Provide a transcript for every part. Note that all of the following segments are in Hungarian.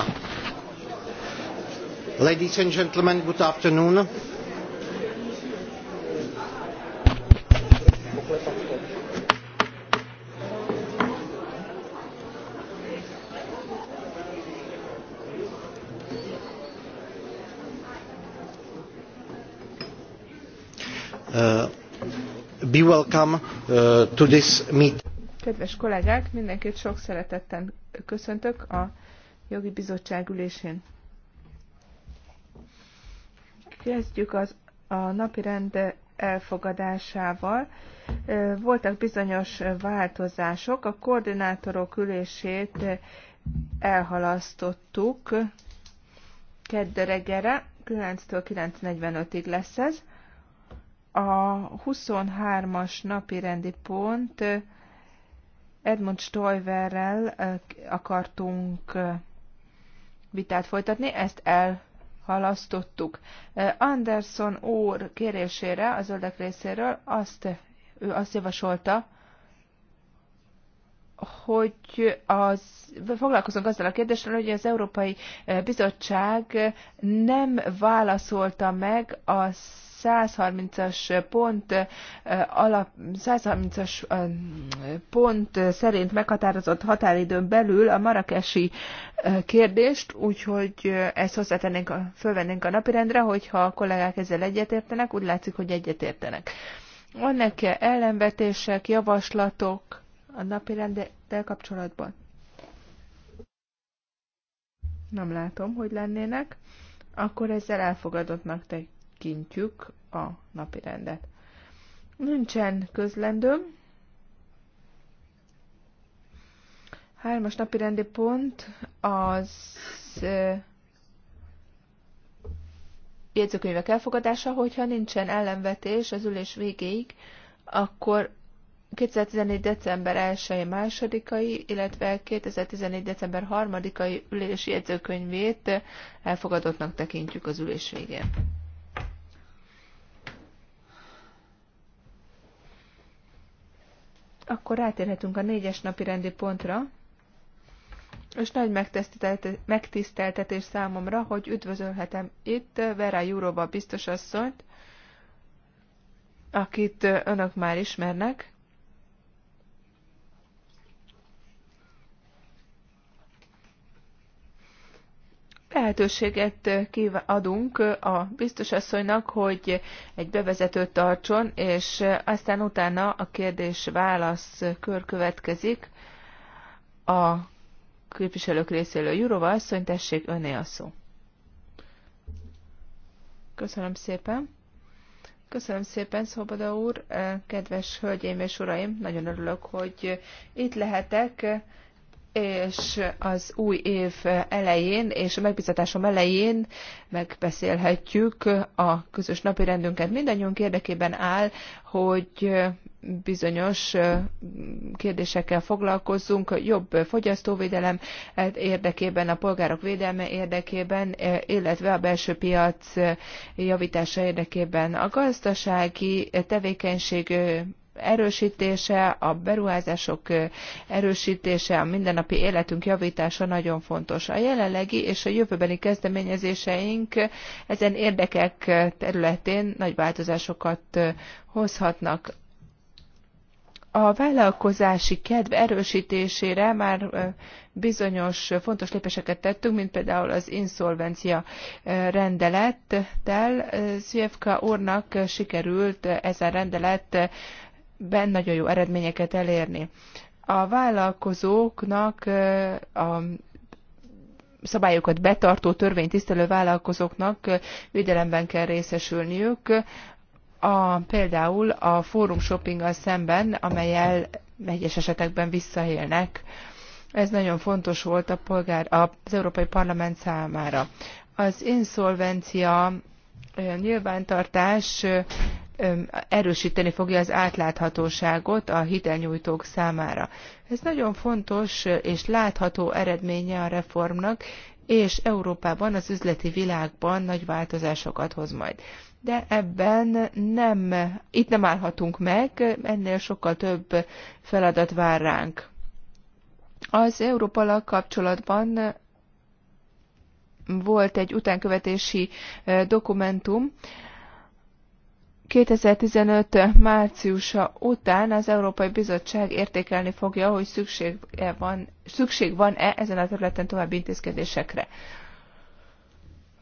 Ah. Ladies and gentlemen, good afternoon. Uh, be welcome uh, to this meeting. Kedves kollégák, mindenkit sok szeretettel köszöntök a jogi bizottság ülésén. Kezdjük az, a napi rend elfogadásával. Voltak bizonyos változások. A koordinátorok ülését elhalasztottuk kedde reggelre, 9-től 9.45-ig lesz ez. A 23-as napi rendi pont Edmund Stoiverrel akartunk vitát folytatni, ezt elhalasztottuk. Anderson úr kérésére a zöldek részéről azt, ő azt javasolta, hogy az, foglalkozunk azzal a kérdéssel, hogy az Európai Bizottság nem válaszolta meg az 130-as pont alap, 130-as pont szerint meghatározott határidőn belül a marakesi kérdést, úgyhogy ezt hozzátennénk, fölvennénk a napirendre, hogyha a kollégák ezzel egyetértenek, úgy látszik, hogy egyetértenek. Vannak-e ellenvetések, javaslatok a napirenddel kapcsolatban? Nem látom, hogy lennének. Akkor ezzel elfogadottnak te tekintjük a napi rendet. Nincsen közlendőm. Hármas napi rendi pont az jegyzőkönyvek elfogadása, hogyha nincsen ellenvetés az ülés végéig, akkor 2014. december 1 másodikai, illetve 2014. december 3-ai ülési jegyzőkönyvét elfogadottnak tekintjük az ülés végén. akkor rátérhetünk a négyes napi rendi pontra, és nagy megtiszteltetés számomra, hogy üdvözölhetem itt Vera Júróba biztosasszonyt, akit önök már ismernek. lehetőséget adunk a biztos asszonynak, hogy egy bevezetőt tartson, és aztán utána a kérdés-válasz kör következik a képviselők részéről. Jurova asszony, tessék, öné a szó. Köszönöm szépen. Köszönöm szépen, Szoboda úr, kedves hölgyeim és uraim, nagyon örülök, hogy itt lehetek és az új év elején és a megbizatásom elején megbeszélhetjük a közös napi rendünket. Mindannyiunk érdekében áll, hogy bizonyos kérdésekkel foglalkozzunk, jobb fogyasztóvédelem érdekében, a polgárok védelme érdekében, illetve a belső piac javítása érdekében. A gazdasági tevékenység erősítése, a beruházások erősítése, a mindennapi életünk javítása nagyon fontos. A jelenlegi és a jövőbeni kezdeményezéseink ezen érdekek területén nagy változásokat hozhatnak. A vállalkozási kedv erősítésére már bizonyos fontos lépéseket tettünk, mint például az inszolvencia rendelettel. Szvjevka úrnak sikerült ezen rendelet ben nagyon jó eredményeket elérni. A vállalkozóknak a szabályokat betartó, törvénytisztelő vállalkozóknak védelemben kell részesülniük, a, például a fórum shoppinggal szemben, amelyel egyes esetekben visszaélnek. Ez nagyon fontos volt a polgár, az Európai Parlament számára. Az inszolvencia nyilvántartás erősíteni fogja az átláthatóságot a hitelnyújtók számára. Ez nagyon fontos és látható eredménye a reformnak, és Európában, az üzleti világban nagy változásokat hoz majd. De ebben nem, itt nem állhatunk meg, ennél sokkal több feladat vár ránk. Az európa kapcsolatban volt egy utánkövetési dokumentum, 2015 márciusa után az Európai Bizottság értékelni fogja, hogy szükség -e van, szükség van-e ezen a területen további intézkedésekre.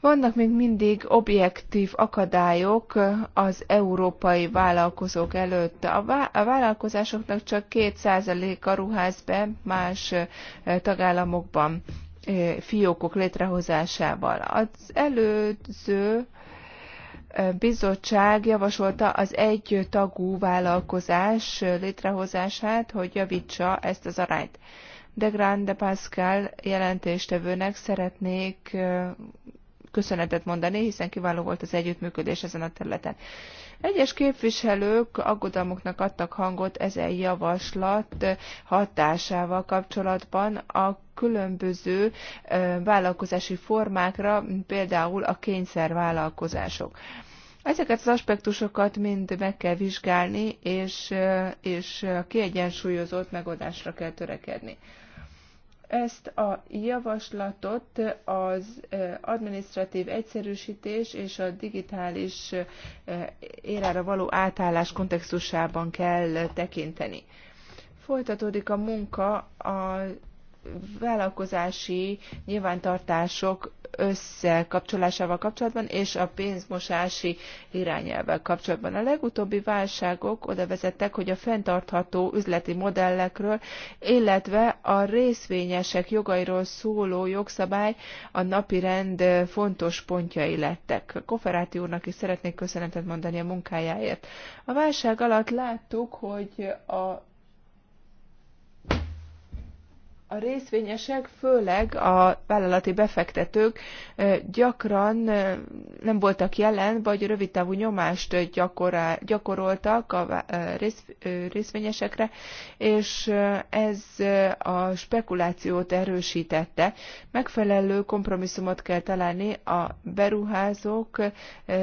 Vannak még mindig objektív akadályok az európai vállalkozók előtt. A, vállalkozásoknak csak 2%-a ruház be más tagállamokban fiókok létrehozásával. Az előző bizottság javasolta az egy tagú vállalkozás létrehozását, hogy javítsa ezt az arányt. De Grande Pascal jelentéstevőnek szeretnék köszönetet mondani, hiszen kiváló volt az együttműködés ezen a területen. Egyes képviselők aggodalmuknak adtak hangot ezen javaslat hatásával kapcsolatban a különböző vállalkozási formákra, például a kényszervállalkozások. Ezeket az aspektusokat mind meg kell vizsgálni, és, és kiegyensúlyozott megoldásra kell törekedni. Ezt a javaslatot az administratív egyszerűsítés és a digitális érára való átállás kontextusában kell tekinteni. Folytatódik a munka a vállalkozási nyilvántartások összekapcsolásával kapcsolatban és a pénzmosási irányelvvel kapcsolatban. A legutóbbi válságok oda vezettek, hogy a fenntartható üzleti modellekről, illetve a részvényesek jogairól szóló jogszabály a napi rend fontos pontjai lettek. Koferáti úrnak is szeretnék köszönetet mondani a munkájáért. A válság alatt láttuk, hogy a a részvényesek, főleg a vállalati befektetők gyakran nem voltak jelen, vagy rövidtávú nyomást gyakoroltak a részvényesekre, és ez a spekulációt erősítette. Megfelelő kompromisszumot kell találni a beruházók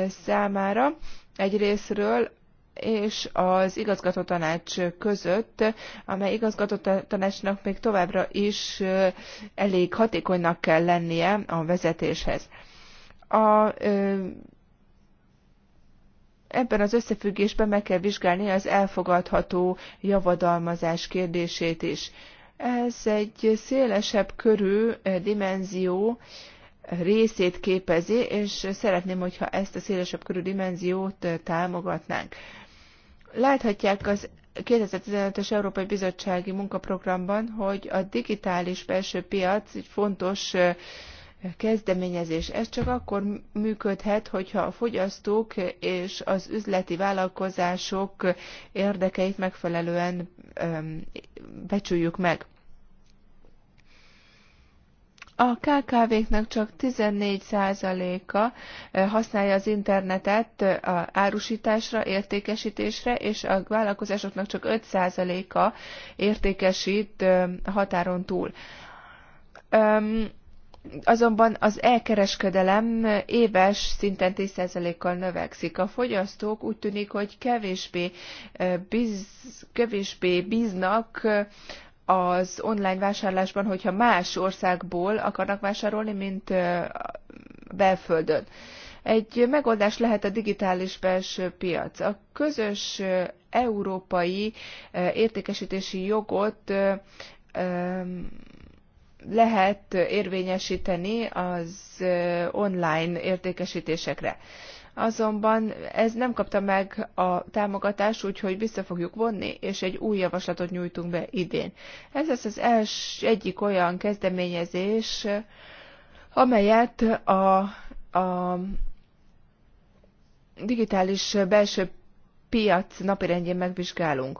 számára egyrésztről, és az igazgató tanács között, amely igazgató tanácsnak még továbbra is elég hatékonynak kell lennie a vezetéshez. A ebben az összefüggésben meg kell vizsgálni az elfogadható javadalmazás kérdését is. Ez egy szélesebb körű dimenzió részét képezi, és szeretném, hogyha ezt a szélesebb körű dimenziót támogatnánk. Láthatják az 2015-ös Európai Bizottsági Munkaprogramban, hogy a digitális belső piac egy fontos kezdeményezés. Ez csak akkor működhet, hogyha a fogyasztók és az üzleti vállalkozások érdekeit megfelelően becsüljük meg. A KKV-knak csak 14%-a használja az internetet a árusításra, értékesítésre, és a vállalkozásoknak csak 5%-a értékesít határon túl. Azonban az elkereskedelem éves szinten 10%-kal növekszik. A fogyasztók úgy tűnik, hogy kevésbé, biz, kevésbé bíznak az online vásárlásban, hogyha más országból akarnak vásárolni, mint belföldön. Egy megoldás lehet a digitális belső piac. A közös európai értékesítési jogot lehet érvényesíteni az online értékesítésekre azonban ez nem kapta meg a támogatást, úgyhogy vissza fogjuk vonni, és egy új javaslatot nyújtunk be idén. Ez az az els, egyik olyan kezdeményezés, amelyet a, a digitális belső piac napirendjén megvizsgálunk.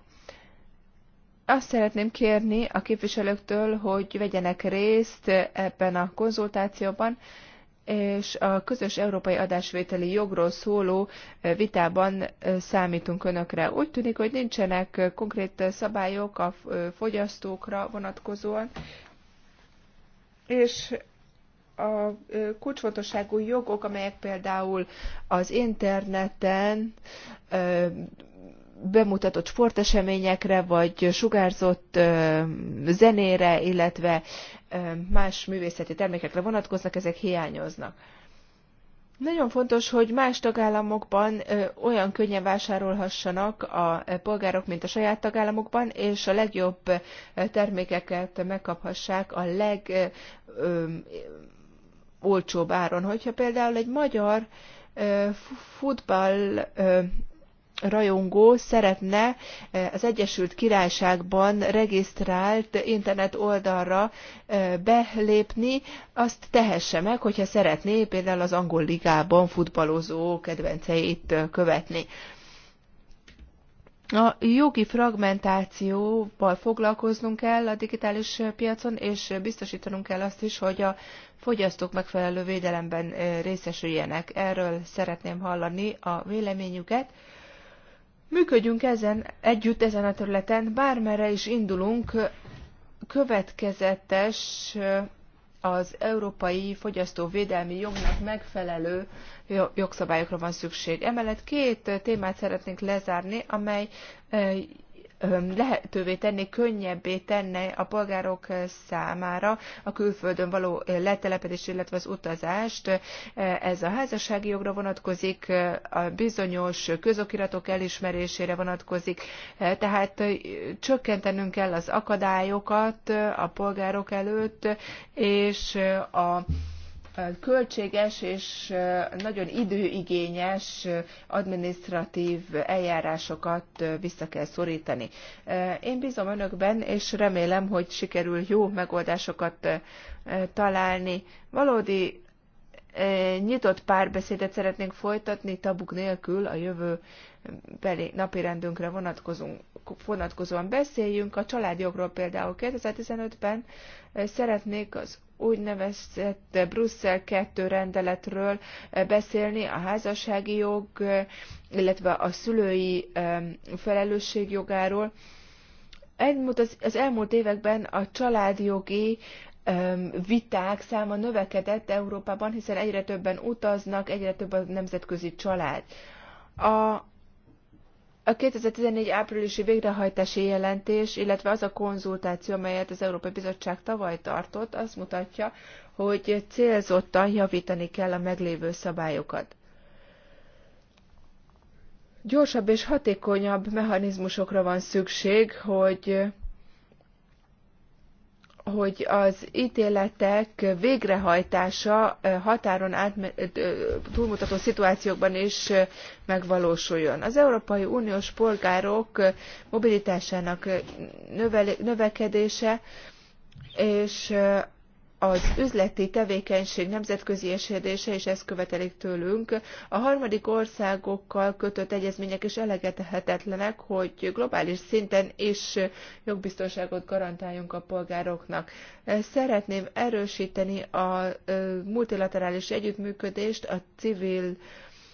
Azt szeretném kérni a képviselőktől, hogy vegyenek részt ebben a konzultációban, és a közös európai adásvételi jogról szóló vitában számítunk önökre. Úgy tűnik, hogy nincsenek konkrét szabályok a fogyasztókra vonatkozóan, és a kulcsfontosságú jogok, amelyek például az interneten bemutatott sporteseményekre, vagy sugárzott zenére, illetve más művészeti termékekre vonatkoznak, ezek hiányoznak. Nagyon fontos, hogy más tagállamokban olyan könnyen vásárolhassanak a e, polgárok, mint a saját tagállamokban, és a legjobb e, termékeket megkaphassák a legolcsóbb áron. Hogyha például egy magyar futball rajongó szeretne eh, az Egyesült Királyságban regisztrált internet oldalra eh, belépni, azt tehesse meg, hogyha szeretné például az angol ligában futballozó kedvenceit eh, követni. A jogi fragmentációval foglalkoznunk kell a digitális piacon, és biztosítanunk kell azt is, hogy a fogyasztók megfelelő védelemben részesüljenek. Erről szeretném hallani a véleményüket Működjünk ezen, együtt ezen a területen, bármerre is indulunk, következetes az európai fogyasztóvédelmi jognak megfelelő jogszabályokra van szükség. Emellett két témát szeretnénk lezárni, amely lehetővé tenni, könnyebbé tenne a polgárok számára a külföldön való letelepedés, illetve az utazást. Ez a házassági jogra vonatkozik, a bizonyos közokiratok elismerésére vonatkozik, tehát csökkentenünk kell az akadályokat a polgárok előtt, és a költséges és nagyon időigényes administratív eljárásokat vissza kell szorítani. Én bízom önökben, és remélem, hogy sikerül jó megoldásokat találni. Valódi nyitott párbeszédet szeretnénk folytatni tabuk nélkül a jövő beli napirendünkre vonatkozóan beszéljünk. A családjogról például 2015-ben szeretnék az úgynevezett Brüsszel 2 rendeletről beszélni, a házassági jog, illetve a szülői felelősség jogáról. Az elmúlt években a családjogi viták száma növekedett Európában, hiszen egyre többen utaznak, egyre több a nemzetközi család. A a 2014 áprilisi végrehajtási jelentés, illetve az a konzultáció, amelyet az Európai Bizottság tavaly tartott, azt mutatja, hogy célzottan javítani kell a meglévő szabályokat. Gyorsabb és hatékonyabb mechanizmusokra van szükség, hogy hogy az ítéletek végrehajtása határon át, túlmutató szituációkban is megvalósuljon. Az Európai Uniós polgárok mobilitásának növekedése és az üzleti tevékenység nemzetközi esedése, és ezt követelik tőlünk. A harmadik országokkal kötött egyezmények is elegethetetlenek, hogy globális szinten is jogbiztonságot garantáljunk a polgároknak. Szeretném erősíteni a multilaterális együttműködést a civil,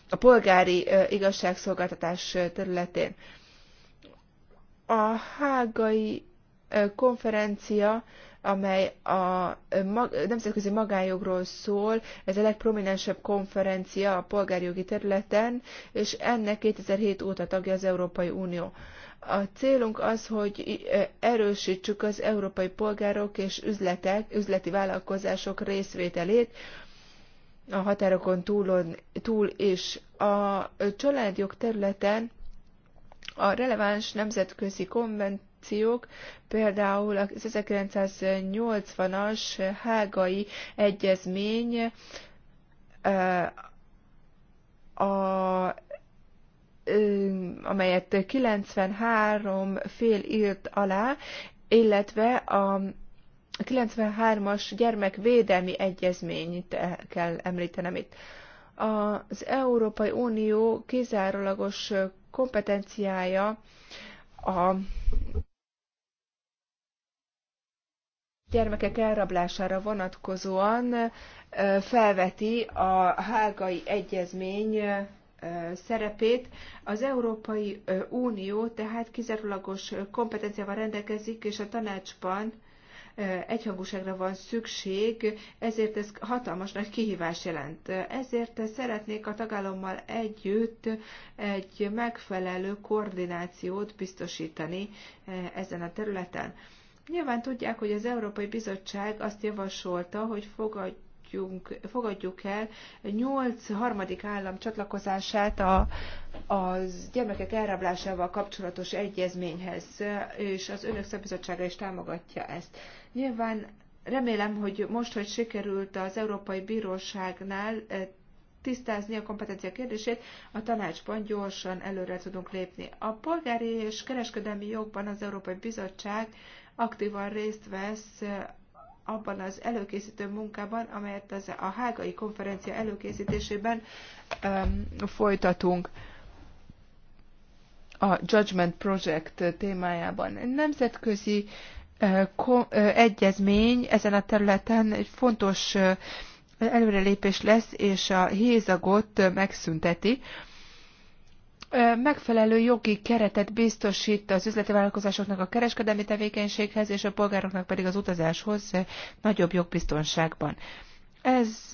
a polgári igazságszolgáltatás területén. A hágai konferencia amely a nemzetközi magánjogról szól, ez a legprominensebb konferencia a polgárjogi területen, és ennek 2007 óta tagja az Európai Unió. A célunk az, hogy erősítsük az európai polgárok és üzletek, üzleti vállalkozások részvételét a határokon túlon, túl is. A családjog területen a releváns nemzetközi konvent, akciók, például az 1980-as hágai egyezmény a amelyet 93 fél írt alá, illetve a 93-as gyermekvédelmi egyezményt e-, kell említenem itt. Az Európai Unió kizárólagos kompetenciája a gyermekek elrablására vonatkozóan felveti a hágai egyezmény szerepét. Az Európai Unió tehát kizárólagos kompetenciával rendelkezik, és a tanácsban egyhangúságra van szükség, ezért ez hatalmas nagy kihívás jelent. Ezért szeretnék a tagállammal együtt egy megfelelő koordinációt biztosítani ezen a területen. Nyilván tudják, hogy az Európai Bizottság azt javasolta, hogy fogadjunk, fogadjuk el nyolc harmadik állam csatlakozását a, az gyermekek elrablásával kapcsolatos egyezményhez, és az önök Szabizottsága is támogatja ezt. Nyilván remélem, hogy most, hogy sikerült az Európai Bíróságnál eh, tisztázni a kompetencia kérdését, a tanácsban gyorsan előre tudunk lépni. A polgári és kereskedelmi jogban az Európai Bizottság aktívan részt vesz abban az előkészítő munkában, amelyet az a hágai konferencia előkészítésében um, folytatunk a Judgment Project témájában. Nemzetközi egyezmény ezen a területen egy fontos előrelépés lesz, és a hézagot megszünteti megfelelő jogi keretet biztosít az üzleti vállalkozásoknak a kereskedelmi tevékenységhez, és a polgároknak pedig az utazáshoz nagyobb jogbiztonságban. Ez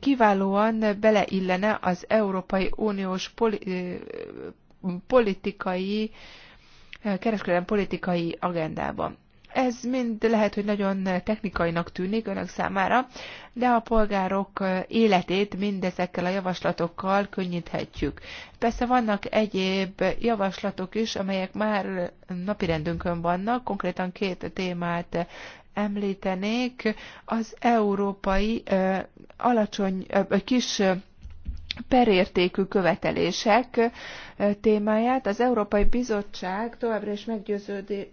kiválóan beleillene az Európai Uniós politikai, kereskedelmi politikai agendába. Ez mind lehet, hogy nagyon technikainak tűnik önök számára, de a polgárok életét mindezekkel a javaslatokkal könnyíthetjük. Persze vannak egyéb javaslatok is, amelyek már napirendünkön vannak, konkrétan két témát említenék. Az európai alacsony, kis perértékű követelések témáját. Az Európai Bizottság továbbra is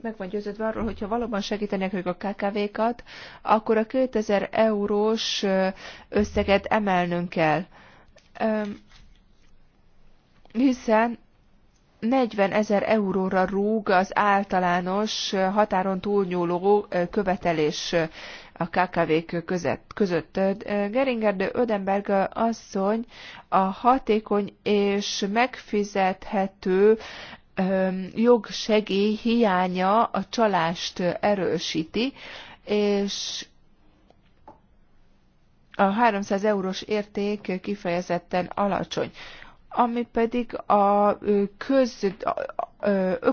meg van győződve arról, hogyha valóban segítenek ők a KKV-kat, akkor a 2000 eurós összeget emelnünk kell. Hiszen 40 ezer euróra rúg az általános határon túlnyúló követelés a KKV-k között. Geringer de Ödenberg asszony a hatékony és megfizethető jogsegély hiánya a csalást erősíti, és a 300 eurós érték kifejezetten alacsony ami pedig a köz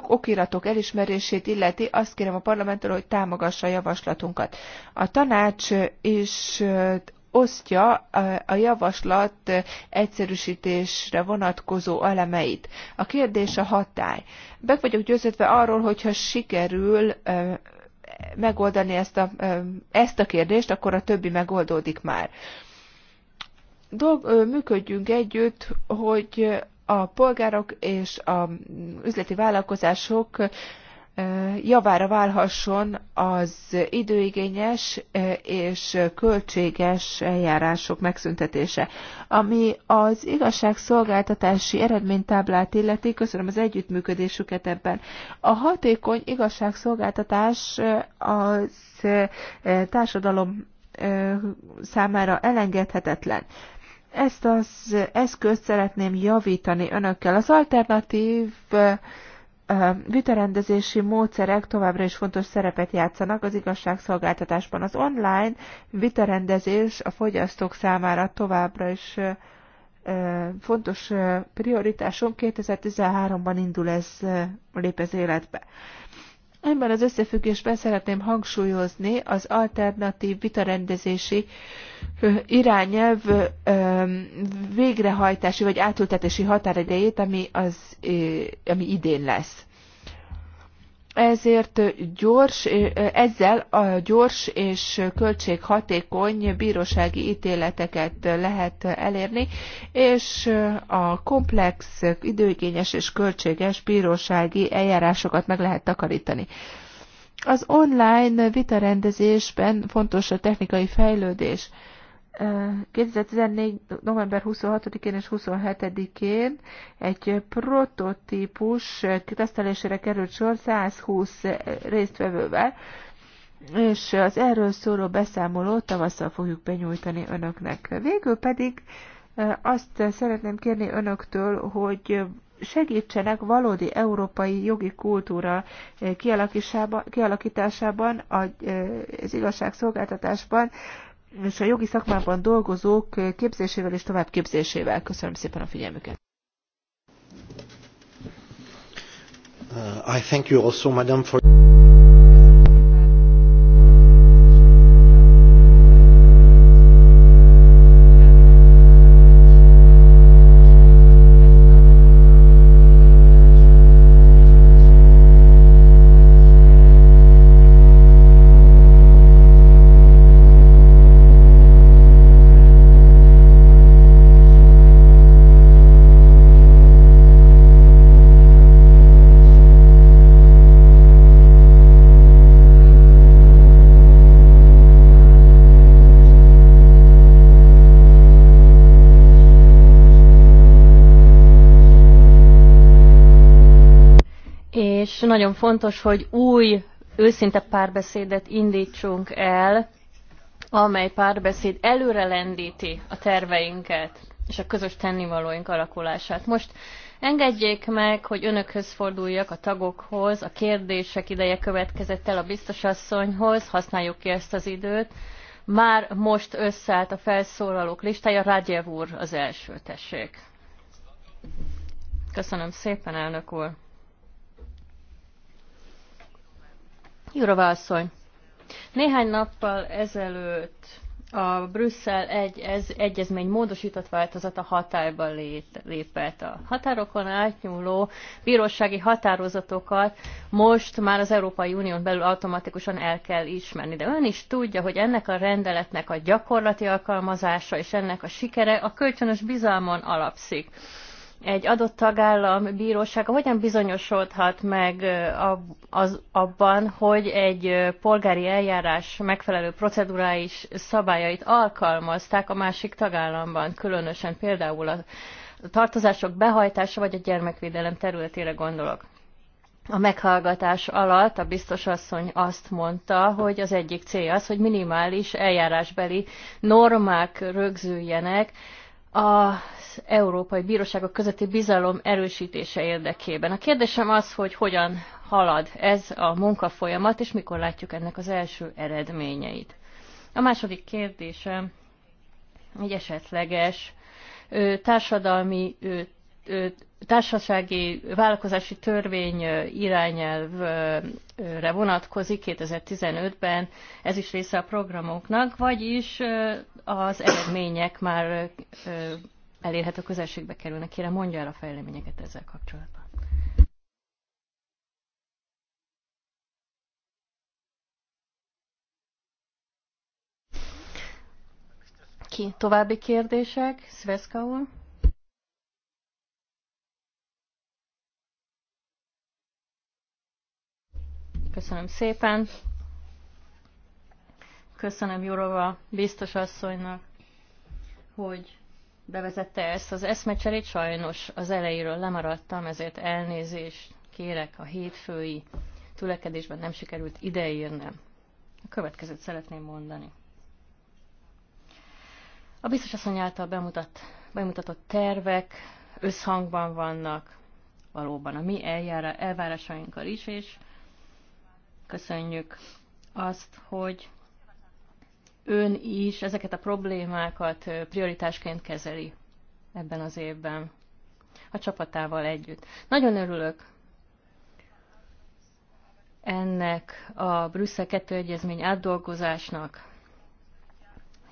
okiratok elismerését illeti, azt kérem a parlamenttől, hogy támogassa a javaslatunkat. A tanács is osztja a javaslat egyszerűsítésre vonatkozó elemeit. A kérdés a hatály. Be vagyok győződve arról, hogyha sikerül megoldani ezt a, ezt a kérdést, akkor a többi megoldódik már dolg, működjünk együtt, hogy a polgárok és a üzleti vállalkozások javára válhasson az időigényes és költséges eljárások megszüntetése. Ami az igazságszolgáltatási eredménytáblát illeti, köszönöm az együttműködésüket ebben. A hatékony igazságszolgáltatás az társadalom számára elengedhetetlen. Ezt az eszközt szeretném javítani önökkel. Az alternatív vitarendezési módszerek továbbra is fontos szerepet játszanak az igazságszolgáltatásban. Az online vitarendezés a fogyasztók számára továbbra is fontos prioritásunk. 2013-ban indul ez, lép ez életbe. Ebben az összefüggésben szeretném hangsúlyozni az alternatív vitarendezési irányelv végrehajtási vagy átültetési határidejét, ami, az, ami idén lesz ezért gyors, ezzel a gyors és költséghatékony bírósági ítéleteket lehet elérni, és a komplex, időigényes és költséges bírósági eljárásokat meg lehet takarítani. Az online vitarendezésben fontos a technikai fejlődés. 2014. november 26-én és 27-én egy prototípus tesztelésére került sor 120 résztvevővel, és az erről szóló beszámolót tavasszal fogjuk benyújtani önöknek. Végül pedig azt szeretném kérni önöktől, hogy segítsenek valódi európai jogi kultúra kialakításában, az igazságszolgáltatásban, és a jogi szakmában dolgozók képzésével és továbbképzésével. Köszönöm szépen a figyelmüket. Uh, I thank you also, madam, for... nagyon fontos, hogy új, őszinte párbeszédet indítsunk el, amely párbeszéd előre lendíti a terveinket és a közös tennivalóink alakulását. Most engedjék meg, hogy önökhöz forduljak, a tagokhoz, a kérdések ideje következett el a biztosasszonyhoz, használjuk ki ezt az időt. Már most összeállt a felszólalók listája, Rágyev úr az első, tessék. Köszönöm szépen, elnök úr. Jurova asszony, néhány nappal ezelőtt a Brüsszel egy, ez, egyezmény módosított változata hatályba lét, lépett. A határokon átnyúló bírósági határozatokat most már az Európai Unión belül automatikusan el kell ismerni. De ön is tudja, hogy ennek a rendeletnek a gyakorlati alkalmazása és ennek a sikere a kölcsönös bizalmon alapszik egy adott tagállam bírósága hogyan bizonyosodhat meg az, abban, hogy egy polgári eljárás megfelelő procedurális szabályait alkalmazták a másik tagállamban, különösen például a tartozások behajtása vagy a gyermekvédelem területére gondolok. A meghallgatás alatt a biztos asszony azt mondta, hogy az egyik célja az, hogy minimális eljárásbeli normák rögzüljenek, az Európai Bíróságok közötti bizalom erősítése érdekében. A kérdésem az, hogy hogyan halad ez a munkafolyamat, és mikor látjuk ennek az első eredményeit. A második kérdésem egy esetleges társadalmi társasági vállalkozási törvény irányelvre vonatkozik 2015-ben, ez is része a programoknak, vagyis az eredmények már elérhető közelségbe kerülnek. Kérem, mondja el a fejleményeket ezzel kapcsolatban. Ki? További kérdések? Szveszka úr? Köszönöm szépen. Köszönöm Jurova biztos asszonynak, hogy bevezette ezt az eszmecserét. Sajnos az elejéről lemaradtam, ezért elnézést kérek a hétfői tülekedésben nem sikerült ideírnem. A következőt szeretném mondani. A biztos asszony által bemutat, bemutatott tervek összhangban vannak valóban a mi eljára, elvárásainkkal is, és köszönjük azt, hogy ön is ezeket a problémákat prioritásként kezeli ebben az évben a csapatával együtt. Nagyon örülök ennek a Brüsszel 2 egyezmény átdolgozásnak,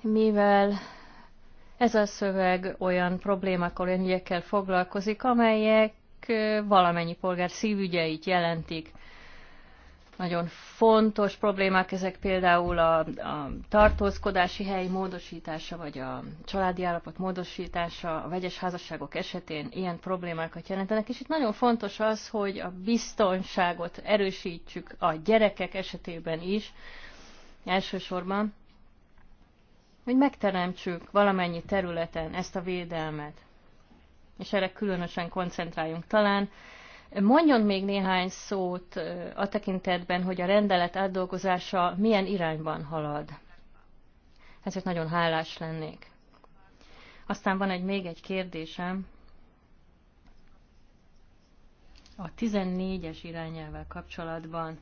mivel ez a szöveg olyan problémákkal, olyan ügyekkel foglalkozik, amelyek valamennyi polgár szívügyeit jelentik. Nagyon fontos problémák ezek például a, a tartózkodási hely módosítása, vagy a családi állapot módosítása, a vegyes házasságok esetén ilyen problémákat jelentenek, és itt nagyon fontos az, hogy a biztonságot erősítsük a gyerekek esetében is, elsősorban, hogy megteremtsük valamennyi területen ezt a védelmet, és erre különösen koncentráljunk talán, Mondjon még néhány szót a tekintetben, hogy a rendelet átdolgozása milyen irányban halad. Ezért hát nagyon hálás lennék. Aztán van egy még egy kérdésem. A 14-es irányelvvel kapcsolatban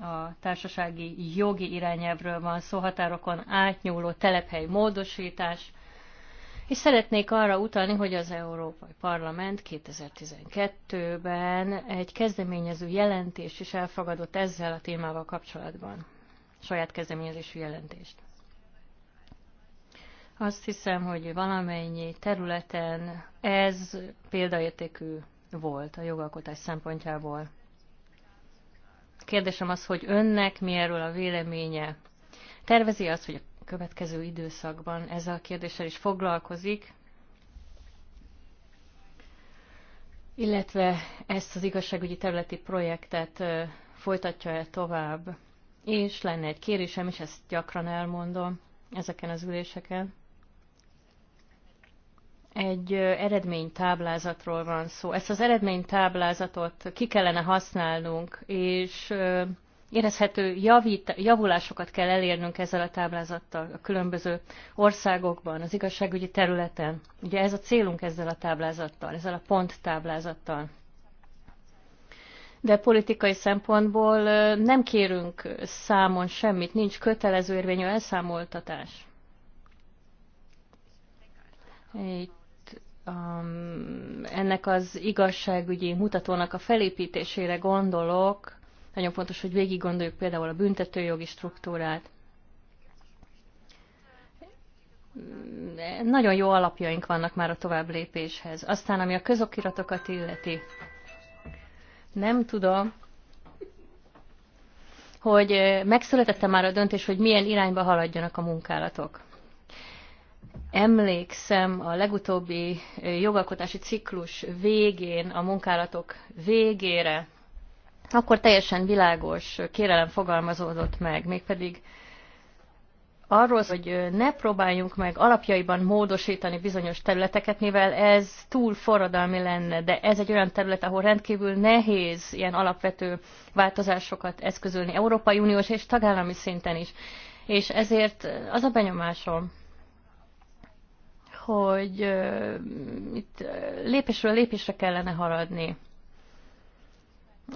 a társasági jogi irányelvről van szó, határokon átnyúló telephely módosítás. És szeretnék arra utalni, hogy az Európai Parlament 2012-ben egy kezdeményező jelentés, is elfogadott ezzel a témával kapcsolatban. Saját kezdeményezésű jelentést. Azt hiszem, hogy valamennyi területen ez példaértékű volt a jogalkotás szempontjából. Kérdésem az, hogy önnek mi erről a véleménye? Tervezi azt, hogy a következő időszakban ezzel a kérdéssel is foglalkozik, illetve ezt az igazságügyi területi projektet folytatja el tovább. És lenne egy kérésem, és ezt gyakran elmondom ezeken az üléseken. Egy eredménytáblázatról van szó. Ezt az eredménytáblázatot ki kellene használnunk, és érezhető javít, javulásokat kell elérnünk ezzel a táblázattal a különböző országokban, az igazságügyi területen. Ugye ez a célunk ezzel a táblázattal, ezzel a pont táblázattal. De politikai szempontból nem kérünk számon semmit, nincs kötelező érvényű elszámoltatás. Itt um, ennek az igazságügyi mutatónak a felépítésére gondolok, nagyon fontos, hogy végig gondoljuk például a büntetőjogi struktúrát. Nagyon jó alapjaink vannak már a tovább lépéshez. Aztán, ami a közokiratokat illeti, nem tudom, hogy megszületette már a döntés, hogy milyen irányba haladjanak a munkálatok. Emlékszem a legutóbbi jogalkotási ciklus végén, a munkálatok végére, akkor teljesen világos kérelem fogalmazódott meg, mégpedig arról, hogy ne próbáljunk meg alapjaiban módosítani bizonyos területeket, mivel ez túl forradalmi lenne, de ez egy olyan terület, ahol rendkívül nehéz ilyen alapvető változásokat eszközölni Európai Uniós és tagállami szinten is. És ezért az a benyomásom, hogy itt lépésről lépésre kellene haladni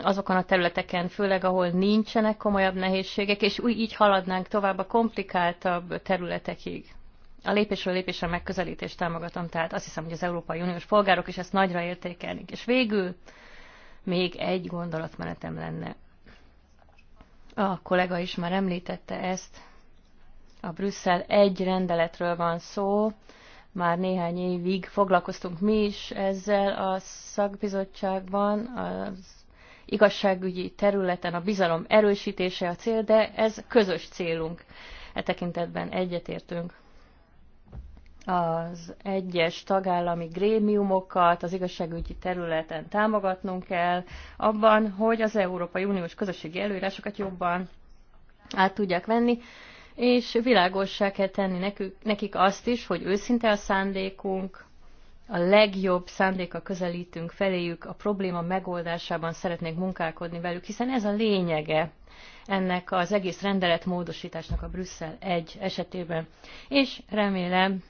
azokon a területeken, főleg ahol nincsenek komolyabb nehézségek, és úgy így haladnánk tovább a komplikáltabb területekig. A lépésről lépésre megközelítést támogatom, tehát azt hiszem, hogy az Európai Uniós polgárok is ezt nagyra értékelnék. És végül még egy gondolatmenetem lenne. A kollega is már említette ezt. A Brüsszel egy rendeletről van szó, már néhány évig foglalkoztunk mi is ezzel a szakbizottságban, az igazságügyi területen a bizalom erősítése a cél, de ez közös célunk. E tekintetben egyetértünk az egyes tagállami grémiumokat az igazságügyi területen támogatnunk kell, abban, hogy az Európai Uniós közösségi előírásokat jobban át tudják venni, és világossá kell tenni nekük, nekik azt is, hogy őszinte a szándékunk, a legjobb szándéka közelítünk feléjük, a probléma megoldásában szeretnék munkálkodni velük, hiszen ez a lényege ennek az egész rendelet módosításnak a Brüsszel egy esetében. És remélem,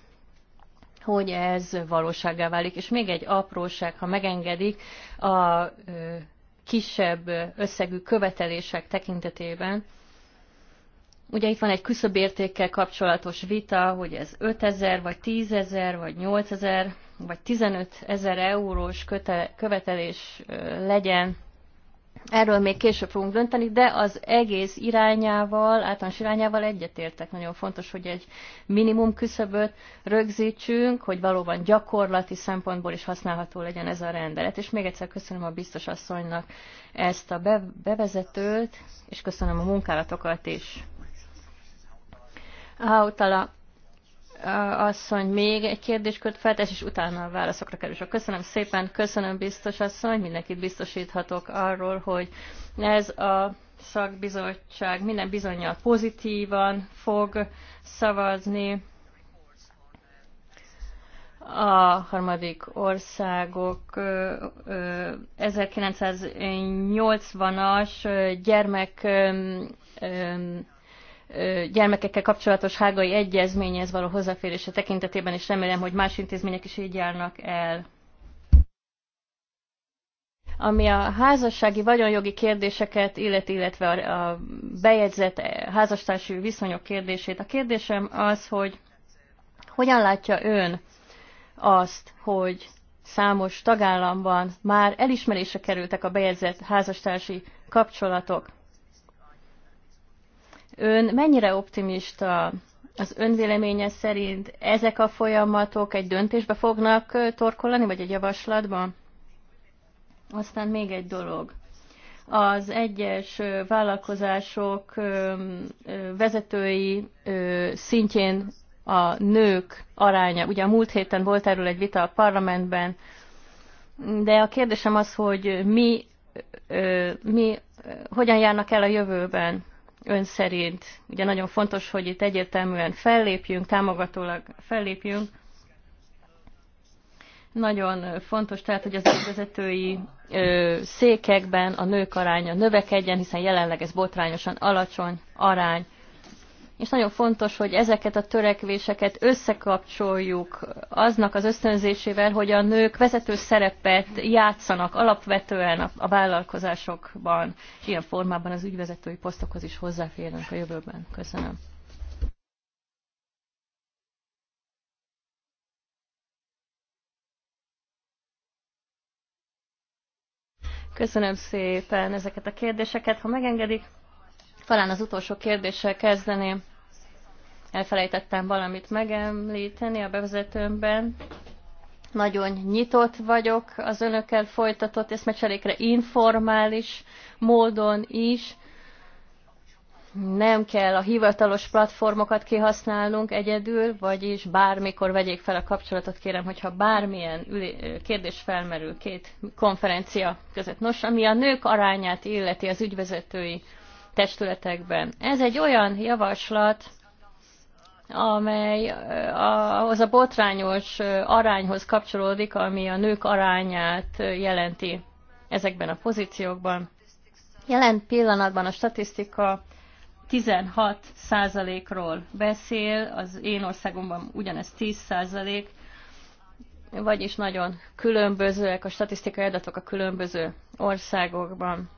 hogy ez valóságá válik. És még egy apróság, ha megengedik, a kisebb összegű követelések tekintetében Ugye itt van egy küszöbértékkel kapcsolatos vita, hogy ez 5000, vagy 10000, vagy 8000, vagy 15000 eurós köte, követelés legyen. Erről még később fogunk dönteni, de az egész irányával, általános irányával egyetértek. Nagyon fontos, hogy egy minimum küszöböt rögzítsünk, hogy valóban gyakorlati szempontból is használható legyen ez a rendelet. És még egyszer köszönöm a biztos asszonynak ezt a bevezetőt, és köszönöm a munkálatokat is. Hautala asszony még egy kérdéskört feltes, és utána a válaszokra kerülök. Köszönöm szépen, köszönöm biztos asszony, mindenkit biztosíthatok arról, hogy ez a szakbizottság minden bizonyal pozitívan fog szavazni a harmadik országok 1980-as gyermek gyermekekkel kapcsolatos hágai egyezményhez való hozzáférése tekintetében, és remélem, hogy más intézmények is így járnak el. Ami a házassági vagyonjogi kérdéseket, illet, illetve a bejegyzett eh, házastársi viszonyok kérdését. A kérdésem az, hogy hogyan látja ön azt, hogy számos tagállamban már elismerése kerültek a bejegyzett házastársi kapcsolatok? ön mennyire optimista az véleménye szerint ezek a folyamatok egy döntésbe fognak torkolani, vagy egy javaslatba? Aztán még egy dolog. Az egyes vállalkozások vezetői szintjén a nők aránya. Ugye a múlt héten volt erről egy vita a parlamentben, de a kérdésem az, hogy mi, mi hogyan járnak el a jövőben ön szerint. Ugye nagyon fontos, hogy itt egyértelműen fellépjünk, támogatólag fellépjünk. Nagyon fontos tehát, hogy az vezetői székekben a nők aránya növekedjen, hiszen jelenleg ez botrányosan alacsony arány és nagyon fontos, hogy ezeket a törekvéseket összekapcsoljuk aznak az ösztönzésével, hogy a nők vezető szerepet játszanak alapvetően a vállalkozásokban, és ilyen formában az ügyvezetői posztokhoz is hozzáférünk a jövőben. Köszönöm. Köszönöm szépen ezeket a kérdéseket. Ha megengedik, talán az utolsó kérdéssel kezdeném elfelejtettem valamit megemlíteni a bevezetőmben. Nagyon nyitott vagyok az önökkel folytatott eszmecserékre informális módon is. Nem kell a hivatalos platformokat kihasználnunk egyedül, vagyis bármikor vegyék fel a kapcsolatot, kérem, hogyha bármilyen kérdés felmerül két konferencia között. Nos, ami a nők arányát illeti az ügyvezetői testületekben. Ez egy olyan javaslat, amely eh, ahhoz a botrányos eh, arányhoz kapcsolódik, ami a nők arányát eh, jelenti ezekben a pozíciókban. Jelen pillanatban a statisztika 16%-ról beszél, az én országomban ugyanez 10%, vagyis nagyon különbözőek a statisztikai adatok a különböző országokban.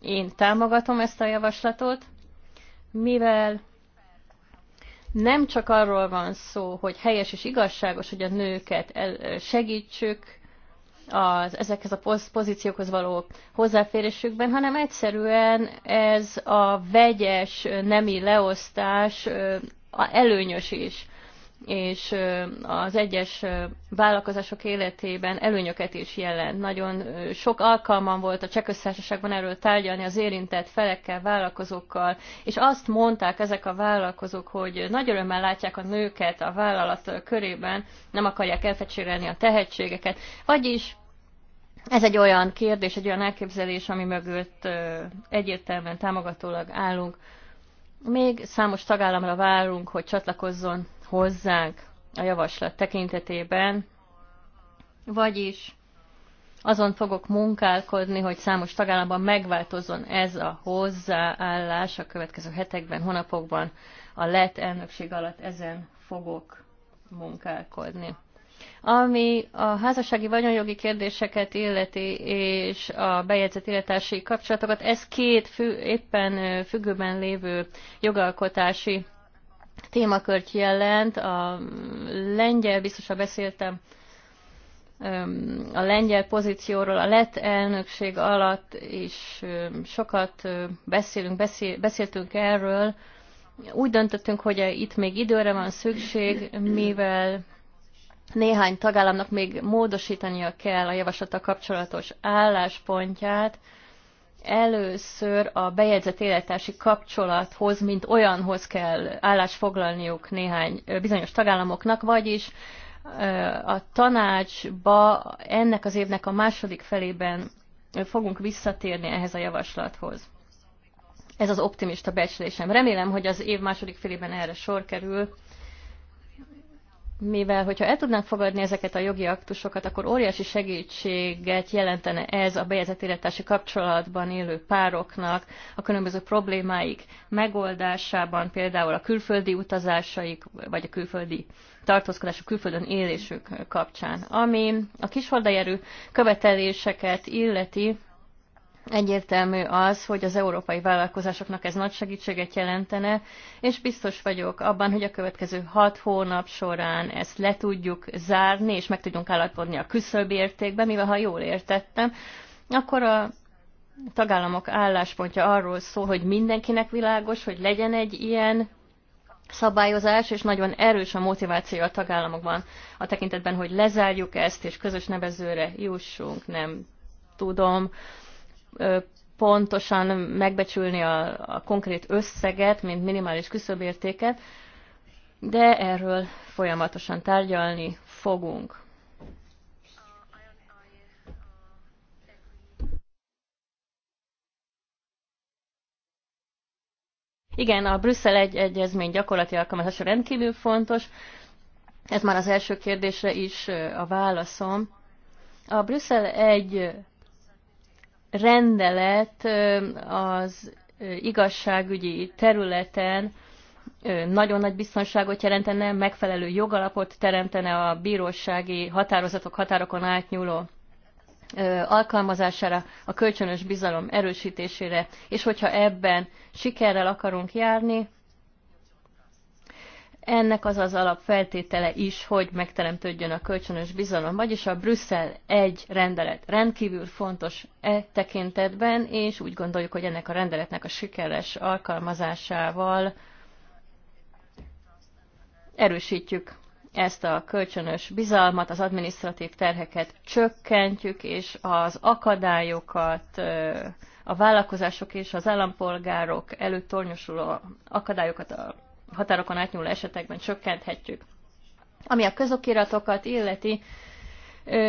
Én támogatom ezt a javaslatot, mivel nem csak arról van szó, hogy helyes és igazságos, hogy a nőket segítsük az, ezekhez a pozíciókhoz való hozzáférésükben, hanem egyszerűen ez a vegyes nemi leosztás előnyös is és az egyes vállalkozások életében előnyöket is jelent. Nagyon sok alkalmam volt a Csehköztársaságban erről tárgyalni az érintett felekkel, vállalkozókkal, és azt mondták ezek a vállalkozók, hogy nagy örömmel látják a nőket a vállalat körében, nem akarják elfecsérelni a tehetségeket, vagyis ez egy olyan kérdés, egy olyan elképzelés, ami mögött egyértelműen támogatólag állunk. Még számos tagállamra várunk, hogy csatlakozzon hozzánk a javaslat tekintetében, vagyis azon fogok munkálkodni, hogy számos tagállamban megváltozzon ez a hozzáállás a következő hetekben, hónapokban, a lett elnökség alatt ezen fogok munkálkodni. Ami a házassági vagyonjogi kérdéseket illeti és a bejegyzett életási kapcsolatokat, ez két fü éppen függőben lévő jogalkotási témakört jelent. A lengyel, biztosan beszéltem, a lengyel pozícióról a lett elnökség alatt és sokat beszélünk, beszél, beszéltünk erről. Úgy döntöttünk, hogy itt még időre van szükség, mivel néhány tagállamnak még módosítania kell a javaslata kapcsolatos álláspontját, először a bejegyzett élettársi kapcsolathoz, mint olyanhoz kell állásfoglalniuk néhány bizonyos tagállamoknak, vagyis a tanácsba ennek az évnek a második felében fogunk visszatérni ehhez a javaslathoz. Ez az optimista becslésem. Remélem, hogy az év második felében erre sor kerül, mivel hogyha el tudnánk fogadni ezeket a jogi aktusokat, akkor óriási segítséget jelentene ez a bejezetéletási kapcsolatban élő pároknak a különböző problémáik megoldásában, például a külföldi utazásaik, vagy a külföldi tartózkodások, külföldön élésük kapcsán. Ami a kishordai erő követeléseket illeti, Egyértelmű az, hogy az európai vállalkozásoknak ez nagy segítséget jelentene, és biztos vagyok abban, hogy a következő hat hónap során ezt le tudjuk zárni, és meg tudunk állapodni a küszöbb értékben, mivel ha jól értettem, akkor a tagállamok álláspontja arról szól, hogy mindenkinek világos, hogy legyen egy ilyen szabályozás, és nagyon erős a motiváció a tagállamokban a tekintetben, hogy lezárjuk ezt, és közös nevezőre jussunk, nem tudom pontosan megbecsülni a, a konkrét összeget, mint minimális küszöbértéket, de erről folyamatosan tárgyalni fogunk. Igen, a Brüsszel egy egyezmény gyakorlati alkalmazása rendkívül fontos. Ez már az első kérdésre is a válaszom. A Brüsszel egy rendelet az igazságügyi területen nagyon nagy biztonságot jelentene, megfelelő jogalapot teremtene a bírósági határozatok határokon átnyúló alkalmazására, a kölcsönös bizalom erősítésére, és hogyha ebben sikerrel akarunk járni, ennek az az alapfeltétele is, hogy megteremtődjön a kölcsönös bizalom, vagyis a Brüsszel egy rendelet rendkívül fontos e tekintetben, és úgy gondoljuk, hogy ennek a rendeletnek a sikeres alkalmazásával erősítjük ezt a kölcsönös bizalmat, az administratív terheket csökkentjük, és az akadályokat, a vállalkozások és az állampolgárok előtt tornyosuló akadályokat a határokon átnyúló esetekben csökkenthetjük. Ami a közokiratokat illeti,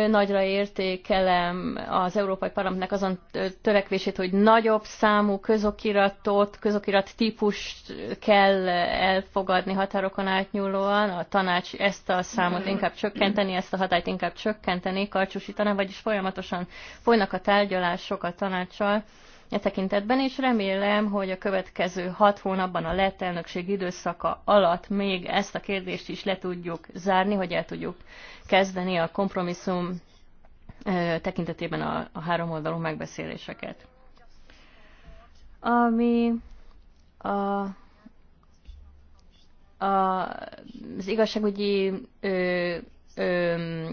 nagyra értékelem az Európai Parlamentnek azon törekvését, hogy nagyobb számú közokiratot, közokirat típust kell elfogadni határokon átnyúlóan. A tanács ezt a számot inkább csökkenteni, ezt a hatályt inkább csökkenteni, karcsúsítani, vagyis folyamatosan folynak a tárgyalások a tanácssal e tekintetben, és remélem, hogy a következő hat hónapban a lett elnökség időszaka alatt még ezt a kérdést is le tudjuk zárni, hogy el tudjuk kezdeni a kompromisszum e, tekintetében a, a oldalú megbeszéléseket. Ami a a, az igazságügyi ö,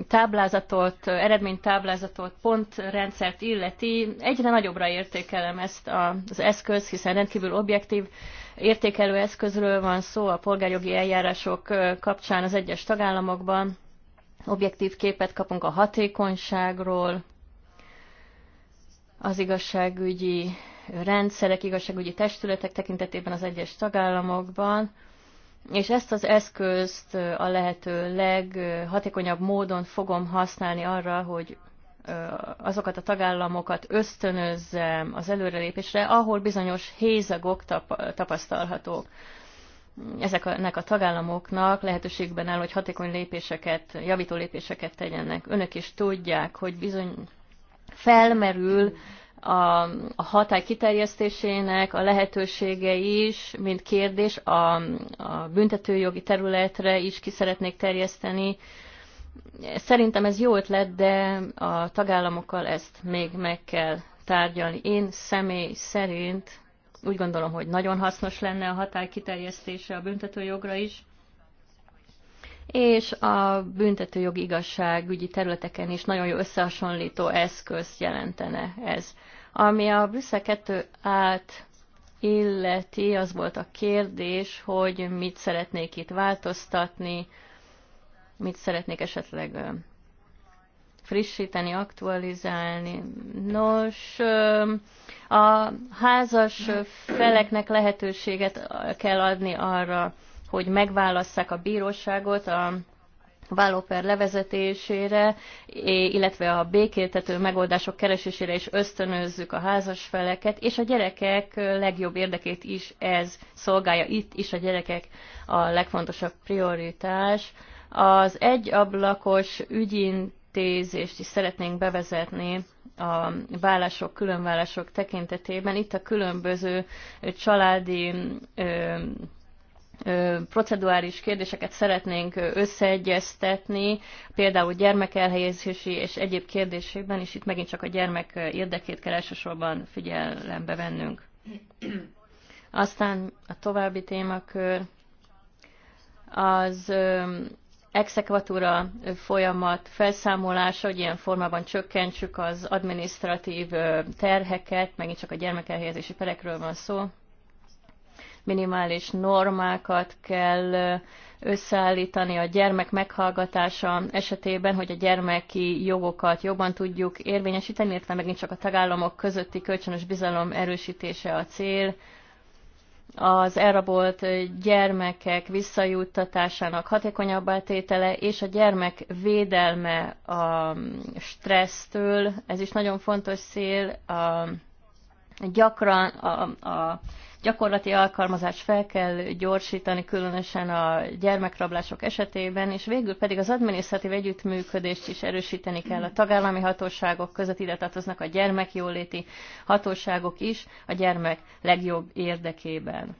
táblázatot, eredménytáblázatot, pontrendszert illeti, egyre nagyobbra értékelem ezt az eszköz, hiszen rendkívül objektív értékelő eszközről van szó a polgárjogi eljárások kapcsán az egyes tagállamokban. Objektív képet kapunk a hatékonyságról, az igazságügyi rendszerek, igazságügyi testületek tekintetében az egyes tagállamokban és ezt az eszközt a lehető leghatékonyabb módon fogom használni arra, hogy azokat a tagállamokat ösztönözzem az előrelépésre, ahol bizonyos hézagok tapasztalhatók. Ezeknek a tagállamoknak lehetőségben áll, hogy hatékony lépéseket, javító lépéseket tegyenek. Önök is tudják, hogy bizony felmerül a, a hatály kiterjesztésének a lehetősége is, mint kérdés, a, a büntetőjogi területre is ki szeretnék terjeszteni. Szerintem ez jó ötlet, de a tagállamokkal ezt még meg kell tárgyalni. Én személy szerint úgy gondolom, hogy nagyon hasznos lenne a hatály kiterjesztése a büntetőjogra is és a büntetőjogi igazságügyi területeken is nagyon jó összehasonlító eszköz jelentene ez. Ami a Brüsszel 2 át illeti, az volt a kérdés, hogy mit szeretnék itt változtatni, mit szeretnék esetleg frissíteni, aktualizálni. Nos, a házas feleknek lehetőséget kell adni arra, hogy megválasszák a bíróságot a vállóper levezetésére, illetve a békéltető megoldások keresésére is ösztönözzük a házasfeleket, és a gyerekek legjobb érdekét is ez szolgálja. Itt is a gyerekek a legfontosabb prioritás. Az egyablakos ügyintézést is szeretnénk bevezetni a vállások, különvállások tekintetében. Itt a különböző családi proceduális kérdéseket szeretnénk összeegyeztetni, például gyermekelhelyezési és egyéb kérdésekben, is itt megint csak a gyermek érdekét kell elsősorban figyelembe vennünk. Aztán a további témakör az exekvatúra folyamat felszámolása, hogy ilyen formában csökkentsük az administratív terheket, megint csak a gyermekelhelyezési perekről van szó, minimális normákat kell összeállítani a gyermek meghallgatása esetében, hogy a gyermeki jogokat jobban tudjuk érvényesíteni, illetve megint csak a tagállamok közötti kölcsönös bizalom erősítése a cél az elrabolt gyermekek visszajuttatásának hatékonyabb tétele, és a gyermek védelme a stressztől, ez is nagyon fontos szél, a, gyakran a, a gyakorlati alkalmazást fel kell gyorsítani, különösen a gyermekrablások esetében, és végül pedig az adminisztratív együttműködést is erősíteni kell a tagállami hatóságok között, ide tartoznak a gyermekjóléti hatóságok is, a gyermek legjobb érdekében.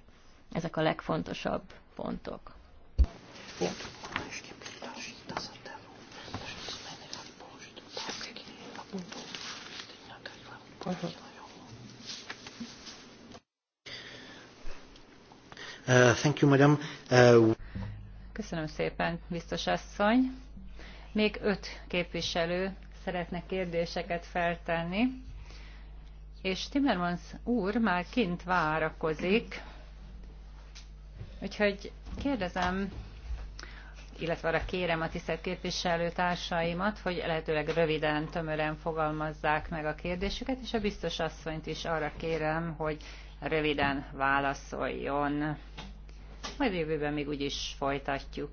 Ezek a legfontosabb pontok. Uh-huh. Uh, uh, Köszönöm szépen, biztos asszony. Még öt képviselő szeretne kérdéseket feltenni, és Timmermans úr már kint várakozik, úgyhogy kérdezem, illetve arra kérem a tisztelt képviselő társaimat, hogy lehetőleg röviden, tömören fogalmazzák meg a kérdésüket, és a biztos asszonyt is arra kérem, hogy röviden válaszoljon. Majd jövőben még úgyis folytatjuk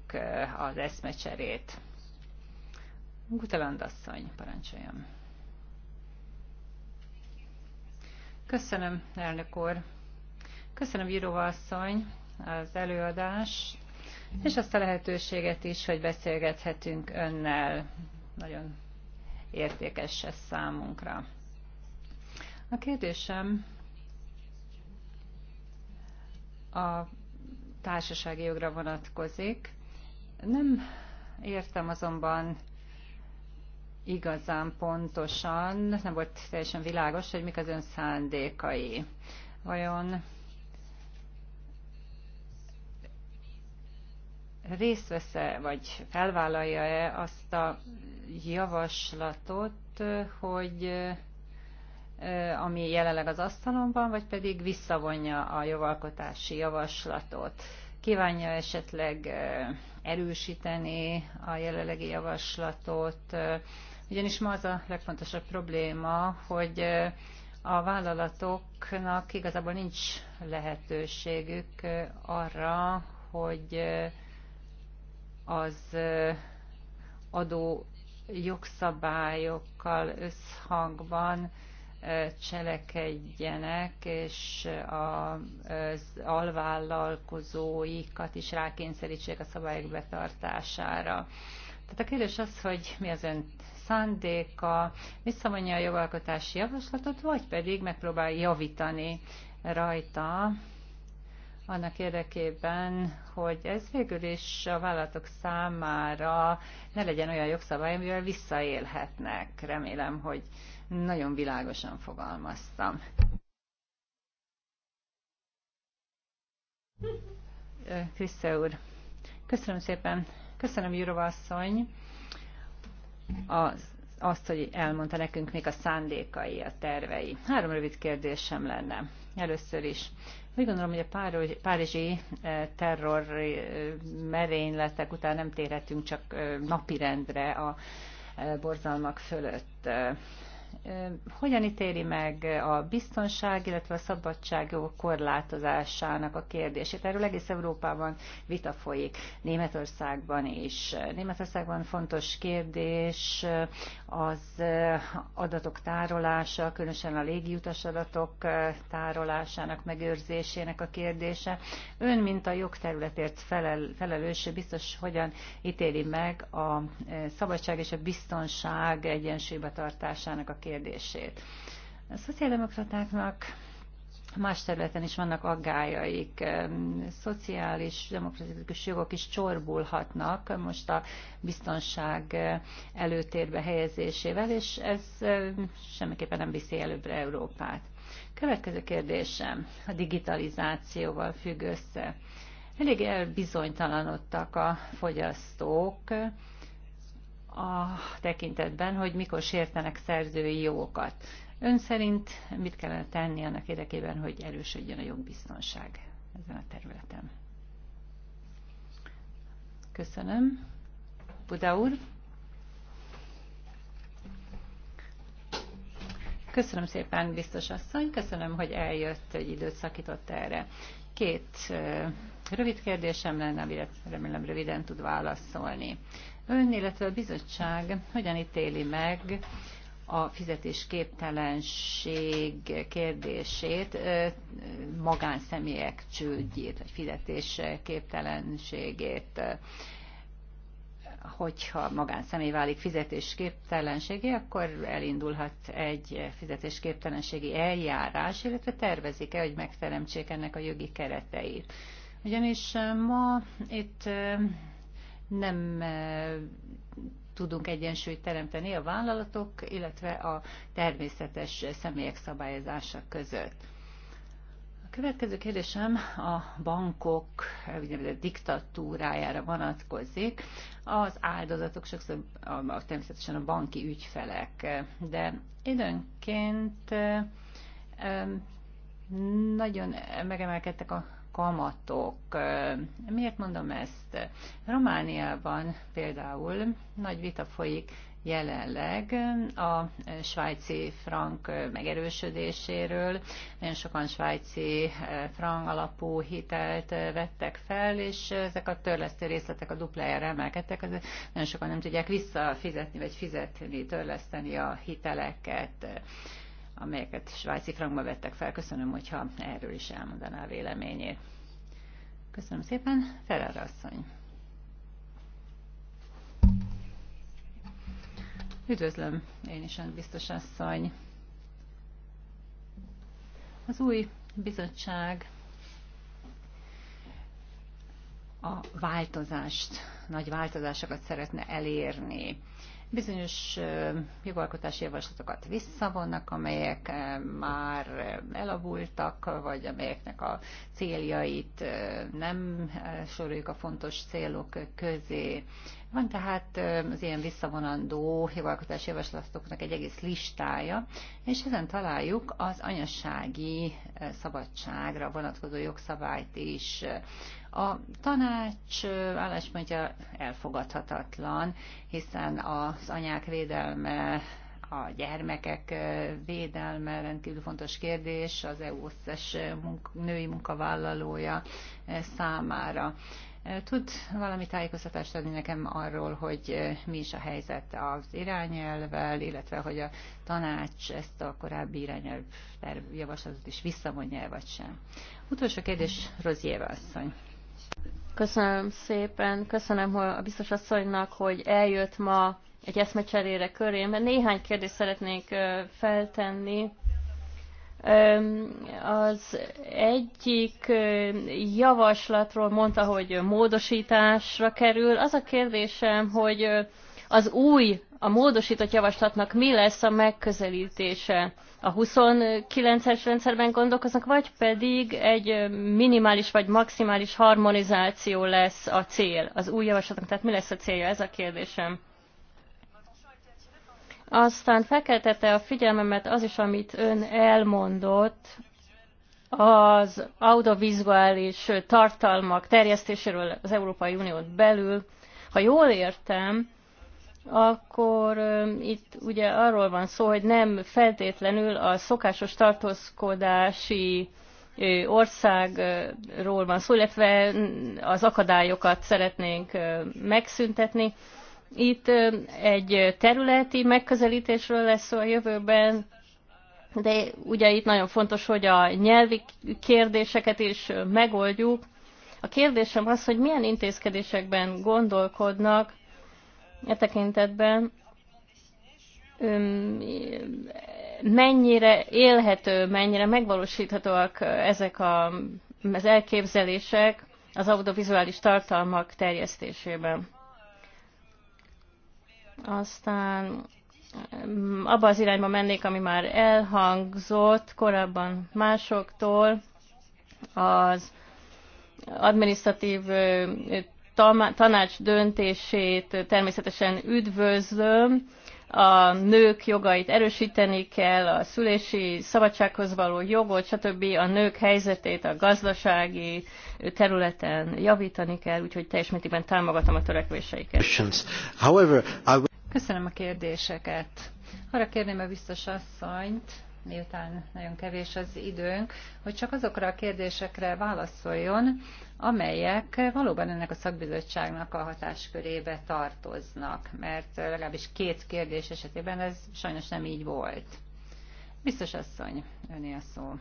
az eszmecserét. Gutaland asszony, parancsoljam. Köszönöm, elnök úr. Köszönöm, Jirova asszony, az előadás és azt a lehetőséget is, hogy beszélgethetünk önnel. Nagyon értékes ez számunkra. A kérdésem a társasági jogra vonatkozik. Nem értem azonban igazán pontosan, nem volt teljesen világos, hogy mik az ön szándékai. Vajon részt vesz-e, vagy felvállalja-e azt a javaslatot, hogy ami jelenleg az asztalon van, vagy pedig visszavonja a jogalkotási javaslatot. Kívánja esetleg erősíteni a jelenlegi javaslatot, ugyanis ma az a legfontosabb probléma, hogy a vállalatoknak igazából nincs lehetőségük arra, hogy az adó jogszabályokkal összhangban cselekedjenek, és az alvállalkozóikat is rákényszerítsék a szabályok betartására. Tehát a kérdés az, hogy mi az ön szándéka, visszavonja a jogalkotási javaslatot, vagy pedig megpróbál javítani rajta annak érdekében, hogy ez végül is a vállalatok számára ne legyen olyan jogszabály, amivel visszaélhetnek. Remélem, hogy nagyon világosan fogalmaztam. Krisze úr, köszönöm szépen. Köszönöm, Jurova asszony, az, azt, hogy elmondta nekünk, még a szándékai, a tervei. Három rövid kérdésem lenne. Először is, úgy gondolom, hogy a párizsi terror merényletek után nem térhetünk csak napirendre a borzalmak fölött hogyan ítéli meg a biztonság, illetve a szabadság korlátozásának a kérdését. Erről egész Európában vita folyik, Németországban is. Németországban fontos kérdés az adatok tárolása, különösen a légiutas adatok tárolásának, megőrzésének a kérdése. Ön, mint a jogterületért felel, felelős, biztos hogyan ítéli meg a szabadság és a biztonság egyensúlyba tartásának a kérdését. A szociáldemokratáknak más területen is vannak aggájaik. Szociális, demokratikus jogok is csorbulhatnak most a biztonság előtérbe helyezésével, és ez semmiképpen nem viszi előbbre Európát. Következő kérdésem a digitalizációval függ össze. Elég elbizonytalanodtak a fogyasztók, a tekintetben, hogy mikor sértenek szerzői jogokat. Ön szerint mit kellene tenni annak érdekében, hogy erősödjön a jogbiztonság ezen a területen? Köszönöm. Buda úr. Köszönöm szépen, biztos asszony, köszönöm, hogy eljött, hogy időt szakított erre. Két rövid kérdésem lenne, amire remélem röviden tud válaszolni. Ön, illetve a bizottság hogyan ítéli meg a fizetésképtelenség kérdését, magánszemélyek csődjét, vagy fizetésképtelenségét, hogyha magánszemély válik fizetésképtelenségé, akkor elindulhat egy fizetésképtelenségi eljárás, illetve tervezik-e, hogy megteremtsék ennek a jogi kereteit. Ugyanis ma itt nem eh, tudunk egyensúlyt teremteni a vállalatok, illetve a természetes személyek szabályozása között. A következő kérdésem a bankok úgynevezett diktatúrájára vonatkozik. Az áldozatok sokszor a, a, természetesen a banki ügyfelek, de időnként eh, nagyon megemelkedtek a kamatok. Miért mondom ezt? Romániában például nagy vita folyik jelenleg a svájci frank megerősödéséről. Nagyon sokan svájci frank alapú hitelt vettek fel, és ezek a törlesztő részletek a duplájára emelkedtek, nagyon sokan nem tudják visszafizetni, vagy fizetni, törleszteni a hiteleket amelyeket svájci frankba vettek fel. Köszönöm, hogyha erről is elmondaná a véleményét. Köszönöm szépen. Ferrer asszony. Üdvözlöm én is, biztos asszony. Az új bizottság a változást, nagy változásokat szeretne elérni. Bizonyos jogalkotási javaslatokat visszavonnak, amelyek már elavultak, vagy amelyeknek a céljait nem soroljuk a fontos célok közé. Van tehát az ilyen visszavonandó jogalkotási javaslatoknak egy egész listája, és ezen találjuk az anyassági szabadságra vonatkozó jogszabályt is, a tanács álláspontja elfogadhatatlan, hiszen az anyák védelme a gyermekek védelme rendkívül fontos kérdés az EU összes munk női munkavállalója számára. Tud valami tájékoztatást adni nekem arról, hogy mi is a helyzet az irányelvvel, illetve hogy a tanács ezt a korábbi irányelv javaslatot is visszavonja vagy sem. Utolsó kérdés Rozieva asszony. Köszönöm szépen, köszönöm a biztos asszonynak, hogy eljött ma egy eszmecserére köré, mert néhány kérdést szeretnék feltenni. Az egyik javaslatról mondta, hogy módosításra kerül. Az a kérdésem, hogy az új, a módosított javaslatnak mi lesz a megközelítése? a 29-es rendszerben gondolkoznak, vagy pedig egy minimális vagy maximális harmonizáció lesz a cél az új javaslatnak. Tehát mi lesz a célja? Ez a kérdésem. Aztán felkeltette a figyelmemet az is, amit ön elmondott az audiovizuális tartalmak terjesztéséről az Európai Unión belül. Ha jól értem, akkor itt ugye arról van szó, hogy nem feltétlenül a szokásos tartózkodási országról van szó, illetve az akadályokat szeretnénk megszüntetni. Itt egy területi megközelítésről lesz szó a jövőben, de ugye itt nagyon fontos, hogy a nyelvi kérdéseket is megoldjuk. A kérdésem az, hogy milyen intézkedésekben gondolkodnak, e tekintetben mennyire élhető, mennyire megvalósíthatóak ezek a, az elképzelések az audiovizuális tartalmak terjesztésében. Aztán abba az irányba mennék, ami már elhangzott korábban másoktól, az administratív tanács döntését természetesen üdvözlöm, a nők jogait erősíteni kell, a szülési szabadsághoz való jogot, stb. a nők helyzetét a gazdasági területen javítani kell, úgyhogy teljes mértékben támogatom a törekvéseiket. Köszönöm a kérdéseket. Arra kérném a biztos asszonyt, miután nagyon kevés az időnk, hogy csak azokra a kérdésekre válaszoljon, amelyek valóban ennek a szakbizottságnak a hatáskörébe tartoznak, mert legalábbis két kérdés esetében ez sajnos nem így volt. Biztos asszony, öné a szó.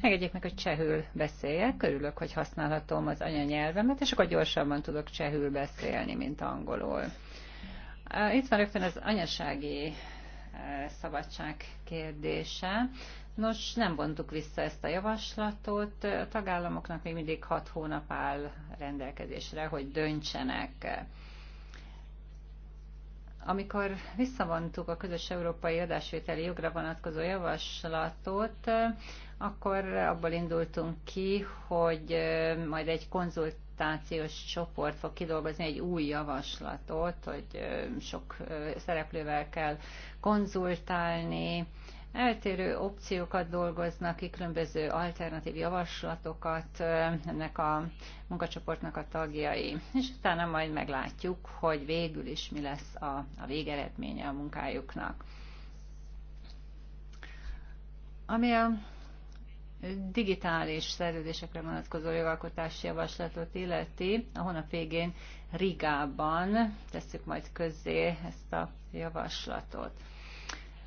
Megegyek meg, hogy csehül beszéljek. örülök, hogy használhatom az anyanyelvemet, és akkor gyorsabban tudok csehül beszélni, mint angolul. Itt van rögtön az anyasági szabadság kérdése. Nos, nem vontuk vissza ezt a javaslatot. A tagállamoknak még mindig hat hónap áll rendelkezésre, hogy döntsenek. Amikor visszavontuk a közös európai adásvételi jogra vonatkozó javaslatot, akkor abból indultunk ki, hogy majd egy konzult konzultációs csoport fog kidolgozni egy új javaslatot, hogy sok szereplővel kell konzultálni, eltérő opciókat dolgoznak ki, különböző alternatív javaslatokat ennek a munkacsoportnak a tagjai, és utána majd meglátjuk, hogy végül is mi lesz a, a végeredménye a munkájuknak. Ami a digitális szerződésekre vonatkozó jogalkotási javaslatot illeti, a hónap végén Rigában tesszük majd közzé ezt a javaslatot.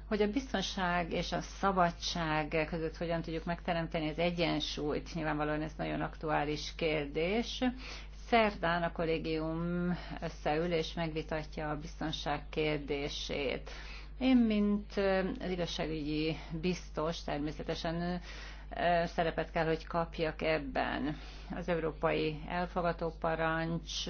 Hogy a biztonság és a szabadság között hogyan tudjuk megteremteni az egyensúlyt, nyilvánvalóan ez nagyon aktuális kérdés. Szerdán a kollégium összeül és megvitatja a biztonság kérdését. Én, mint az igazságügyi biztos, természetesen szerepet kell, hogy kapjak ebben. Az európai elfogató parancs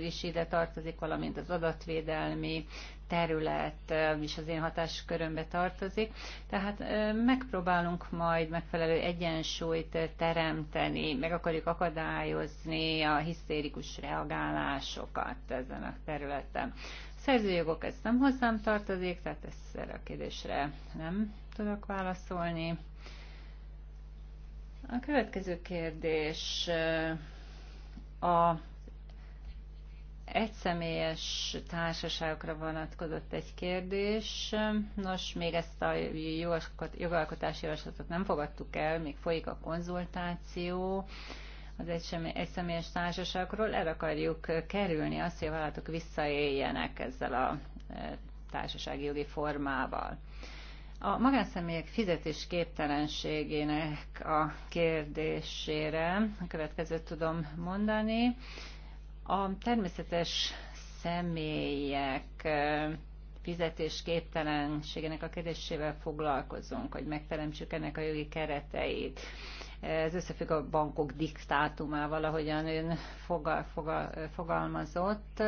is ide tartozik, valamint az adatvédelmi terület is az én hatáskörömbe tartozik. Tehát megpróbálunk majd megfelelő egyensúlyt teremteni, meg akarjuk akadályozni a hisztérikus reagálásokat ezen a területen. A szerzőjogok, ez nem hozzám tartozik, tehát ezt erre a kérdésre nem tudok válaszolni. A következő kérdés a egyszemélyes társaságokra vonatkozott egy kérdés. Nos, még ezt a jogalkotási javaslatot nem fogadtuk el, még folyik a konzultáció az egyszemélyes társaságokról. El akarjuk kerülni azt, hogy a vállalatok visszaéljenek ezzel a társasági jogi formával. A magánszemélyek fizetésképtelenségének a kérdésére a következőt tudom mondani. A természetes személyek fizetésképtelenségének a kérdésével foglalkozunk, hogy megteremtsük ennek a jogi kereteit. Ez összefügg a bankok diktátumával, ahogyan ön fogal, fogal, fogalmazott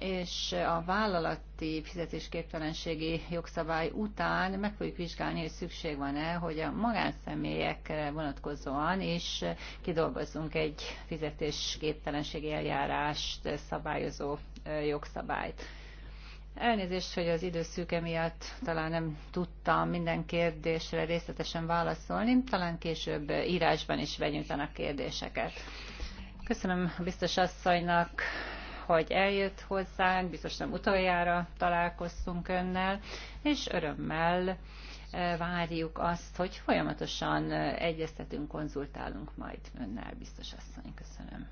és a vállalati fizetésképtelenségi jogszabály után meg fogjuk vizsgálni, hogy szükség van-e, hogy a magánszemélyekre vonatkozóan is kidolgozzunk egy fizetésképtelenségi eljárást szabályozó jogszabályt. Elnézést, hogy az időszűke miatt talán nem tudtam minden kérdésre részletesen válaszolni, talán később írásban is vegyünk a kérdéseket. Köszönöm a biztos asszonynak hogy eljött hozzánk, biztos nem utoljára találkoztunk önnel, és örömmel eh, várjuk azt, hogy folyamatosan eh, egyeztetünk, konzultálunk majd önnel, biztos asszony. Köszönöm.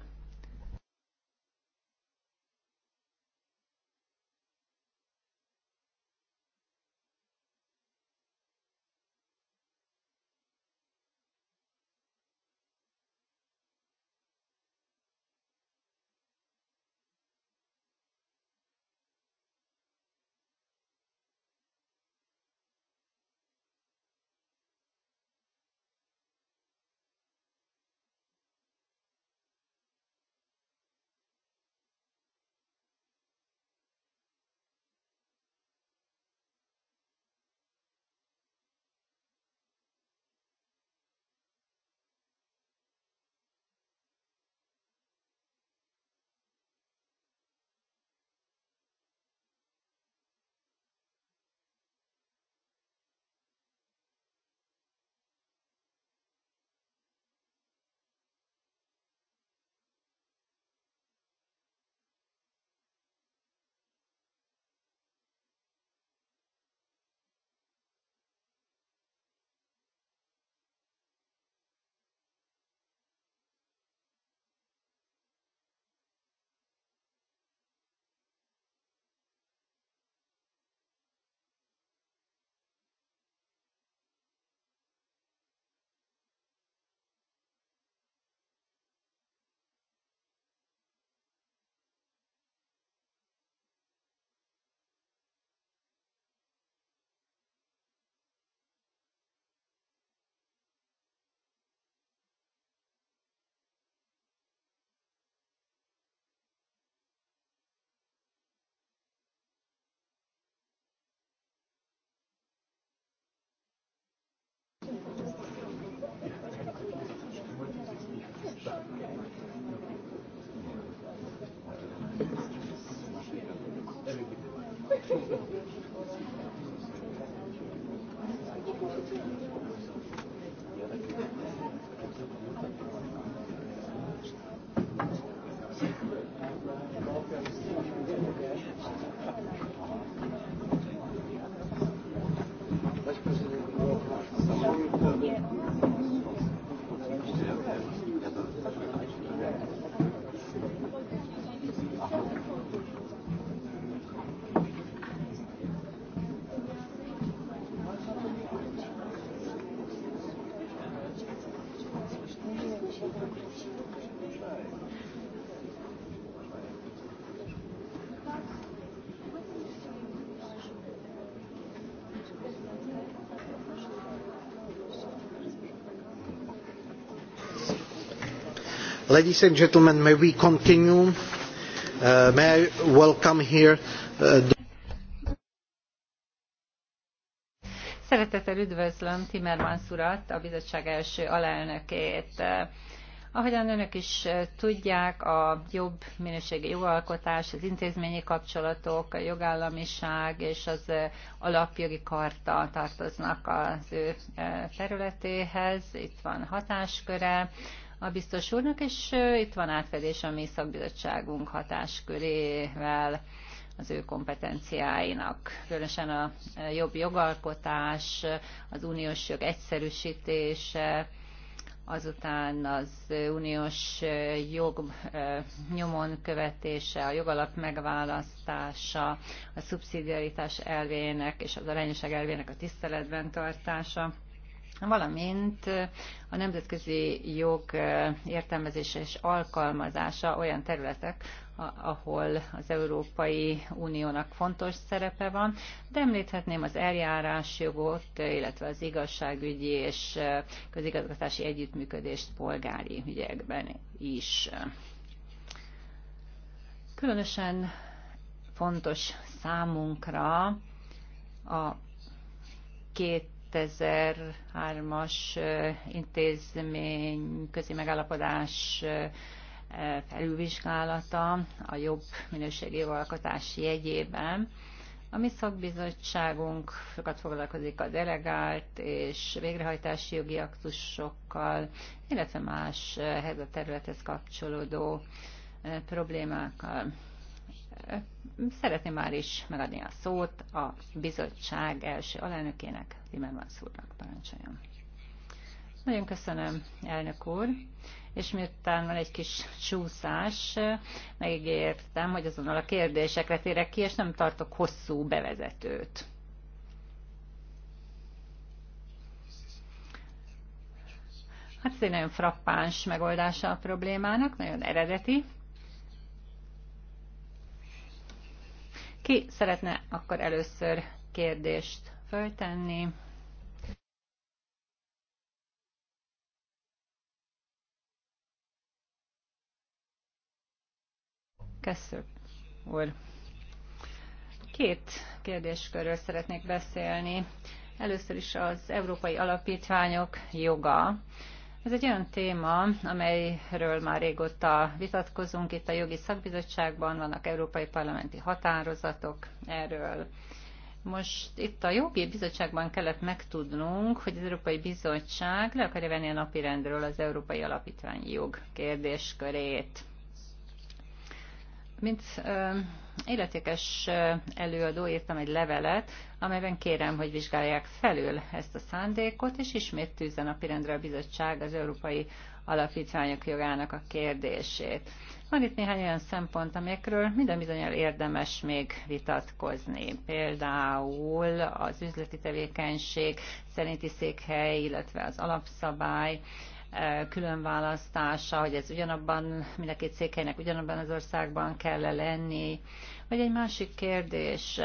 Ladies and gentlemen, may we continue? Uh, may I welcome here uh, Szeretettel üdvözlöm Timmermans urat, a bizottság első alelnökét. Uh, ahogyan önök is uh, tudják, a jobb minőségi jogalkotás, az intézményi kapcsolatok, a jogállamiság és az uh, alapjogi karta tartoznak az ő területéhez. Itt van hatásköre a biztos úrnak, és itt van átfedés a mi szakbizottságunk hatáskörével az ő kompetenciáinak. Különösen a jobb jogalkotás, az uniós jog egyszerűsítése, azután az uniós jog nyomon követése, a jogalap megválasztása, a szubszidiaritás elvének és az arányosság elvének a tiszteletben tartása valamint a nemzetközi jog értelmezése és alkalmazása olyan területek, ahol az Európai Uniónak fontos szerepe van, de említhetném az eljárásjogot, illetve az igazságügyi és közigazgatási együttműködést polgári ügyekben is. Különösen fontos számunkra a két 2003-as intézmény közi megállapodás felülvizsgálata a jobb minőségi alkotás jegyében. A mi szakbizottságunk sokat foglalkozik a delegált és végrehajtási jogi aktusokkal, illetve más ehhez a területhez kapcsolódó problémákkal. Szeretném már is megadni a szót a bizottság első alelnökének, Timmermans úrnak parancsoljon. Nagyon köszönöm, elnök úr, és miután van egy kis csúszás, megígértem, hogy azonnal a kérdésekre térek ki, és nem tartok hosszú bevezetőt. Hát ez egy nagyon frappáns megoldása a problémának, nagyon eredeti, Ki szeretne akkor először kérdést föltenni? Köszönöm. úr. Két kérdéskörről szeretnék beszélni. Először is az európai alapítványok joga. Ez egy olyan téma, amelyről már régóta vitatkozunk itt a jogi szakbizottságban, vannak európai parlamenti határozatok erről. Most itt a jogi bizottságban kellett megtudnunk, hogy az Európai Bizottság le akarja venni a napirendről az Európai Alapítványi Jog kérdéskörét. Mint illetékes előadó írtam egy levelet, amelyben kérem, hogy vizsgálják felül ezt a szándékot, és ismét tűzze napirendre a bizottság az európai alapítványok jogának a kérdését. Van itt néhány olyan szempont, amikről minden bizonyal érdemes még vitatkozni. Például az üzleti tevékenység szerinti székhely, illetve az alapszabály, különválasztása, hogy ez ugyanabban, mind a két székhelynek ugyanabban az országban kell -e lenni. Vagy egy másik kérdés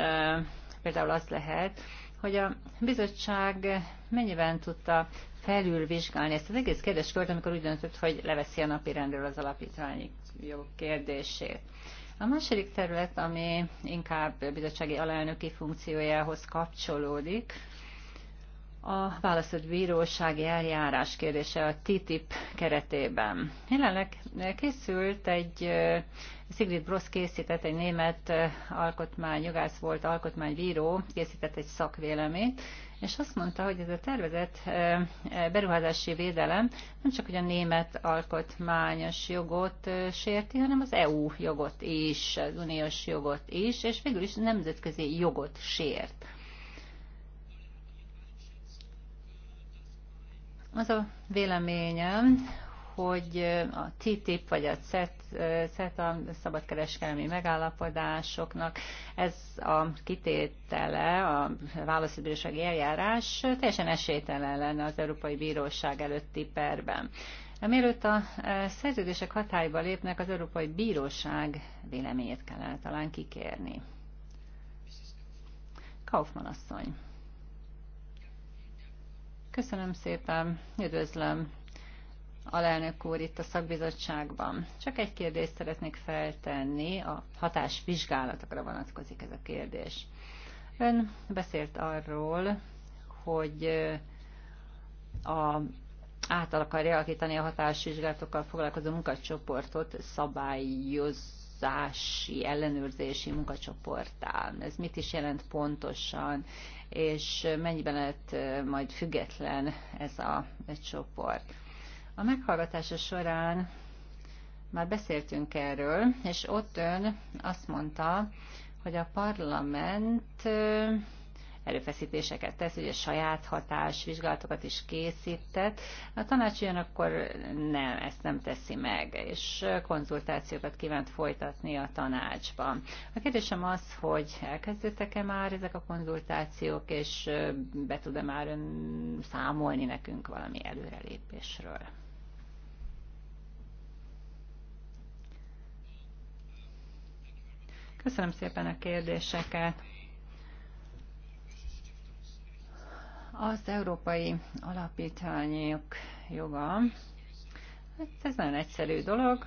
például az lehet, hogy a bizottság mennyiben tudta felülvizsgálni ezt az egész kérdéskört, amikor úgy döntött, hogy leveszi a napi rendről az alapítványi jog kérdését. A második terület, ami inkább bizottsági alelnöki funkciójához kapcsolódik, a válaszolt bírósági eljárás kérdése a TTIP keretében. Jelenleg készült egy, Sigrid Brosz készített, egy német alkotmányjogász volt, alkotmánybíró, készített egy szakvéleményt, és azt mondta, hogy ez a tervezett beruházási védelem nem csak hogy a német alkotmányos jogot sérti, hanem az EU jogot is, az uniós jogot is, és végül is nemzetközi jogot sért. Az a véleményem, hogy a TTIP vagy a e e a szabadkereskedelmi megállapodásoknak ez a kitétele, a válaszidősági eljárás teljesen esélytelen lenne az Európai Bíróság előtti perben. Mielőtt a e, szerződések hatályba lépnek, az Európai Bíróság véleményét kellene talán kikérni. Kaufmann asszony. Köszönöm szépen, üdvözlöm alelnök úr itt a szakbizottságban. Csak egy kérdést szeretnék feltenni, a hatásvizsgálatokra vonatkozik ez a kérdés. Ön beszélt arról, hogy a, át akarja alakítani a hatásvizsgálatokkal foglalkozó munkacsoportot szabályoz, szabályozási, ellenőrzési munkacsoportá. Ez mit is jelent pontosan, és mennyiben lett majd független ez a csoport. A meghallgatása során már beszéltünk erről, és ott ön azt mondta, hogy a parlament erőfeszítéseket tesz, ugye saját hatás vizsgálatokat is készített. A tanács ugyanakkor nem, ezt nem teszi meg, és konzultációkat kívánt folytatni a tanácsban. A kérdésem az, hogy elkezdődtek-e már ezek a konzultációk, és be tud-e már ön számolni nekünk valami előrelépésről? Köszönöm szépen a kérdéseket. Az európai alapítványok joga, hát ez nagyon egyszerű dolog.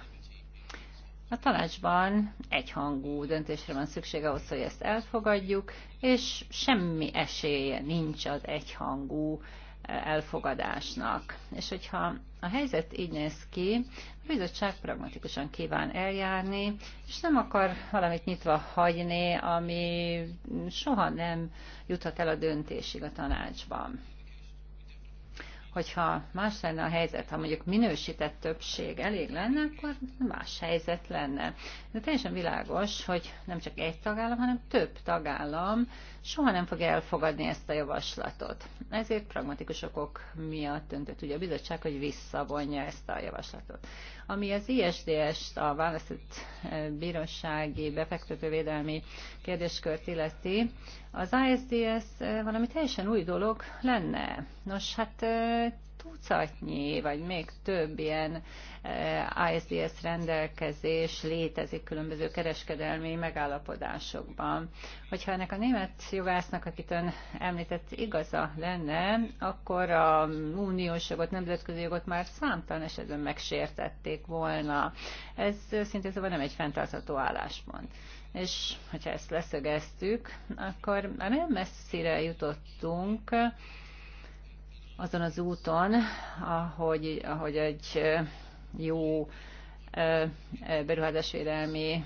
A tanácsban egyhangú döntésre van szükség ahhoz, hogy ezt elfogadjuk, és semmi esélye nincs az egyhangú elfogadásnak. És hogyha a helyzet így néz ki, a bizottság pragmatikusan kíván eljárni, és nem akar valamit nyitva hagyni, ami soha nem juthat el a döntésig a tanácsban. Hogyha más lenne a helyzet, ha mondjuk minősített többség elég lenne, akkor más helyzet lenne. De teljesen világos, hogy nem csak egy tagállam, hanem több tagállam soha nem fog elfogadni ezt a javaslatot. Ezért pragmatikus okok miatt döntött ugye a bizottság, hogy visszavonja ezt a javaslatot. Ami az ISDS-t, a választott eh, bírósági befektetővédelmi kérdéskört illeti, az ISDS eh, valami teljesen új dolog lenne. Nos, hát eh, tucatnyi, vagy még több ilyen eh, ISDS rendelkezés létezik különböző kereskedelmi megállapodásokban. Hogyha ennek a német jogásznak, akit ön említett, igaza lenne, akkor a uniós jogot, nemzetközi jogot már számtalan esetben megsértették volna. Ez szintén szóval nem egy fenntartható álláspont. És hogyha ezt leszögeztük, akkor nem messzire jutottunk, azon az úton, ahogy, ahogy egy jó beruházásvédelmi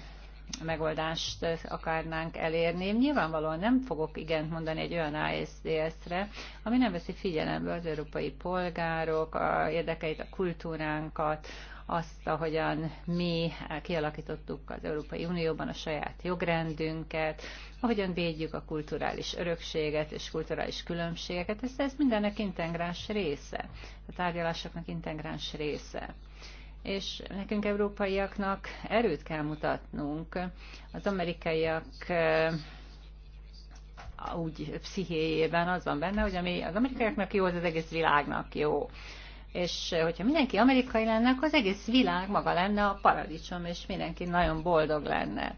megoldást akarnánk elérni. Nyilvánvalóan nem fogok igent mondani egy olyan asds re ami nem veszi figyelembe az európai polgárok a érdekeit, a kultúránkat, azt, ahogyan mi kialakítottuk az Európai Unióban a saját jogrendünket, ahogyan védjük a kulturális örökséget és kulturális különbségeket, ez, ez mindennek integráns része, a tárgyalásoknak integráns része és nekünk európaiaknak erőt kell mutatnunk. Az amerikaiak eh, úgy pszichéjében az van benne, hogy ami az amerikaiaknak jó, az az egész világnak jó és eh, hogyha mindenki amerikai lenne, akkor az egész világ maga lenne a paradicsom, és mindenki nagyon boldog lenne.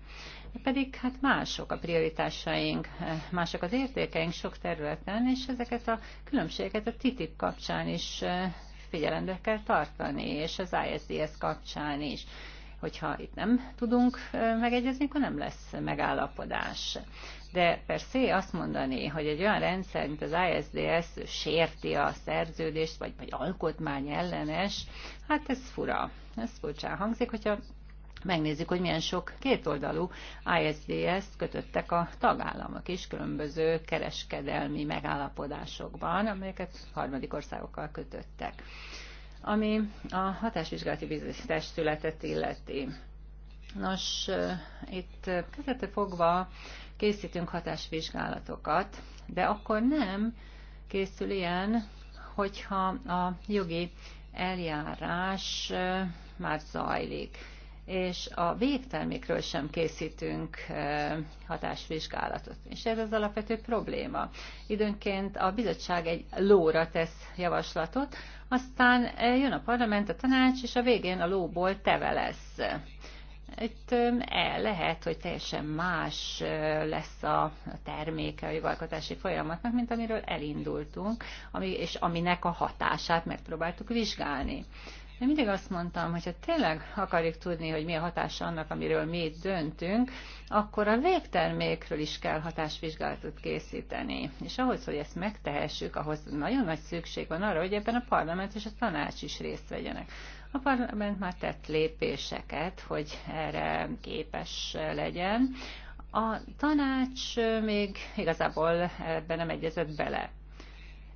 Pedig hát mások a prioritásaink, eh, mások az értékeink sok területen, és ezeket a különbségeket a TTIP kapcsán is eh, figyelembe kell tartani, és az ISDS kapcsán is hogyha itt nem tudunk megegyezni, akkor nem lesz megállapodás de persze azt mondani, hogy egy olyan rendszer, mint az ISDS sérti a szerződést, vagy, vagy alkotmány ellenes, hát ez fura. Ez furcsán hangzik, hogyha megnézzük, hogy milyen sok kétoldalú isds kötöttek a tagállamok is különböző kereskedelmi megállapodásokban, amelyeket harmadik országokkal kötöttek. Ami a hatásvizsgálati bizonyítást született illeti. Nos, itt kezdete fogva készítünk hatásvizsgálatokat, de akkor nem készül ilyen, hogyha a jogi eljárás már zajlik, és a végtermékről sem készítünk hatásvizsgálatot. És ez az alapvető probléma. Időnként a bizottság egy lóra tesz javaslatot, aztán jön a parlament, a tanács, és a végén a lóból teve lesz itt el lehet, hogy teljesen más lesz a terméke a jogalkotási folyamatnak, mint amiről elindultunk, ami, és aminek a hatását megpróbáltuk vizsgálni. Én mindig azt mondtam, hogy ha tényleg akarjuk tudni, hogy mi a hatása annak, amiről mi döntünk, akkor a végtermékről is kell hatásvizsgálatot készíteni. És ahhoz, hogy ezt megtehessük, ahhoz nagyon nagy szükség van arra, hogy ebben a parlament és a tanács is részt vegyenek. A parlament már tett lépéseket, hogy erre képes legyen. A tanács még igazából ebben nem egyezett bele.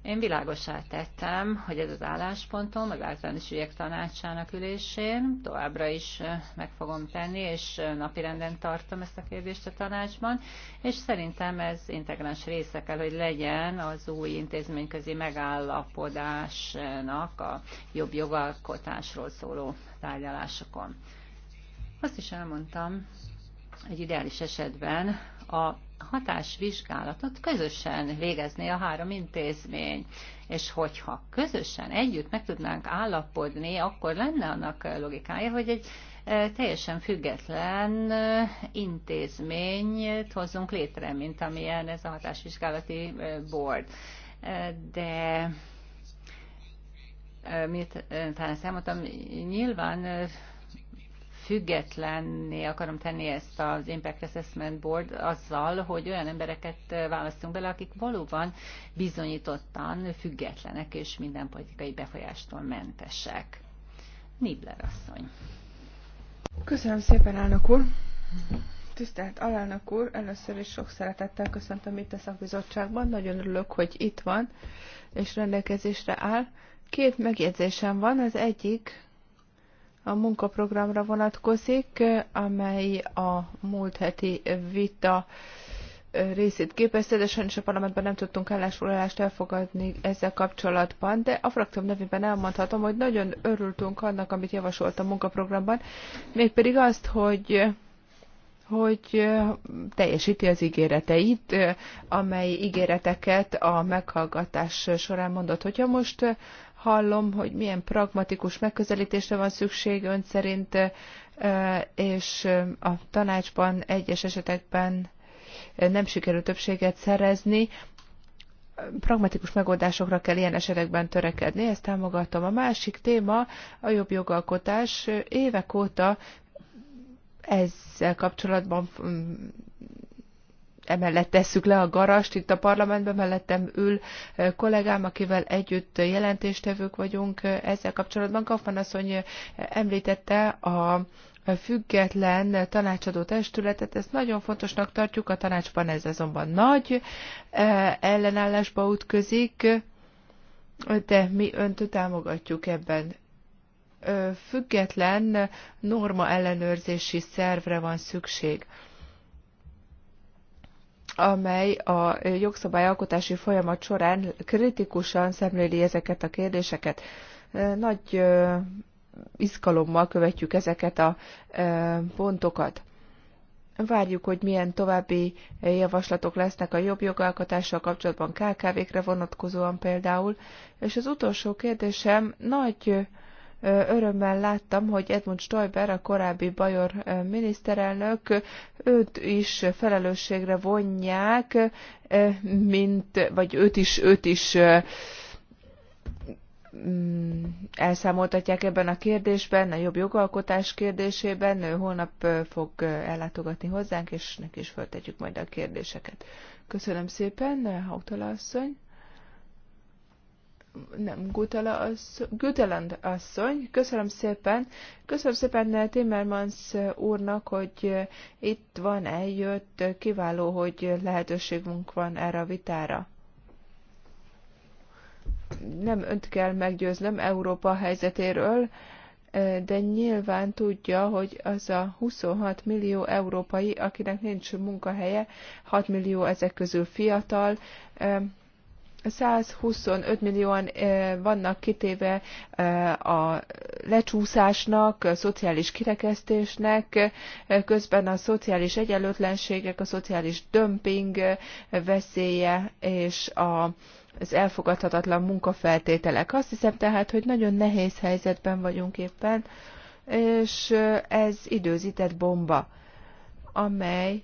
Én világosá tettem, hogy ez az álláspontom az általános ügyek tanácsának ülésén továbbra is meg fogom tenni, és napirenden tartom ezt a kérdést a tanácsban, és szerintem ez integráns része kell, hogy legyen az új intézményközi megállapodásnak a jobb jogalkotásról szóló tárgyalásokon. Azt is elmondtam, egy ideális esetben a hatásvizsgálatot közösen végezné a három intézmény. És hogyha közösen együtt meg tudnánk állapodni, akkor lenne annak logikája, hogy egy e, teljesen független e, intézményt hozzunk létre, mint amilyen ez a hatásvizsgálati e, board. De miután ezt elmondtam, nyilván függetlenné akarom tenni ezt az Impact Assessment Board azzal, hogy olyan embereket választunk bele, akik valóban bizonyítottan függetlenek és minden politikai befolyástól mentesek. Nibler asszony. Köszönöm szépen, elnök úr! Tisztelt alelnök úr, először is sok szeretettel köszöntöm itt a szakbizottságban. Nagyon örülök, hogy itt van és rendelkezésre áll. Két megjegyzésem van. Az egyik a munkaprogramra vonatkozik, amely a múlt heti vita részét képezte, de sajnos a parlamentben nem tudtunk állásfoglalást elfogadni ezzel kapcsolatban, de a frakcióm nevében elmondhatom, hogy nagyon örültünk annak, amit javasolt a munkaprogramban, mégpedig azt, hogy hogy teljesíti az ígéreteit, amely ígéreteket a meghallgatás során mondott. Hogyha most hallom, hogy milyen pragmatikus megközelítésre van szükség ön szerint, és a tanácsban egyes esetekben nem sikerül többséget szerezni. Pragmatikus megoldásokra kell ilyen esetekben törekedni, ezt támogatom. A másik téma a jobb jogalkotás. Évek óta ezzel kapcsolatban emellett tesszük le a garast, itt a parlamentben mellettem ül eh, kollégám, akivel együtt jelentéstevők vagyunk eh, ezzel kapcsolatban. Kaufmann asszony eh, említette a független tanácsadó testületet, ezt nagyon fontosnak tartjuk, a tanácsban ez azonban nagy ellenállásba ütközik, de mi önt támogatjuk ebben független norma ellenőrzési szervre van szükség amely a jogszabályalkotási folyamat során kritikusan szemléli ezeket a kérdéseket. Nagy izgalommal követjük ezeket a pontokat. Várjuk, hogy milyen további javaslatok lesznek a jobb jogalkotással kapcsolatban KKV-kre vonatkozóan például. És az utolsó kérdésem nagy örömmel láttam, hogy Edmund Stoiber, a korábbi bajor miniszterelnök, őt is felelősségre vonják, mint, vagy őt is, őt is mm, elszámoltatják ebben a kérdésben, a jobb jogalkotás kérdésében. Ő holnap fog ellátogatni hozzánk, és neki is föltetjük majd a kérdéseket. Köszönöm szépen, Hautala asszony nem Gutala az, Guteland asszony, köszönöm szépen, köszönöm szépen eh, Timmermans eh, úrnak, hogy eh, itt van, eljött, kiváló, hogy lehetőségünk van erre a vitára. Nem önt kell meggyőznöm Európa helyzetéről, de nyilván tudja, hogy az a 26 millió európai, akinek nincs munkahelye, 6 millió ezek közül fiatal, 125 millióan vannak kitéve a lecsúszásnak, a szociális kirekesztésnek, közben a szociális egyenlőtlenségek, a szociális dömping veszélye és a az elfogadhatatlan munkafeltételek. Azt hiszem tehát, hogy nagyon nehéz helyzetben vagyunk éppen, és ez időzített bomba, amely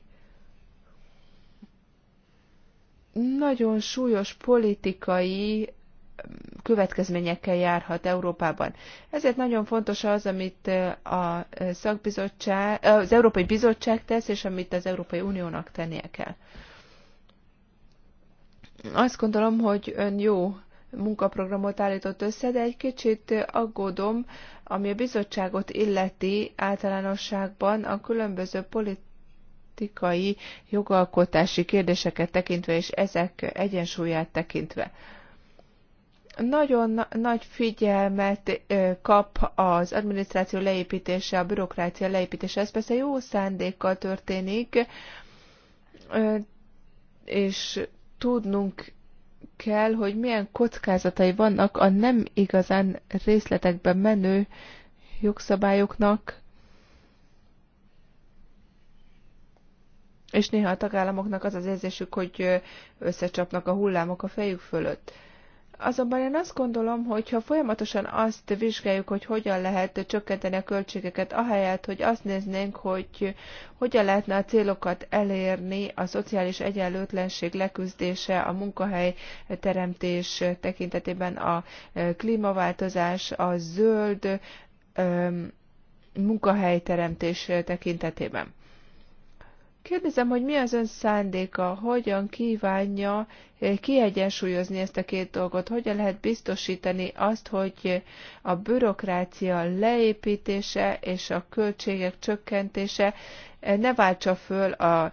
nagyon súlyos politikai mm, következményekkel járhat Európában. Ezért nagyon fontos az, amit a szakbizottság, az Európai Bizottság tesz, és amit az Európai Uniónak tennie kell. Azt gondolom, hogy ön jó munkaprogramot állított össze, de egy kicsit aggódom, ami a bizottságot illeti általánosságban a különböző politikai politikai, jogalkotási kérdéseket tekintve, és ezek egyensúlyát tekintve nagyon nagy figyelmet kap az adminisztráció leépítése, a bürokrácia leépítése. Ez persze jó szándékkal történik, és tudnunk kell, hogy milyen kockázatai vannak a nem igazán részletekben menő jogszabályoknak, és néha a tagállamoknak az az érzésük, hogy összecsapnak a hullámok a fejük fölött. Azonban én azt gondolom, hogy ha folyamatosan azt vizsgáljuk, hogy hogyan lehet csökkenteni a költségeket, ahelyett, hogy azt néznénk, hogy hogyan lehetne a célokat elérni, a szociális egyenlőtlenség leküzdése, a munkahely teremtés tekintetében a klímaváltozás, a zöld munkahelyteremtés tekintetében. Kérdezem, hogy mi az ön szándéka, hogyan kívánja eh, kiegyensúlyozni ezt a két dolgot, hogyan lehet biztosítani azt, hogy a bürokrácia leépítése és a költségek csökkentése eh, ne váltsa föl a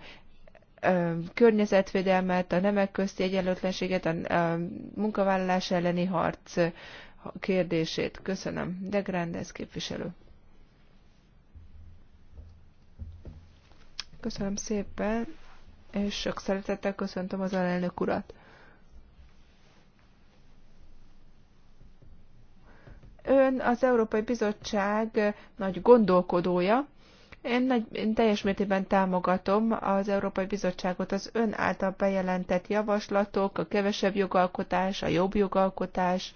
eh, környezetvédelmet, a nemek közti egyenlőtlenséget, a munkavállalás elleni harc kérdését. Köszönöm. De Grandes képviselő. Köszönöm szépen, és sok szeretettel köszöntöm az alelnök urat. Ön az Európai Bizottság nagy gondolkodója, én, nagy, én teljes mértékben támogatom az Európai Bizottságot az ön által bejelentett javaslatok, a kevesebb jogalkotás, a jobb jogalkotás,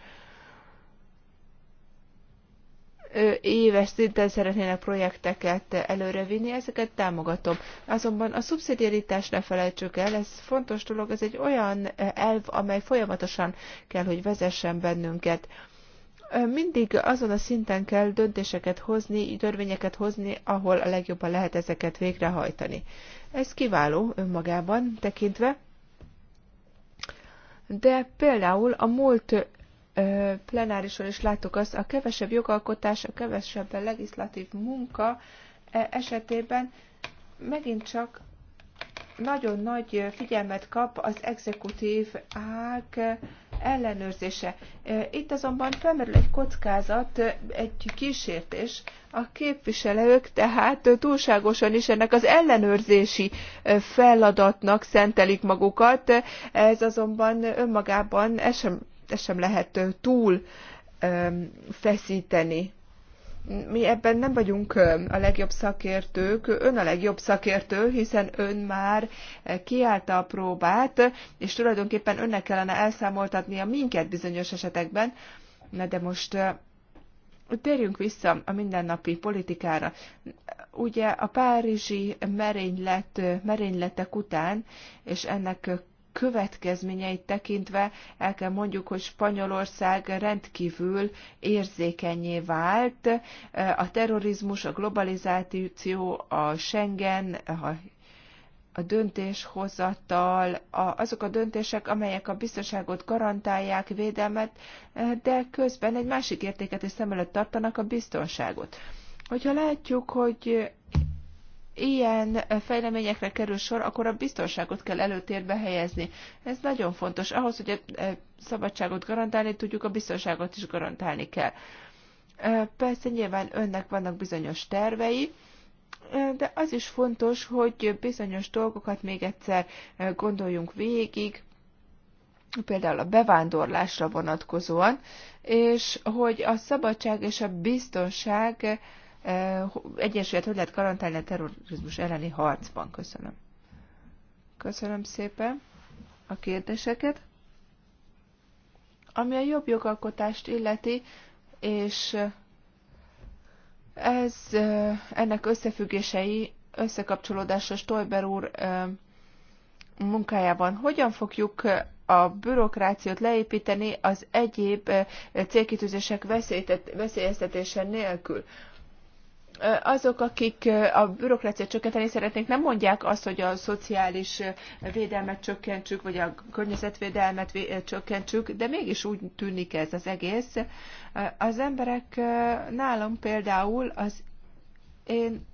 éves szinten szeretnének projekteket előrevinni, ezeket támogatom. Azonban a szubszidiaritás ne felejtsük el, ez fontos dolog, ez egy olyan elv, amely folyamatosan kell, hogy vezessen bennünket. Mindig azon a szinten kell döntéseket hozni, törvényeket hozni, ahol a legjobban lehet ezeket végrehajtani. Ez kiváló önmagában tekintve, de például a múlt plenárisról is láttuk azt, a kevesebb jogalkotás, a kevesebb legislatív munka e, esetében megint csak nagyon nagy figyelmet kap az exekutív ág ellenőrzése. Itt azonban felmerül egy kockázat, egy kísértés. A képviselők tehát túlságosan is ennek az ellenőrzési feladatnak szentelik magukat. Ez azonban önmagában ez sem te sem lehet túl feszíteni. Mi ebben nem vagyunk a legjobb szakértők, ön a legjobb szakértő, hiszen ön már kiállta a próbát, és tulajdonképpen önnek kellene elszámoltatnia minket bizonyos esetekben. Na de most térjünk vissza a mindennapi politikára. Ugye a párizsi merénylet, merényletek után, és ennek következményeit tekintve el kell mondjuk, hogy Spanyolország rendkívül érzékenyé vált. A terrorizmus, a globalizáció, a Schengen, a a döntéshozattal, a, azok a döntések, amelyek a biztonságot garantálják, védelmet, de közben egy másik értéket is szem előtt tartanak a biztonságot. Hogyha látjuk, hogy ilyen fejleményekre kerül sor, akkor a biztonságot kell előtérbe helyezni. Ez nagyon fontos. Ahhoz, hogy a e, szabadságot garantálni tudjuk, a biztonságot is garantálni kell. E, persze nyilván önnek vannak bizonyos tervei, e, de az is fontos, hogy bizonyos dolgokat még egyszer gondoljunk végig, például a bevándorlásra vonatkozóan, és hogy a szabadság és a biztonság egyensúlyát hogy lehet garantálni a terrorizmus elleni harcban? Köszönöm. Köszönöm szépen a kérdéseket. Ami a jobb jogalkotást illeti, és ez, ennek összefüggései, összekapcsolódása Stolber úr munkájában. Hogyan fogjuk a bürokrációt leépíteni az egyéb célkitűzések veszélyeztetése nélkül? azok, akik a bürokráciát csökkenteni szeretnék, nem mondják azt, hogy a szociális védelmet csökkentsük, vagy a környezetvédelmet csökkentsük, de mégis úgy tűnik ez az egész. Az emberek nálam például az én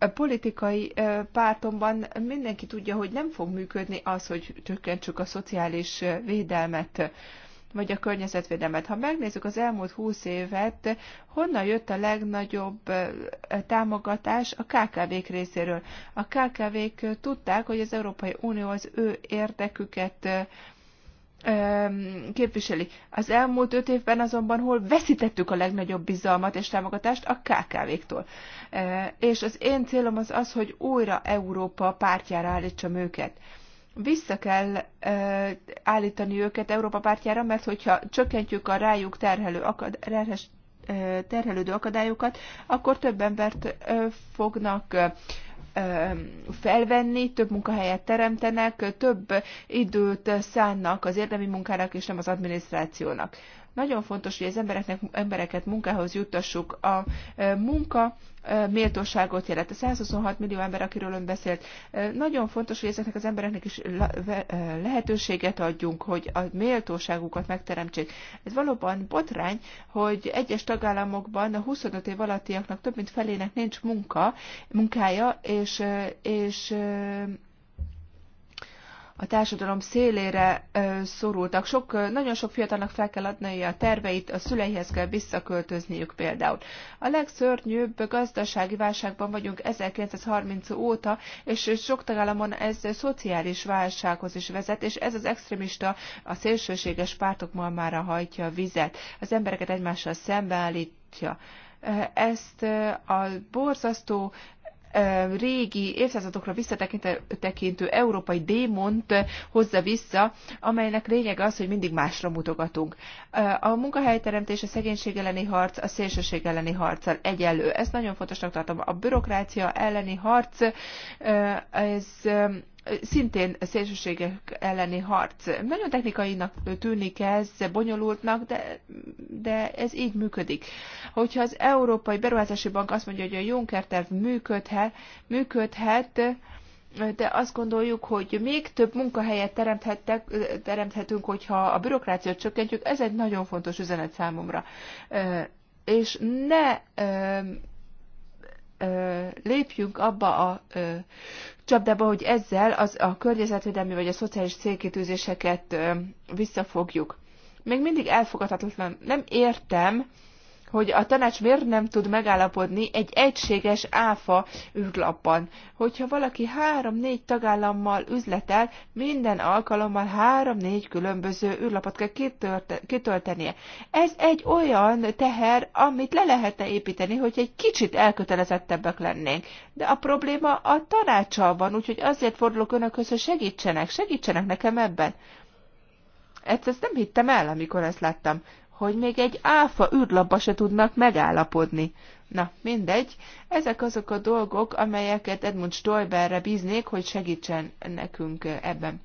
a politikai pártomban mindenki tudja, hogy nem fog működni az, hogy csökkentsük a szociális védelmet vagy a környezetvédelmet. Ha megnézzük az elmúlt húsz évet, honnan jött a legnagyobb támogatás a KKV-k részéről. A KKV-k tudták, hogy az Európai Unió az ő érdeküket képviseli. Az elmúlt öt évben azonban hol veszítettük a legnagyobb bizalmat és támogatást a KKV-któl. És az én célom az az, hogy újra Európa pártjára állítsam őket vissza kell ö, állítani őket Európa pártjára, mert hogyha csökkentjük a rájuk terhelő akad, terhes, ö, terhelődő akadályokat, akkor több embert ö, fognak ö, felvenni, több munkahelyet teremtenek, több időt szánnak az érdemi munkának és nem az adminisztrációnak. Nagyon fontos, hogy az embereknek, embereket munkához juttassuk. A munka méltóságot jelent. A 126 millió ember, akiről ön beszélt, nagyon fontos, hogy ezeknek az embereknek is lehetőséget adjunk, hogy a méltóságukat megteremtsék. Ez valóban botrány, hogy egyes tagállamokban a 25 év alattiaknak több mint felének nincs munka, munkája, és, és a társadalom szélére szorultak. Sok, nagyon sok fiatalnak fel kell adni a terveit, a szüleihez kell visszaköltözniük például. A legszörnyűbb gazdasági válságban vagyunk 1930 óta, és sok tagállamon ez szociális válsághoz is vezet, és ez az extrémista, a szélsőséges pártok malmára hajtja a vizet. Az embereket egymással szembeállítja ezt a borzasztó régi évszázadokra visszatekintő európai démont hozza vissza, amelynek lényege az, hogy mindig másra mutogatunk. A munkahelyteremtés, a szegénység elleni harc, a szélsőség elleni harccal egyenlő. Ezt nagyon fontosnak tartom. A bürokrácia elleni harc, ez szintén szélsőségek elleni harc. Nagyon technikainak tűnik ez, bonyolultnak, de, de ez így működik. Hogyha az Európai Beruházási Bank azt mondja, hogy a Juncker terv működhet, működhet de azt gondoljuk, hogy még több munkahelyet teremthetünk, hogyha a bürokráciát csökkentjük, ez egy nagyon fontos üzenet számomra. És ne lépjünk abba a csapdába, hogy ezzel az a környezetvédelmi vagy a szociális célkitűzéseket visszafogjuk. Még mindig elfogadhatatlan. Nem értem, hogy a tanács miért nem tud megállapodni egy egységes áfa űrlapban. Hogyha valaki három-négy tagállammal üzletel, minden alkalommal három-négy különböző űrlapot kell kitöltenie. Ez egy olyan teher, amit le lehetne építeni, hogy egy kicsit elkötelezettebbek lennénk. De a probléma a tanácsal van, úgyhogy azért fordulok önökhöz, hogy segítsenek, segítsenek nekem ebben. Ezt, ezt nem hittem el, amikor ezt láttam hogy még egy áfa űrlapba se tudnak megállapodni. Na, mindegy, ezek azok a dolgok, amelyeket Edmund Stoiberre bíznék, hogy segítsen nekünk ebben.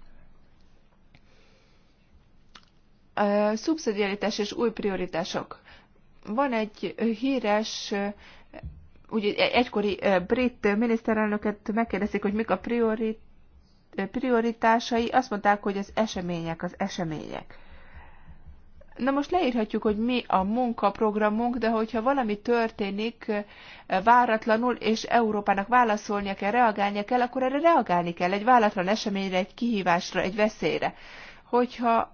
Szubszidiaritás és új prioritások. Van egy híres, ugye egykori brit miniszterelnöket megkérdezik, hogy mik a priori, prioritásai, azt mondták, hogy az események, az események. Na most leírhatjuk, hogy mi a munkaprogramunk, de hogyha valami történik váratlanul, és Európának válaszolnia kell, reagálnia kell, akkor erre reagálni kell egy váratlan eseményre, egy kihívásra, egy veszélyre. Hogyha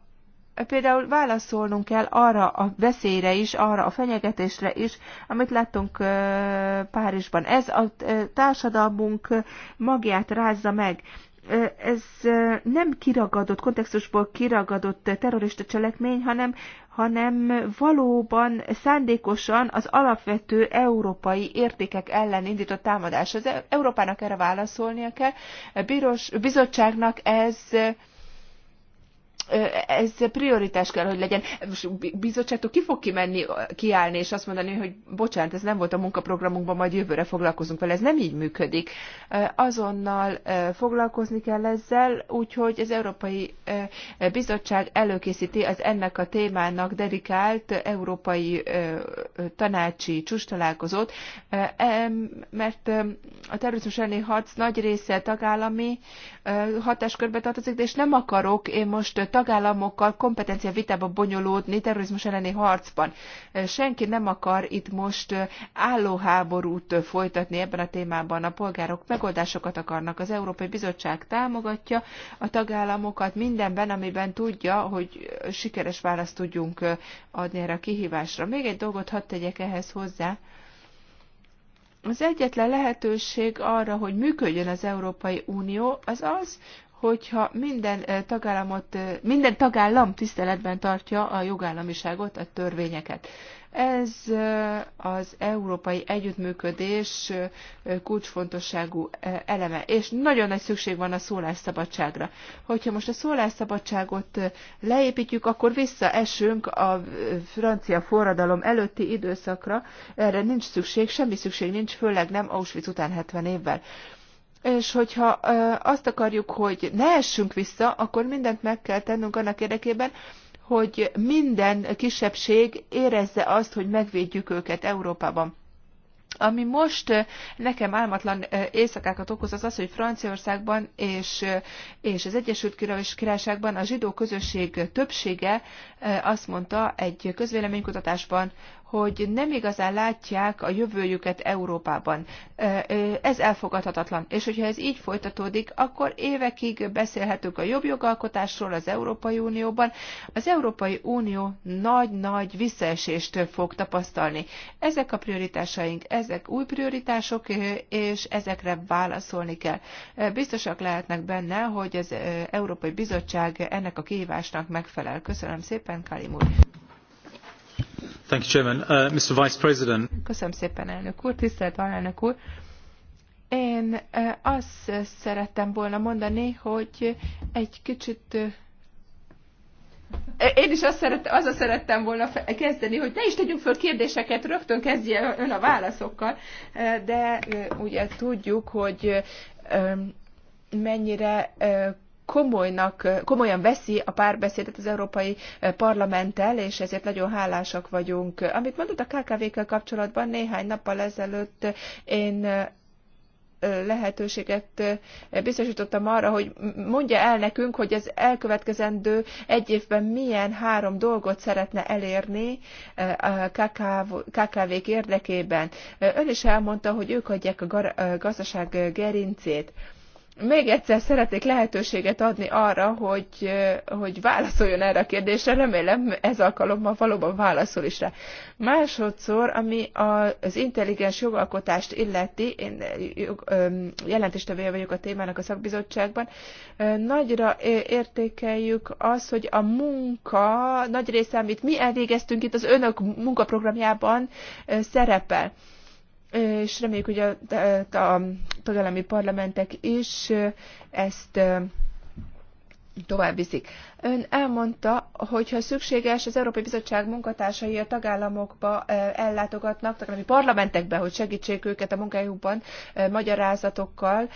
például válaszolnunk kell arra a veszélyre is, arra a fenyegetésre is, amit láttunk Párizsban. Ez a társadalmunk magját rázza meg ez nem kiragadott, kontextusból kiragadott terrorista cselekmény, hanem, hanem valóban szándékosan az alapvető európai értékek ellen indított támadás. Az Európának erre válaszolnia kell, a bírós, bizottságnak ez ez prioritás kell, hogy legyen. Bizottságtól ki fog kimenni, kiállni, és azt mondani, hogy bocsánat, ez nem volt a munkaprogramunkban, majd jövőre foglalkozunk vele. Ez nem így működik. Azonnal foglalkozni kell ezzel, úgyhogy az Európai Bizottság előkészíti az ennek a témának dedikált Európai Tanácsi csústalálkozót, mert a terrorizmus elleni harc nagy része tagállami hatáskörbe tartozik, de és nem akarok én most tagállamokkal kompetencia vitába bonyolódni terrorizmus elleni harcban. Senki nem akar itt most állóháborút folytatni ebben a témában. A polgárok megoldásokat akarnak. Az Európai Bizottság támogatja a tagállamokat mindenben, amiben tudja, hogy sikeres választ tudjunk adni erre a kihívásra. Még egy dolgot hadd tegyek ehhez hozzá. Az egyetlen lehetőség arra, hogy működjön az Európai Unió, az az, hogyha minden tagállamot, minden tagállam tiszteletben tartja a jogállamiságot, a törvényeket. Ez az európai együttműködés kulcsfontosságú eleme, és nagyon nagy szükség van a szólásszabadságra. Hogyha most a szólásszabadságot leépítjük, akkor visszaesünk a francia forradalom előtti időszakra, erre nincs szükség, semmi szükség nincs, főleg nem Auschwitz után 70 évvel. És hogyha azt akarjuk, hogy ne essünk vissza, akkor mindent meg kell tennünk annak érdekében, hogy minden kisebbség érezze azt, hogy megvédjük őket Európában. Ami most nekem álmatlan éjszakákat okoz, az az, hogy Franciaországban és, és az Egyesült Királyságban a zsidó közösség többsége azt mondta egy közvéleménykutatásban, hogy nem igazán látják a jövőjüket Európában. Ez elfogadhatatlan. És hogyha ez így folytatódik, akkor évekig beszélhetünk a jobb jogalkotásról az Európai Unióban. Az Európai Unió nagy-nagy visszaesést fog tapasztalni. Ezek a prioritásaink, ezek új prioritások, és ezekre válaszolni kell. Biztosak lehetnek benne, hogy az Európai Bizottság ennek a kihívásnak megfelel. Köszönöm szépen, Kalim úr. Uh, Köszönöm szépen, elnök úr, tisztelt alelnök úr. Én uh, azt szerettem volna mondani, hogy egy kicsit uh, én is azt szerettem, azzal szerettem volna kezdeni, hogy ne is tegyünk föl kérdéseket, rögtön kezdje ön a válaszokkal, de ugye tudjuk, hogy um, mennyire komolynak, komolyan veszi a párbeszédet az Európai Parlamenttel, és ezért nagyon hálásak vagyunk. Amit mondott a KKV-kkel kapcsolatban néhány nappal ezelőtt én lehetőséget biztosítottam arra, hogy mondja el nekünk, hogy az elkövetkezendő egy évben milyen három dolgot szeretne elérni a KKV-k érdekében. Ön is elmondta, hogy ők adják a gazdaság gerincét még egyszer szeretnék lehetőséget adni arra, hogy, hogy válaszoljon erre a kérdésre. Remélem ez alkalommal valóban válaszol is rá. Másodszor, ami az intelligens jogalkotást illeti, én jelentéstevője vagyok a témának a szakbizottságban, nagyra értékeljük az, hogy a munka nagy része, amit mi elvégeztünk itt az önök munkaprogramjában szerepel és reméljük, hogy a, a, a tagállami parlamentek is ezt tovább viszik. Ön elmondta, hogy ha szükséges, az Európai Bizottság munkatársai a tagállamokba ellátogatnak, tagállami parlamentekbe, hogy segítsék őket a munkájukban magyarázatokkal.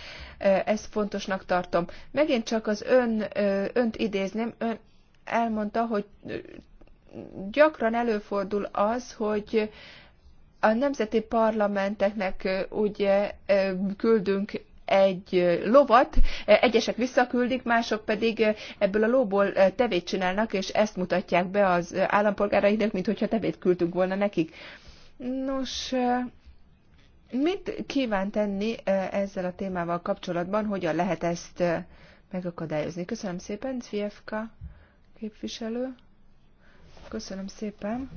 Ezt fontosnak tartom. Megint csak az ön, önt idézném, ön elmondta, hogy gyakran előfordul az, hogy a nemzeti parlamenteknek ugye küldünk egy lovat, egyesek visszaküldik, mások pedig ebből a lóból tevét csinálnak, és ezt mutatják be az állampolgárainak, mint hogyha tevét küldtünk volna nekik. Nos, mit kíván tenni ezzel a témával kapcsolatban, hogyan lehet ezt megakadályozni? Köszönöm szépen, Zviefka képviselő. Köszönöm szépen.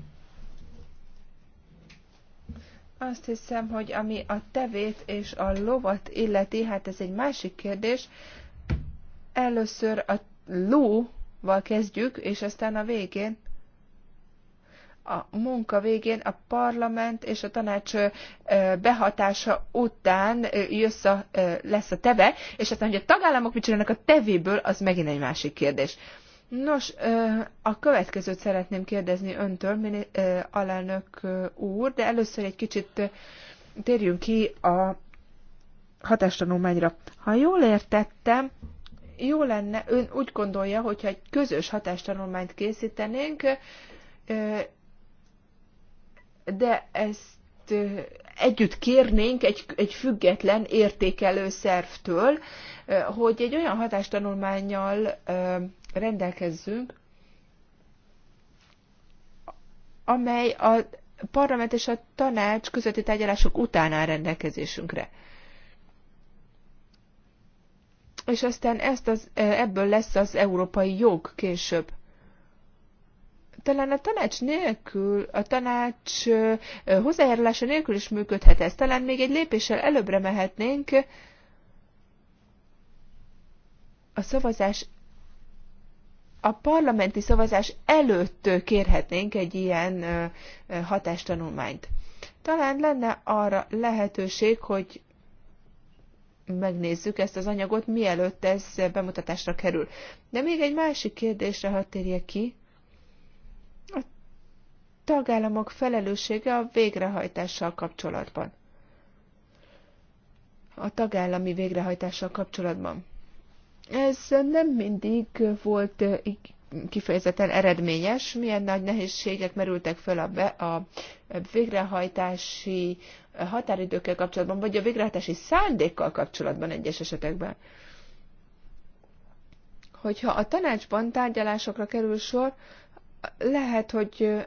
Azt hiszem, hogy ami a tevét és a lovat illeti, hát ez egy másik kérdés. Először a lóval kezdjük, és aztán a végén, a munka végén a parlament és a tanács behatása után jössz a, lesz a teve, és aztán, hogy a tagállamok mit csinálnak a tevéből, az megint egy másik kérdés. Nos, a következőt szeretném kérdezni öntől, alelnök úr, de először egy kicsit térjünk ki a hatástanulmányra. Ha jól értettem, jó lenne, ön úgy gondolja, hogyha egy közös hatástanulmányt készítenénk, de ezt együtt kérnénk egy, egy független értékelő szervtől, hogy egy olyan hatástanulmányjal rendelkezzünk, amely a parlament és a tanács közötti tárgyalások után áll rendelkezésünkre. És aztán ezt az, e, ebből lesz az európai jog később talán a tanács nélkül, a tanács e, hozzájárulása nélkül is működhet ez. Talán még egy lépéssel előbbre mehetnénk a szavazás a parlamenti szavazás előtt kérhetnénk egy ilyen hatástanulmányt. Talán lenne arra lehetőség, hogy megnézzük ezt az anyagot, mielőtt ez bemutatásra kerül. De még egy másik kérdésre hadd térjek ki. A tagállamok felelőssége a végrehajtással kapcsolatban. A tagállami végrehajtással kapcsolatban. Ez nem mindig volt eh, kifejezetten eredményes, milyen nagy nehézségek merültek fel a, be, a végrehajtási határidőkkel kapcsolatban, vagy a végrehajtási szándékkal kapcsolatban egyes esetekben. Hogyha a tanácsban tárgyalásokra kerül sor, lehet, hogy eh,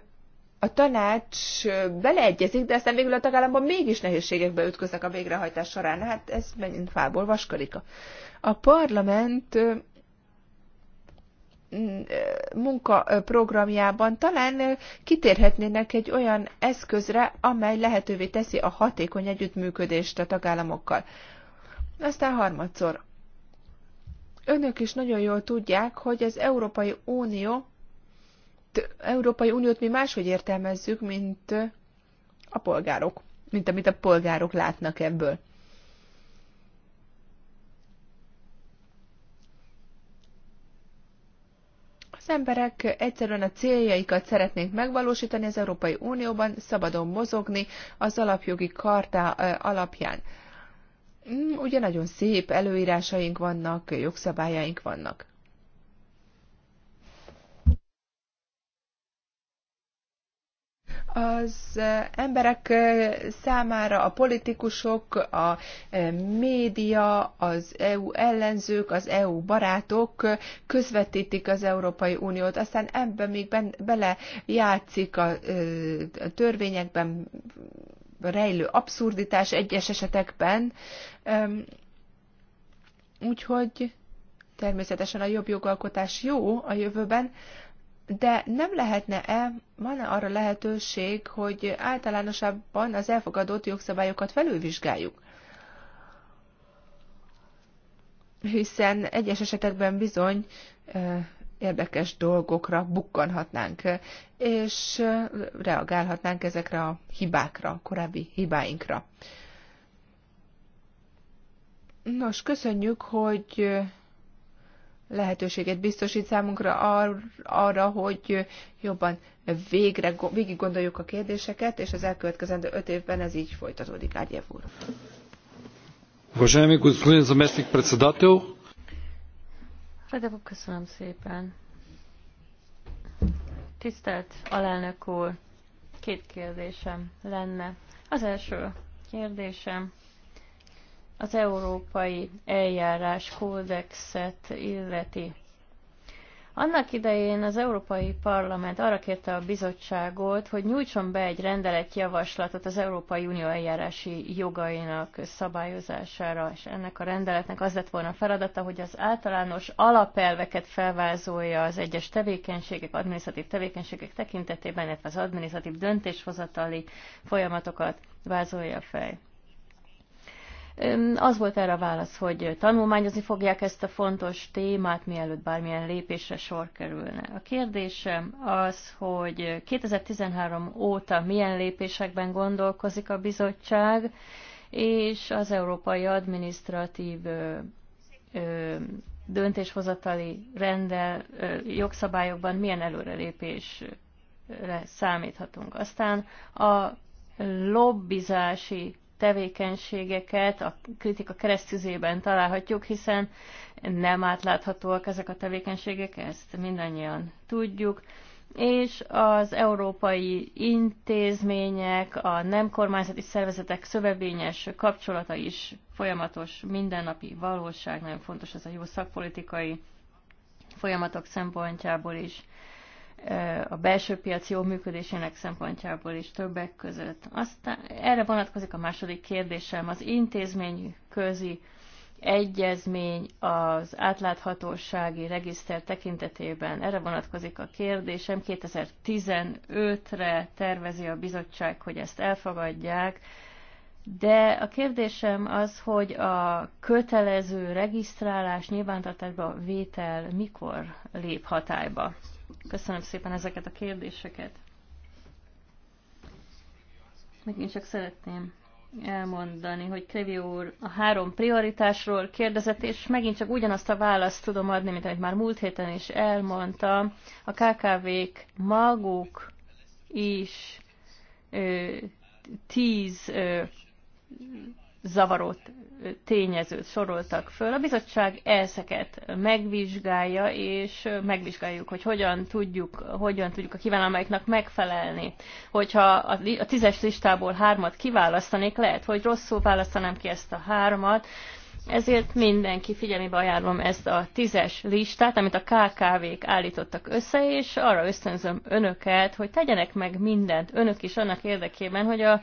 a tanács eh, beleegyezik, de aztán végül a tagállamban mégis nehézségekbe ütköznek a végrehajtás során. Hát ez megint fából vaskarika. A parlament munkaprogramjában talán kitérhetnének egy olyan eszközre, amely lehetővé teszi a hatékony együttműködést a tagállamokkal. Aztán harmadszor. Önök is nagyon jól tudják, hogy az Európai Unió Európai Uniót mi máshogy értelmezzük, mint a polgárok, mint amit a polgárok látnak ebből. emberek egyszerűen a céljaikat szeretnénk megvalósítani az Európai Unióban, szabadon mozogni az alapjogi kartá alapján. Mm, ugye nagyon szép előírásaink vannak, jogszabályaink vannak. az emberek számára a politikusok, a média, az EU ellenzők, az EU barátok közvetítik az Európai Uniót, aztán ebben még bele játszik a törvényekben rejlő abszurditás egyes esetekben. Úgyhogy természetesen a jobb jogalkotás jó a jövőben, de nem lehetne-e, van-e arra lehetőség, hogy általánosabban az elfogadott jogszabályokat felülvizsgáljuk? Hiszen egyes esetekben bizony érdekes dolgokra bukkanhatnánk, és reagálhatnánk ezekre a hibákra, korábbi hibáinkra. Nos, köszönjük, hogy lehetőséget biztosít számunkra ar- arra, hogy jobban végre, végig gondoljuk a kérdéseket, és az elkövetkezendő öt évben ez így folytatódik, Árjev úr. Уважаеми господин заместник председател. köszönöm szépen. Tisztelt alelnök úr, két kérdésem lenne. Az első kérdésem az európai eljárás kódexet illeti. Annak idején az Európai Parlament arra kérte a bizottságot, hogy nyújtson be egy rendeletjavaslatot az Európai Unió eljárási jogainak szabályozására, és ennek a rendeletnek az lett volna a feladata, hogy az általános alapelveket felvázolja az egyes tevékenységek, adminisztratív tevékenységek tekintetében, illetve az adminisztratív döntéshozatali folyamatokat vázolja fel. Az volt erre a válasz, hogy tanulmányozni fogják ezt a fontos témát, mielőtt bármilyen lépésre sor kerülne. A kérdésem az, hogy 2013 óta milyen lépésekben gondolkozik a bizottság, és az európai adminisztratív döntéshozatali rendel jogszabályokban milyen előrelépésre számíthatunk. Aztán a lobbizási tevékenységeket a kritika keresztüzében találhatjuk, hiszen nem átláthatóak ezek a tevékenységek, ezt mindannyian tudjuk és az európai intézmények, a nem kormányzati szervezetek szövevényes kapcsolata is folyamatos mindennapi valóság, nagyon fontos ez a jó szakpolitikai folyamatok szempontjából is a belső piac jó működésének szempontjából is többek között. Aztán erre vonatkozik a második kérdésem. Az intézmény közi egyezmény az átláthatósági regiszter tekintetében. Erre vonatkozik a kérdésem. 2015-re tervezi a bizottság, hogy ezt elfogadják. De a kérdésem az, hogy a kötelező regisztrálás nyilvántartásba vétel mikor lép hatályba? Köszönöm szépen ezeket a kérdéseket. Megint csak szeretném elmondani, hogy Krevi úr a három prioritásról kérdezett, és megint csak ugyanazt a választ tudom adni, mint amit már múlt héten is elmondtam. A KKV-k maguk is ö, tíz ö, zavarót tényezőt soroltak föl. A bizottság elszeket megvizsgálja, és megvizsgáljuk, hogy hogyan tudjuk, hogyan tudjuk a kívánalmaiknak megfelelni. Hogyha a tízes listából hármat kiválasztanék, lehet, hogy rosszul választanám ki ezt a hármat, ezért mindenki figyelmébe ajánlom ezt a tízes listát, amit a KKV-k állítottak össze, és arra ösztönzöm önöket, hogy tegyenek meg mindent önök is annak érdekében, hogy a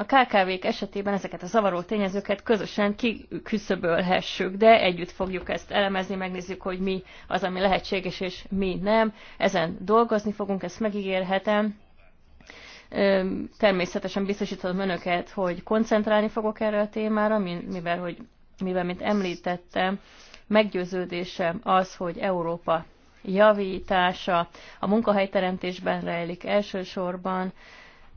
a KKV-k esetében ezeket a zavaró tényezőket közösen kiküszöbölhessük, de együtt fogjuk ezt elemezni, megnézzük, hogy mi az, ami lehetséges, és mi nem. Ezen dolgozni fogunk, ezt megígérhetem. Természetesen biztosítom önöket, hogy koncentrálni fogok erre a témára, mivel, hogy, mivel mint említettem, meggyőződésem az, hogy Európa javítása a munkahelyteremtésben rejlik elsősorban,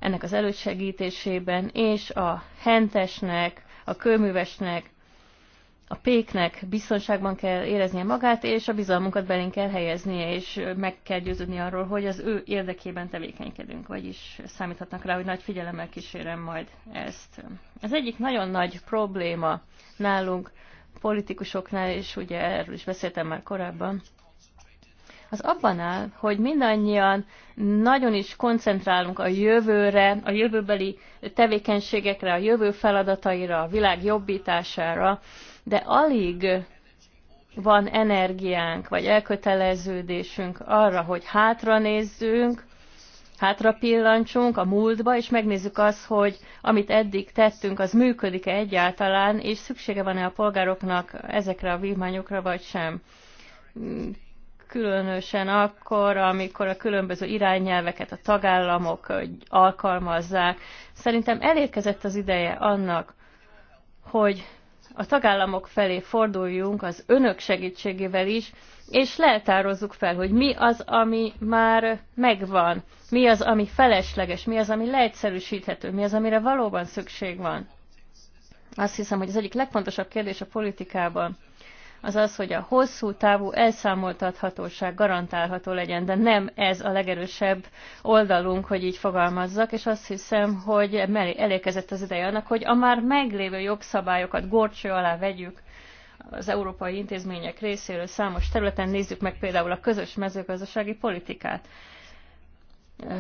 ennek az elősegítésében, és a hentesnek, a kőművesnek, a péknek biztonságban kell éreznie magát, és a bizalmunkat belénk kell helyeznie, és meg kell győződni arról, hogy az ő érdekében tevékenykedünk, vagyis számíthatnak rá, hogy nagy figyelemmel kísérem majd ezt. Az egyik nagyon nagy probléma nálunk, politikusoknál, és ugye erről is beszéltem már korábban, az abban áll, hogy mindannyian nagyon is koncentrálunk a jövőre, a jövőbeli tevékenységekre, a jövő feladataira, a világ jobbítására, de alig van energiánk, vagy elköteleződésünk arra, hogy hátra nézzünk, hátra pillancsunk a múltba, és megnézzük azt, hogy amit eddig tettünk, az működik-e egyáltalán, és szüksége van-e a polgároknak ezekre a vívmányokra, vagy sem különösen akkor, amikor a különböző irányelveket a tagállamok alkalmazzák. Szerintem elérkezett az ideje annak, hogy a tagállamok felé forduljunk az önök segítségével is, és leltározzuk fel, hogy mi az, ami már megvan, mi az, ami felesleges, mi az, ami leegyszerűsíthető, mi az, amire valóban szükség van. Azt hiszem, hogy az egyik legfontosabb kérdés a politikában az az, hogy a hosszú távú elszámoltathatóság garantálható legyen, de nem ez a legerősebb oldalunk, hogy így fogalmazzak, és azt hiszem, hogy elékezett az ideje annak, hogy a már meglévő jogszabályokat gorcső alá vegyük, az európai intézmények részéről számos területen nézzük meg például a közös mezőgazdasági politikát.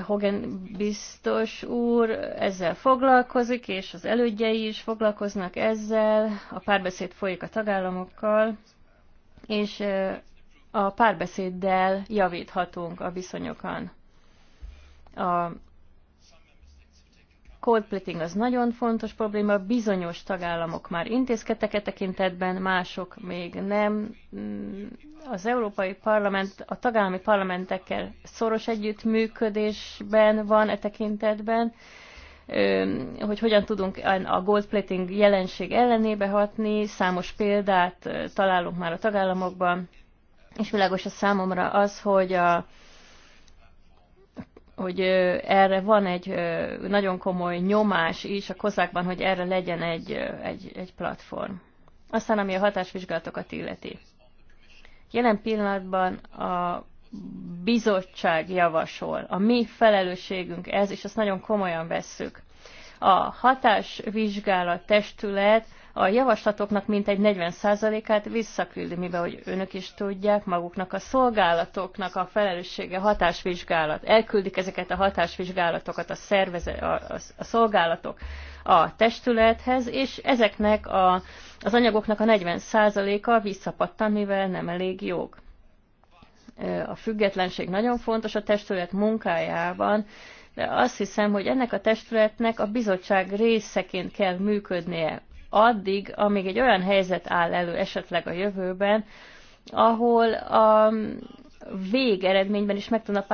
Hogan biztos úr ezzel foglalkozik, és az elődjei is foglalkoznak ezzel, a párbeszéd folyik a tagállamokkal, és a párbeszéddel javíthatunk a viszonyokon. A Cold splitting az nagyon fontos probléma, bizonyos tagállamok már intézkedtek e tekintetben, mások még nem. Mm, az Európai Parlament a tagállami parlamentekkel szoros együttműködésben van e tekintetben, hogy hogyan tudunk a gold plating jelenség ellenébe hatni, számos példát találunk már a tagállamokban, és világos a számomra az, hogy a hogy erre van egy nagyon komoly nyomás is a kozákban, hogy erre legyen egy, egy, egy platform. Aztán, ami a hatásvizsgálatokat illeti. Jelen pillanatban a bizottság javasol. A mi felelősségünk ez, és ezt nagyon komolyan vesszük. A hatásvizsgálat testület a javaslatoknak mintegy 40%-át visszaküldi, mivel hogy önök is tudják, maguknak a szolgálatoknak a felelőssége hatásvizsgálat. Elküldik ezeket a hatásvizsgálatokat a, szervezet, a, a, a szolgálatok a testülethez, és ezeknek a, az anyagoknak a 40%-a visszapattan, mivel nem elég jók. A függetlenség nagyon fontos a testület munkájában, de azt hiszem, hogy ennek a testületnek a bizottság részeként kell működnie addig, amíg egy olyan helyzet áll elő esetleg a jövőben, ahol a végeredményben is meg tudnak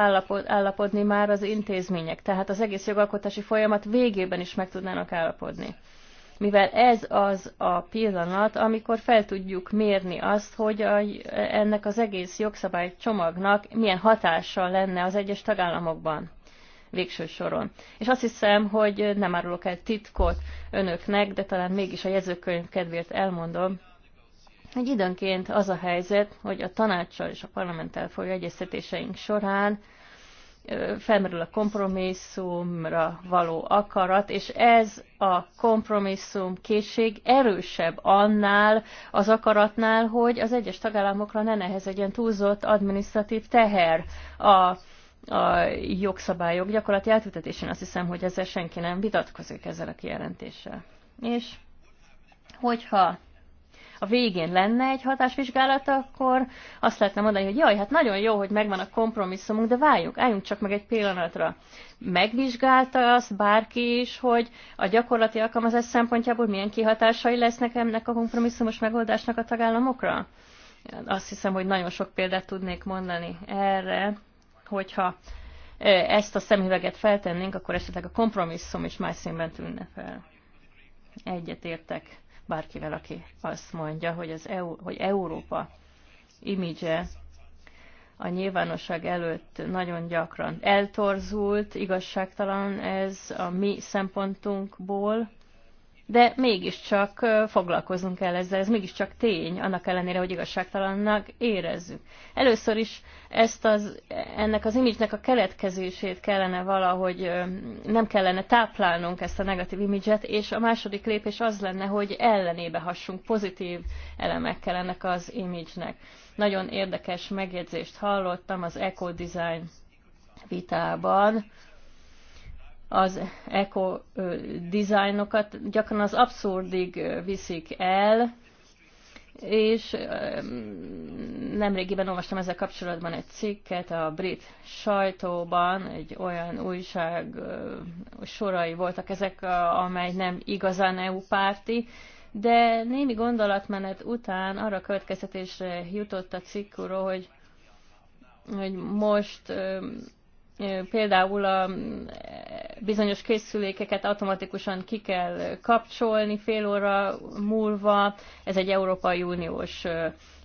állapodni már az intézmények. Tehát az egész jogalkotási folyamat végében is meg tudnának állapodni. Mivel ez az a pillanat, amikor fel tudjuk mérni azt, hogy a, ennek az egész jogszabály csomagnak milyen hatása lenne az egyes tagállamokban végső soron. És azt hiszem, hogy nem árulok el titkot önöknek, de talán mégis a jegyzőkönyv kedvéért elmondom, hogy időnként az a helyzet, hogy a tanácssal és a parlamenttel folyó egyeztetéseink során felmerül a kompromisszumra való akarat, és ez a kompromisszum készség erősebb annál az akaratnál, hogy az egyes tagállamokra ne nehezedjen túlzott adminisztratív teher a a jogszabályok gyakorlati átültetésén. Azt hiszem, hogy ezzel senki nem vitatkozik ezzel a kijelentéssel. És hogyha a végén lenne egy hatásvizsgálat, akkor azt lehetne mondani, hogy jaj, hát nagyon jó, hogy megvan a kompromisszumunk, de várjuk, álljunk csak meg egy pillanatra. Megvizsgálta azt bárki is, hogy a gyakorlati alkalmazás szempontjából milyen kihatásai lesznek ennek a kompromisszumos megoldásnak a tagállamokra? Azt hiszem, hogy nagyon sok példát tudnék mondani erre, hogyha ezt a szemüveget feltennénk, akkor esetleg a kompromisszum is más színben tűnne fel. értek bárkivel, aki azt mondja, hogy, az EU, hogy Európa imidzse a nyilvánosság előtt nagyon gyakran eltorzult, igazságtalan ez a mi szempontunkból, de mégiscsak foglalkozunk el ezzel, ez mégiscsak tény, annak ellenére, hogy igazságtalannak érezzük. Először is ezt az, ennek az imidzsnek a keletkezését kellene valahogy, nem kellene táplálnunk ezt a negatív imidzset, és a második lépés az lenne, hogy ellenébe hassunk pozitív elemekkel ennek az imidzsnek. Nagyon érdekes megjegyzést hallottam az eco design vitában, az eco dizájnokat gyakran az abszurdig viszik el, és nemrégiben olvastam ezzel kapcsolatban egy cikket a brit sajtóban, egy olyan újság sorai voltak ezek, amely nem igazán EU párti, de némi gondolatmenet után arra következtetésre jutott a cikkuró, hogy, hogy most például a bizonyos készülékeket automatikusan ki kell kapcsolni fél óra múlva, ez egy Európai Uniós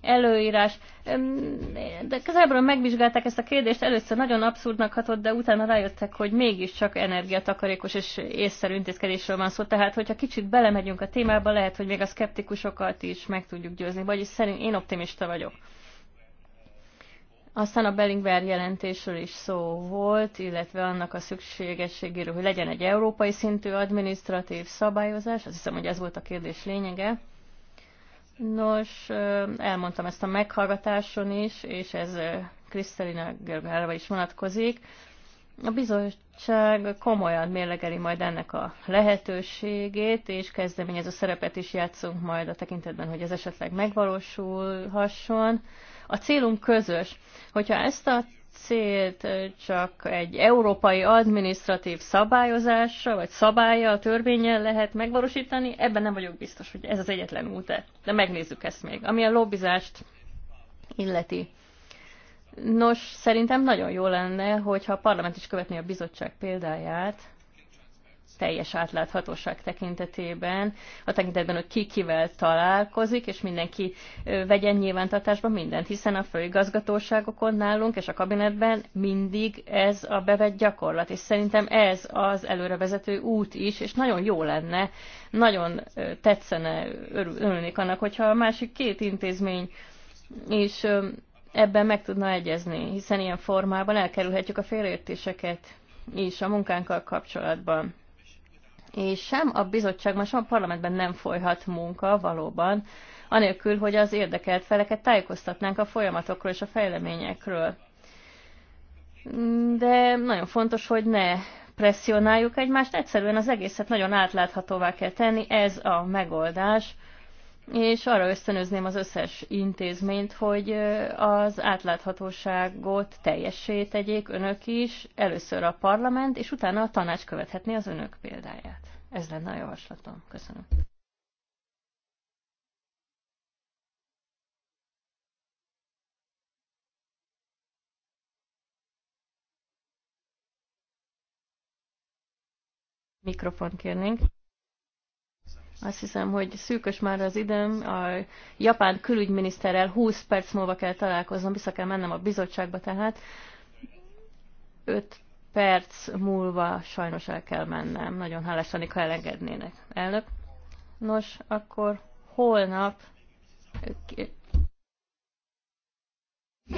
előírás. De közelről megvizsgálták ezt a kérdést, először nagyon abszurdnak hatott, de utána rájöttek, hogy mégiscsak energiatakarékos és észszerű intézkedésről van szó. Tehát, hogyha kicsit belemegyünk a témába, lehet, hogy még a szkeptikusokat is meg tudjuk győzni. Vagyis szerint én optimista vagyok. Aztán a Bellingwer jelentésről is szó volt, illetve annak a szükségességéről, hogy legyen egy európai szintű adminisztratív szabályozás. Azt hiszem, hogy ez volt a kérdés lényege. Nos, elmondtam ezt a meghallgatáson is, és ez Krisztelina Görgára is vonatkozik. A bizottság komolyan mérlegeli majd ennek a lehetőségét, és kezdeményező szerepet is játszunk majd a tekintetben, hogy ez esetleg megvalósulhasson. A célunk közös. Hogyha ezt a célt csak egy európai adminisztratív szabályozással vagy szabálya a törvényen lehet megvalósítani, ebben nem vagyok biztos, hogy ez az egyetlen út -e. De megnézzük ezt még. Ami a lobbizást illeti. Nos, szerintem nagyon jó lenne, hogyha a parlament is követné a bizottság példáját, teljes átláthatóság tekintetében, a tekintetben, hogy ki kivel találkozik, és mindenki vegyen nyilvántartásba mindent, hiszen a főigazgatóságokon nálunk és a kabinetben mindig ez a bevett gyakorlat, és szerintem ez az előrevezető út is, és nagyon jó lenne, nagyon tetszene, örülnék annak, hogyha a másik két intézmény is ebben meg tudna egyezni, hiszen ilyen formában elkerülhetjük a félértéseket is a munkánkkal kapcsolatban és sem a bizottságban, sem a parlamentben nem folyhat munka valóban, anélkül, hogy az érdekelt feleket tájékoztatnánk a folyamatokról és a fejleményekről. De nagyon fontos, hogy ne presszionáljuk egymást, egyszerűen az egészet nagyon átláthatóvá kell tenni, ez a megoldás és arra ösztönözném az összes intézményt, hogy az átláthatóságot teljessé tegyék önök is, először a parlament, és utána a tanács követhetné az önök példáját. Ez lenne a javaslatom. Köszönöm. Mikrofon kérnénk. Azt hiszem, hogy szűkös már az időm. A japán külügyminiszterrel 20 perc múlva kell találkoznom, vissza kell mennem a bizottságba tehát. 5 perc múlva sajnos el kell mennem. Nagyon hálás lennék, ha elengednének. Elnök. Nos, akkor holnap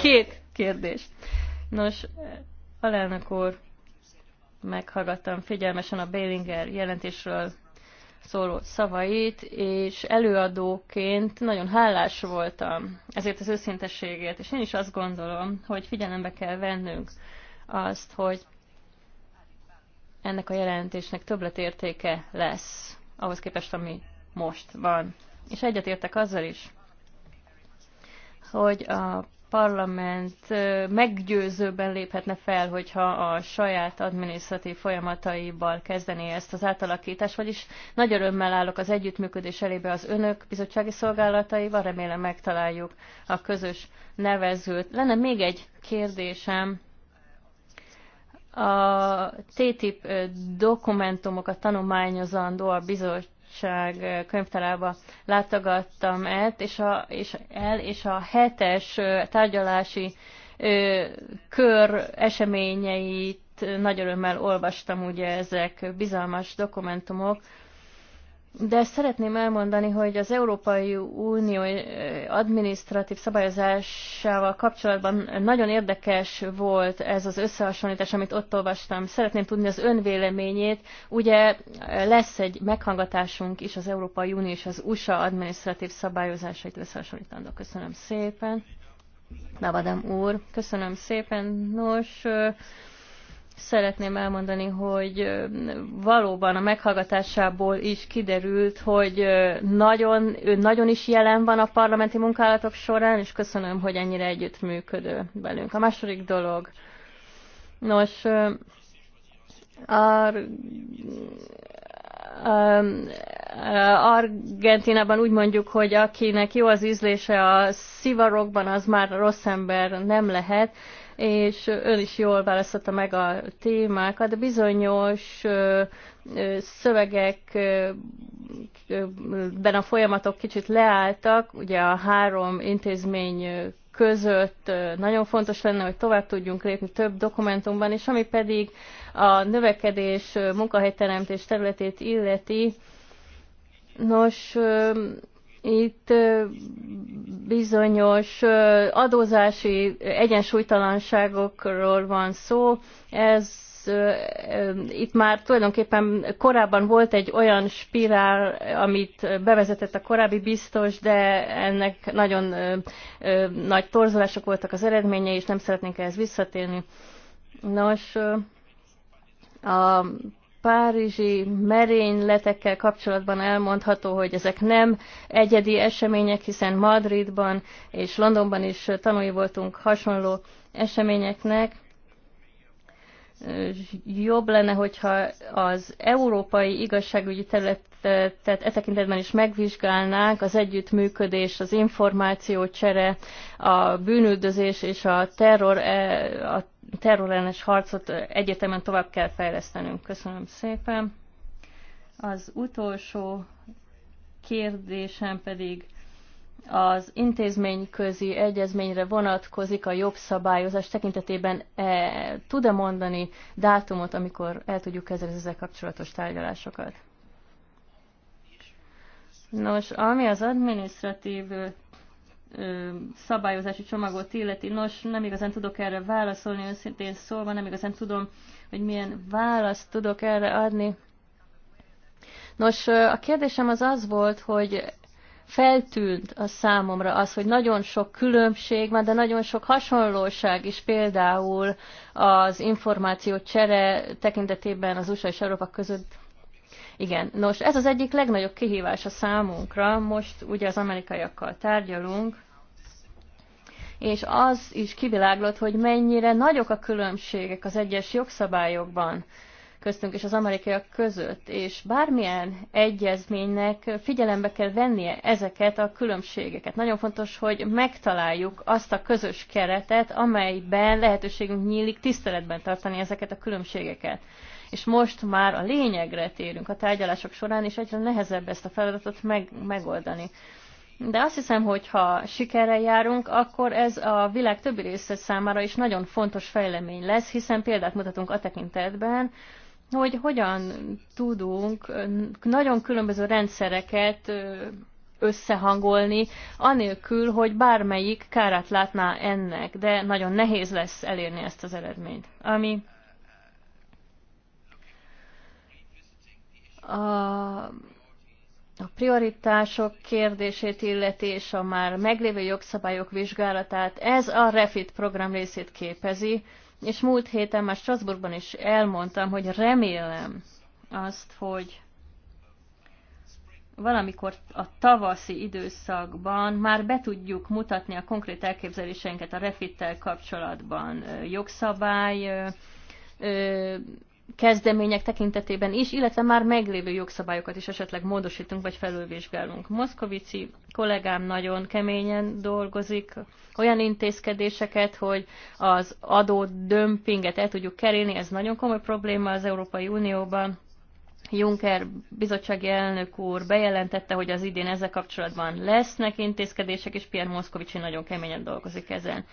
két kérdés. Nos, alelnök úr, meghallgattam figyelmesen a Bélinger jelentésről szóló szavait, és előadóként nagyon hálás voltam ezért az őszintességért, és én is azt gondolom, hogy figyelembe kell vennünk azt, hogy ennek a jelentésnek többletértéke lesz ahhoz képest, ami most van. És egyetértek azzal is, hogy a Parlament meggyőzőben léphetne fel, hogyha a saját adminisztratív folyamataiból kezdené ezt az átalakítást, vagyis nagy örömmel állok az együttműködés elébe az önök bizottsági szolgálataival, remélem megtaláljuk a közös nevezőt. Lenne még egy kérdésem, a TTIP dokumentumokat tanulmányozandó a bizottság, Szabadság könyvtárába látogattam el, és a, és el, és a hetes tárgyalási kör eseményeit nagy örömmel olvastam, ugye ezek bizalmas dokumentumok, de szeretném elmondani, hogy az Európai Unió eh, adminisztratív szabályozásával kapcsolatban nagyon érdekes volt ez az összehasonlítás, amit ott olvastam. Szeretném tudni az ön véleményét. Ugye eh, lesz egy meghangatásunk is az Európai Unió és az USA adminisztratív szabályozásait összehasonlítandó. Köszönöm szépen. Navadam úr, köszönöm szépen. Nos, eh, szeretném elmondani, hogy valóban a meghallgatásából is kiderült, hogy nagyon, ő nagyon is jelen van a parlamenti munkálatok során, és köszönöm, hogy ennyire együttműködő velünk. A második dolog. Nos, ar, Argentinában úgy mondjuk, hogy akinek jó az ízlése a szivarokban, az már rossz ember nem lehet és ön is jól választotta meg a témákat, de bizonyos szövegekben a folyamatok kicsit leálltak, ugye a három intézmény között nagyon fontos lenne, hogy tovább tudjunk lépni több dokumentumban, és ami pedig a növekedés, munkahelyteremtés területét illeti, nos, itt bizonyos adózási egyensúlytalanságokról van szó. Ez itt már tulajdonképpen korábban volt egy olyan spirál, amit bevezetett a korábbi biztos, de ennek nagyon nagy torzulások voltak az eredményei, és nem szeretnénk ehhez visszatérni. Nos, a párizsi merényletekkel kapcsolatban elmondható, hogy ezek nem egyedi események, hiszen Madridban és Londonban is tanulni voltunk hasonló eseményeknek. Jobb lenne, hogyha az európai igazságügyi területet e tekintetben is megvizsgálnánk az együttműködés, az információcsere, a bűnüldözés és a terror, e, a terrorellenes harcot egyetemen tovább kell fejlesztenünk. Köszönöm szépen. Az utolsó kérdésem pedig az intézményközi egyezményre vonatkozik a jobb szabályozás tekintetében. E, Tud-e mondani dátumot, amikor el tudjuk kezdeni ezzel kapcsolatos tárgyalásokat? Nos, ami az administratív szabályozási csomagot illeti. Nos, nem igazán tudok erre válaszolni, őszintén szólva nem igazán tudom, hogy milyen választ tudok erre adni. Nos, a kérdésem az az volt, hogy feltűnt a számomra az, hogy nagyon sok különbség van, de nagyon sok hasonlóság is például az információ csere tekintetében az USA és Európa között. Igen, nos, ez az egyik legnagyobb kihívás a számunkra. Most ugye az amerikaiakkal tárgyalunk, és az is kiviláglott, hogy mennyire nagyok a különbségek az egyes jogszabályokban köztünk és az amerikaiak között, és bármilyen egyezménynek figyelembe kell vennie ezeket a különbségeket. Nagyon fontos, hogy megtaláljuk azt a közös keretet, amelyben lehetőségünk nyílik tiszteletben tartani ezeket a különbségeket. És most már a lényegre térünk a tárgyalások során, és egyre nehezebb ezt a feladatot meg, megoldani. De azt hiszem, hogy ha sikerrel járunk, akkor ez a világ többi része számára is nagyon fontos fejlemény lesz, hiszen példát mutatunk a tekintetben, hogy hogyan tudunk nagyon különböző rendszereket összehangolni, anélkül, hogy bármelyik kárát látná ennek, de nagyon nehéz lesz elérni ezt az eredményt. Ami a a prioritások kérdését illeti és a már meglévő jogszabályok vizsgálatát, ez a REFIT program részét képezi, és múlt héten már Strasbourgban is elmondtam, hogy remélem azt, hogy valamikor a tavaszi időszakban már be tudjuk mutatni a konkrét elképzeléseinket a refittel kapcsolatban. Jogszabály, kezdemények tekintetében is, illetve már meglévő jogszabályokat is esetleg módosítunk vagy felülvizsgálunk. Moszkovici kollégám nagyon keményen dolgozik, olyan intézkedéseket, hogy az adó dömpinget el tudjuk kerülni, ez nagyon komoly probléma az Európai Unióban. Juncker bizottsági elnök úr bejelentette, hogy az idén ezzel kapcsolatban lesznek intézkedések, és Pierre Moszkovici nagyon keményen dolgozik ezen.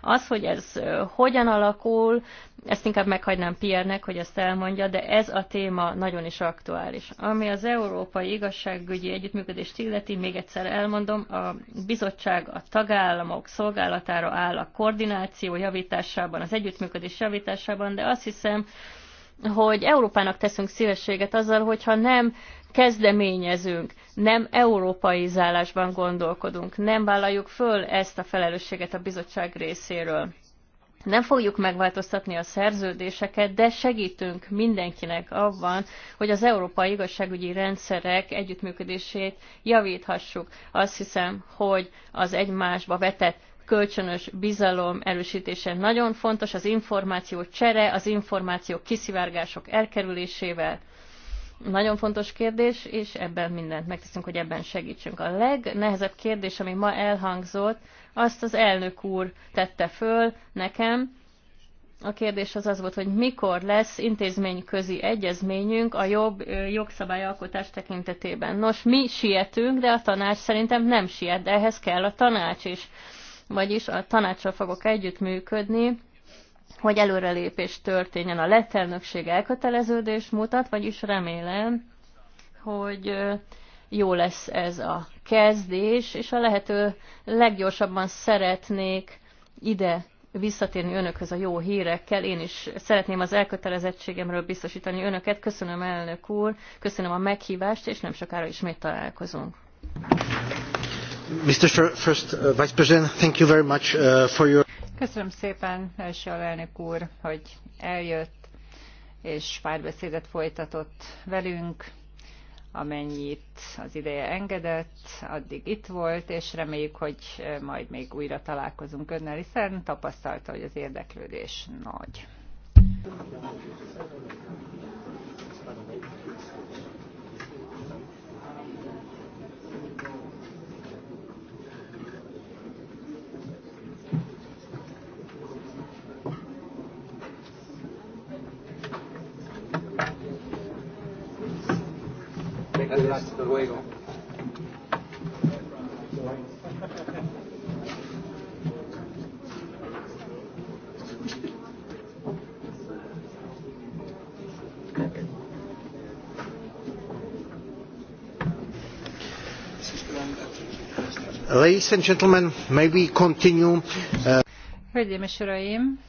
Az, hogy ez hogyan alakul, ezt inkább meghagynám Piernek, hogy ezt elmondja, de ez a téma nagyon is aktuális. Ami az európai igazságügyi együttműködést illeti, még egyszer elmondom, a bizottság a tagállamok szolgálatára áll a koordináció javításában, az együttműködés javításában, de azt hiszem, hogy Európának teszünk szívességet azzal, hogyha nem kezdeményezünk nem európai zálásban gondolkodunk, nem vállaljuk föl ezt a felelősséget a bizottság részéről. Nem fogjuk megváltoztatni a szerződéseket, de segítünk mindenkinek abban, hogy az európai igazságügyi rendszerek együttműködését javíthassuk. Azt hiszem, hogy az egymásba vetett kölcsönös bizalom erősítése nagyon fontos, az információ csere, az információ kiszivárgások elkerülésével nagyon fontos kérdés, és ebben mindent megteszünk, hogy ebben segítsünk. A legnehezebb kérdés, ami ma elhangzott, azt az elnök úr tette föl nekem. A kérdés az az volt, hogy mikor lesz intézményközi egyezményünk a jobb jogszabályalkotás tekintetében. Nos, mi sietünk, de a tanács szerintem nem siet, de ehhez kell a tanács is. Vagyis a tanácssal fogok együttműködni, hogy előrelépés történjen. A lett elnökség elköteleződés mutat, vagyis remélem, hogy jó lesz ez a kezdés, és a lehető leggyorsabban szeretnék ide visszatérni önökhöz a jó hírekkel. Én is szeretném az elkötelezettségemről biztosítani önöket. Köszönöm, elnök úr, köszönöm a meghívást, és nem sokára ismét találkozunk. Mr. First uh, Vice President, thank you very much uh, for your Köszönöm szépen, első elnök úr, hogy eljött és párbeszédet folytatott velünk, amennyit az ideje engedett, addig itt volt, és reméljük, hogy majd még újra találkozunk önnel, hiszen tapasztalta, hogy az érdeklődés nagy. Hasta luego. Ladies and gentlemen, may we continue? Uh, Hölgyeim és uraim,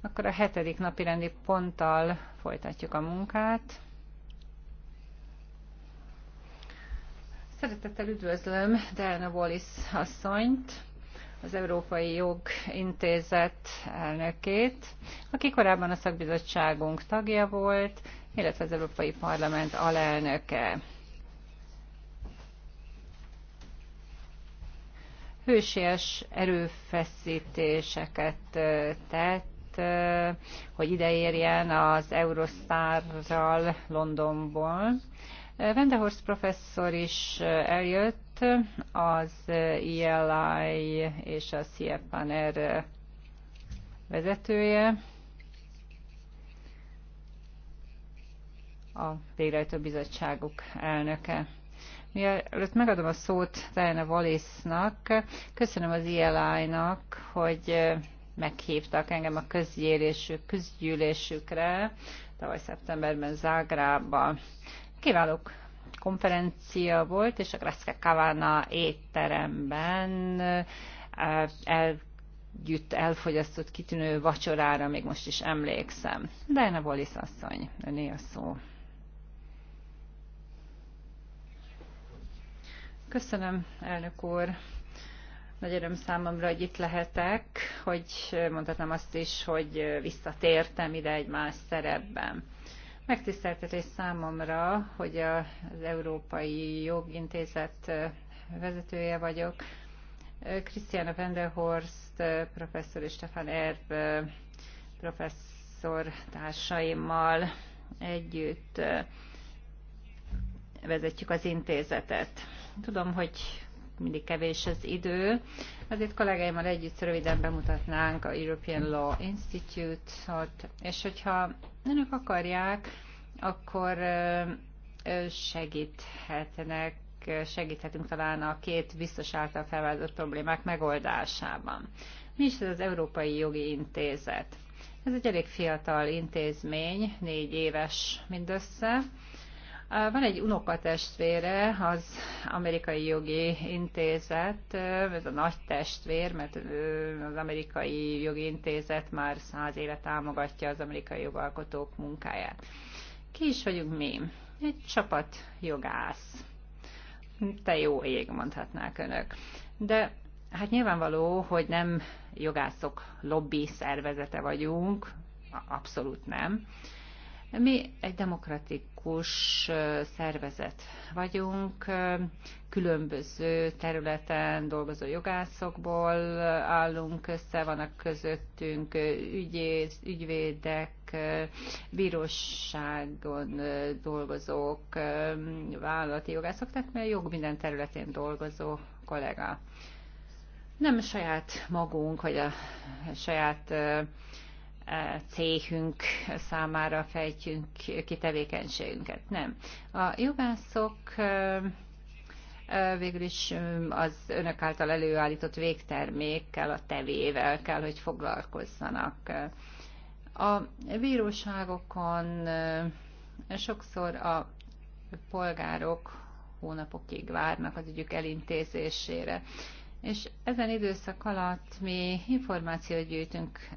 akkor a hetedik napi rendi ponttal folytatjuk a munkát. Szeretettel üdvözlöm Diana Wallis asszonyt, az Európai Jog Intézet elnökét, aki korábban a szakbizottságunk tagja volt, illetve az Európai Parlament alelnöke. Hősies erőfeszítéseket tett hogy ideérjen az Eurostarral Londonból, Vendehorst professzor is eljött az ILI e és a CFNR vezetője. a végrehajtó bizottságuk elnöke. Mielőtt megadom a szót Diana Wallisnak, köszönöm az ILI-nak, e hogy meghívtak engem a közgyűlésükre tavaly szeptemberben Zágrába. Kiváló konferencia volt, és a Graszke Kavana étteremben eh, együtt elfogyasztott kitűnő vacsorára még most is emlékszem. De Diana Wallis asszony, öné a szó. Köszönöm, elnök úr. Nagy öröm számomra, hogy itt lehetek, hogy mondhatnám azt is, hogy visszatértem ide egy más szerepben. Megtiszteltetés számomra, hogy az Európai Jogintézet vezetője vagyok. Krisztiána Vendelhorst professzor és Stefan Erb professzor társaimmal együtt vezetjük az intézetet. Tudom, hogy mindig kevés az idő. Azért kollégáimmal együtt röviden bemutatnánk a European Law Institute-ot, és hogyha önök akarják, akkor segíthetnek, segíthetünk talán a két biztos által felvázolt problémák megoldásában. Mi is ez az Európai Jogi Intézet? Ez egy elég fiatal intézmény, négy éves mindössze, van egy unokatestvére, az Amerikai Jogi Intézet, ez a nagy testvér, mert az Amerikai Jogi Intézet már száz éve támogatja az amerikai jogalkotók munkáját. Ki is vagyunk mi? Egy csapat jogász. Te jó ég, mondhatnák önök. De hát nyilvánvaló, hogy nem jogászok lobby szervezete vagyunk, abszolút nem mi egy demokratikus szervezet vagyunk, különböző területen dolgozó jogászokból állunk össze, vannak közöttünk ügyész, ügyvédek, bíróságon dolgozók, vállalati jogászok, tehát mert jog minden területén dolgozó kollega. Nem saját magunk, vagy a saját céhünk számára fejtjünk ki tevékenységünket. Nem. A jogászok végül is az önök által előállított végtermékkel, a tevével kell, hogy foglalkozzanak. A bíróságokon sokszor a polgárok hónapokig várnak az ügyük elintézésére és ezen időszak alatt mi információt gyűjtünk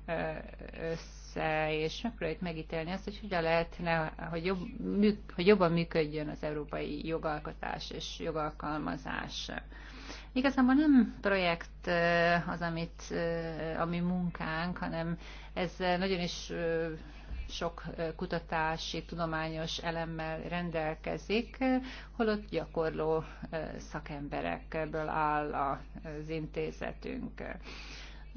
össze, és megpróbáljuk megítélni azt, hogy hogyan lehetne, hogy, jobb, hogy jobban működjön az európai jogalkotás és jogalkalmazás. Igazából nem projekt az, amit, ami munkánk, hanem ez nagyon is sok kutatási, tudományos elemmel rendelkezik, holott gyakorló szakemberekből áll az intézetünk.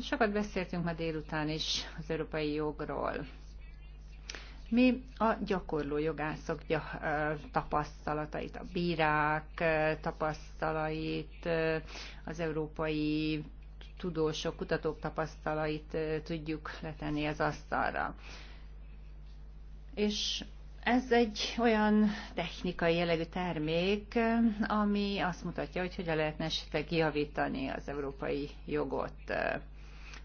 Sokat beszéltünk ma délután is az európai jogról. Mi a gyakorló jogászok tapasztalatait, a bírák tapasztalait, az európai tudósok, kutatók tapasztalait tudjuk letenni az asztalra. És ez egy olyan technikai jellegű termék, ami azt mutatja, hogy hogyan lehetne esetleg javítani az európai jogot.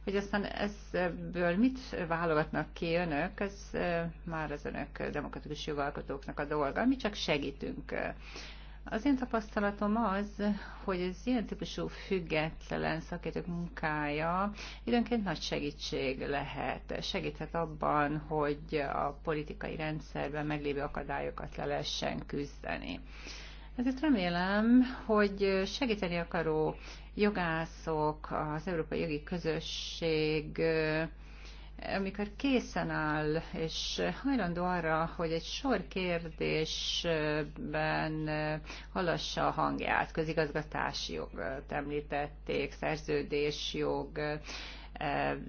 Hogy aztán ebből mit válogatnak ki önök, ez eh, már az önök demokratikus jogalkotóknak a dolga. Mi csak segítünk eh, az én tapasztalatom az, hogy az ilyen típusú független szakértők munkája időnként nagy segítség lehet. Segíthet abban, hogy a politikai rendszerben meglévő akadályokat le lehessen küzdeni. Ezért remélem, hogy segíteni akaró jogászok, az Európai Jogi Közösség amikor készen áll, és hajlandó arra, hogy egy sor kérdésben hallassa a hangját, közigazgatási jog, említették, szerződésjog,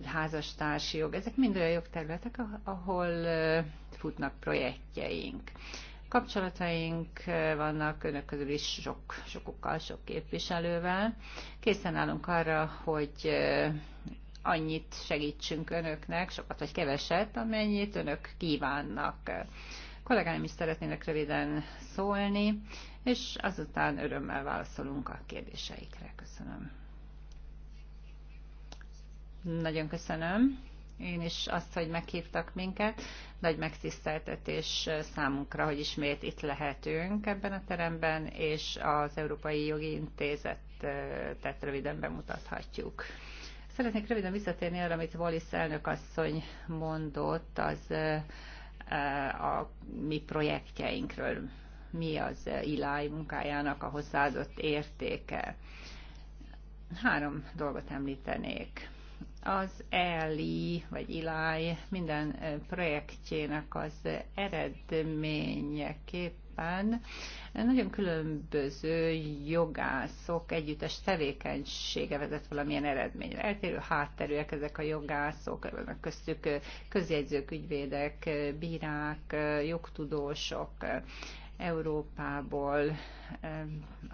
házastársi jog, ezek mind olyan jogterületek, ahol futnak projektjeink. Kapcsolataink vannak önök közül is sok, sokukkal, sok képviselővel. Készen állunk arra, hogy annyit segítsünk önöknek, sokat vagy keveset, amennyit önök kívánnak. A kollégáim is szeretnének röviden szólni, és azután örömmel válaszolunk a kérdéseikre. Köszönöm. Nagyon köszönöm. Én is azt, hogy meghívtak minket. Nagy megtiszteltetés számunkra, hogy ismét itt lehetünk ebben a teremben, és az Európai Jogi Intézetet röviden bemutathatjuk. Szeretnék röviden visszatérni arra, amit Wallis elnök asszony mondott, az a mi projektjeinkről, mi az Eli munkájának a hozzáadott értéke. Három dolgot említenék. Az Eli, vagy Eli minden projektjének az eredményeképp Európán. Nagyon különböző jogászok együttes tevékenysége vezet valamilyen eredményre. Eltérő hátterűek ezek a jogászok, köztük közjegyzők, ügyvédek, bírák, jogtudósok, Európából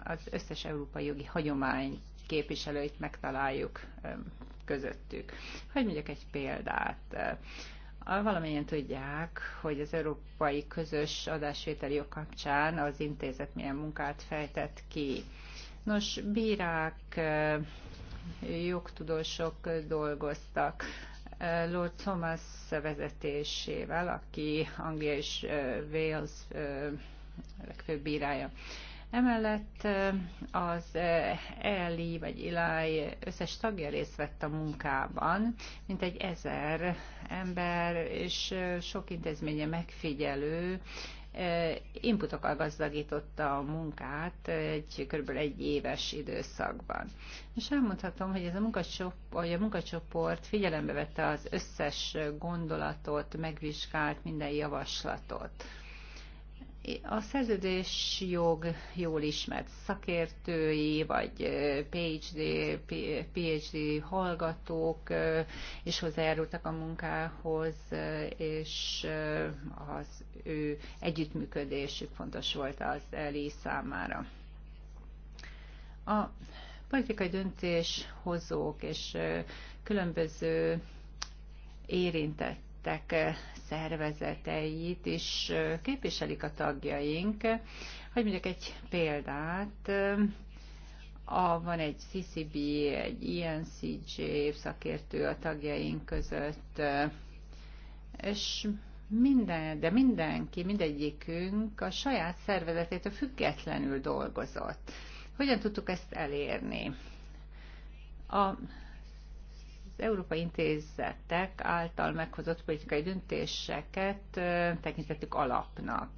az összes európai jogi hagyomány képviselőit megtaláljuk közöttük. Hogy mondjak egy példát? Valamennyien tudják, hogy az európai közös adásvételi jog kapcsán az intézet milyen munkát fejtett ki. Nos, bírák, jogtudósok dolgoztak Lord Thomas vezetésével, aki Anglia és Wales legfőbb bírája. Emellett eh, az eh, ELI vagy ILAI összes tagja részt vett a munkában, mint egy ezer ember, és eh, sok intézménye megfigyelő, inputokkal gazdagította a munkát egy kb. egy éves időszakban. És elmondhatom, hogy ez a munkacsoport, hogy a munkacsoport figyelembe vette az összes gondolatot, megvizsgált minden javaslatot. A szerződés jog jól ismert szakértői, vagy PhD, PhD hallgatók is hozzájárultak a munkához, és az ő együttműködésük fontos volt az ELI számára. A politikai döntéshozók és különböző érintett szervezetek eh, szervezeteit is eh, képviselik a tagjaink. Hogy mondjak egy példát, eh, a, van egy CCB, egy INCJ szakértő a tagjaink között, és minden, de mindenki, mindegyikünk a saját szervezetétől függetlenül dolgozott. Hogyan tudtuk ezt elérni? A Európai Intézetek által meghozott politikai döntéseket tekintettük alapnak.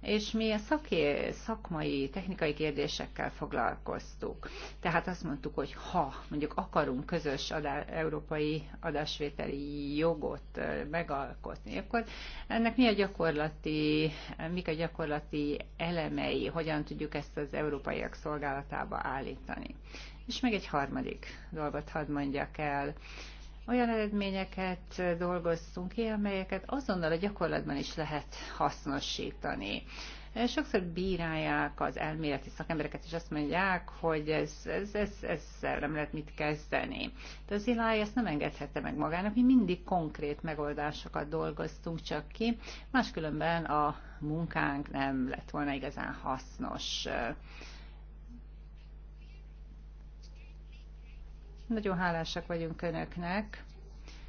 És mi a szaké, szakmai, technikai kérdésekkel foglalkoztuk. Tehát azt mondtuk, hogy ha mondjuk akarunk közös adá, európai adásvételi jogot megalkotni, akkor ennek mi a gyakorlati, mik a gyakorlati elemei, hogyan tudjuk ezt az európaiak szolgálatába állítani. És meg egy harmadik dolgot hadd mondjak el. Olyan eredményeket dolgoztunk ki, amelyeket azonnal a gyakorlatban is lehet hasznosítani. Sokszor bírálják az elméleti szakembereket, és azt mondják, hogy ez, ez, ez, ezzel nem lehet mit kezdeni. De az Eli ezt nem engedhette meg magának, mi mindig konkrét megoldásokat dolgoztunk csak ki, máskülönben a munkánk nem lett volna igazán hasznos. Nagyon hálásak vagyunk Önöknek,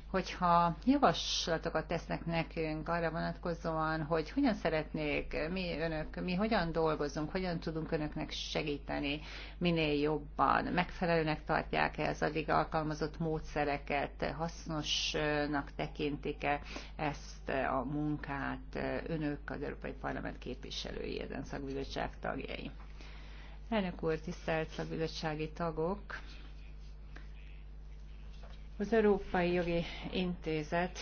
hogyha javaslatokat tesznek nekünk arra vonatkozóan, hogy hogyan szeretnék, mi önök, mi hogyan dolgozunk, hogyan tudunk önöknek segíteni minél jobban, megfelelőnek tartják-e az addig alkalmazott módszereket, hasznosnak tekintik-e ezt a munkát önök, az Európai Parlament képviselői, ezen szakbizottság tagjai. Elnök úr, tisztelt szakbizottsági tagok! Az Európai Jogi Intézet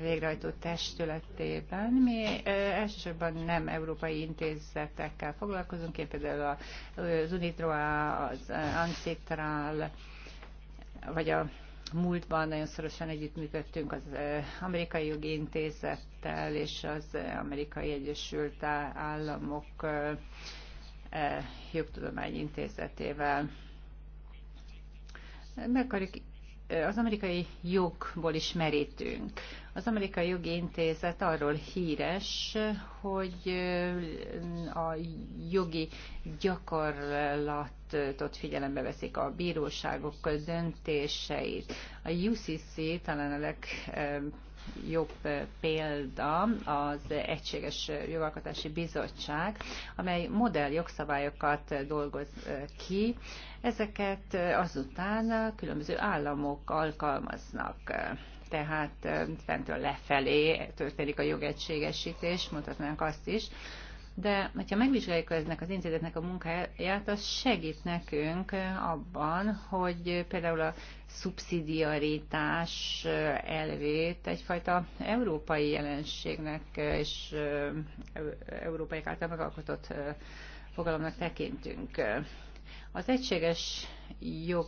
végrehajtó testületében mi elsősorban nem európai intézetekkel foglalkozunk, én például az Unidroa, az ANCITRAL, vagy a múltban nagyon szorosan együttműködtünk az Amerikai Jogi Intézettel és az Amerikai Egyesült Államok Jogtudományi Intézetével. Meg akarjuk az amerikai jogból is merítünk. Az amerikai jogi intézet arról híres, hogy a jogi gyakorlatot figyelembe veszik a bíróságok döntéseit. A UCC talán a leg legjobb példa az Egységes Jogalkotási Bizottság, amely modell jogszabályokat dolgoz ki. Ezeket azután különböző államok alkalmaznak tehát fentről lefelé történik a jogegységesítés, mondhatnánk azt is, de ha megvizsgáljuk eznek az intézetnek a munkáját, az segít nekünk abban, hogy például a szubszidiaritás elvét egyfajta európai jelenségnek és európai által megalkotott fogalomnak tekintünk. Az egységes jog,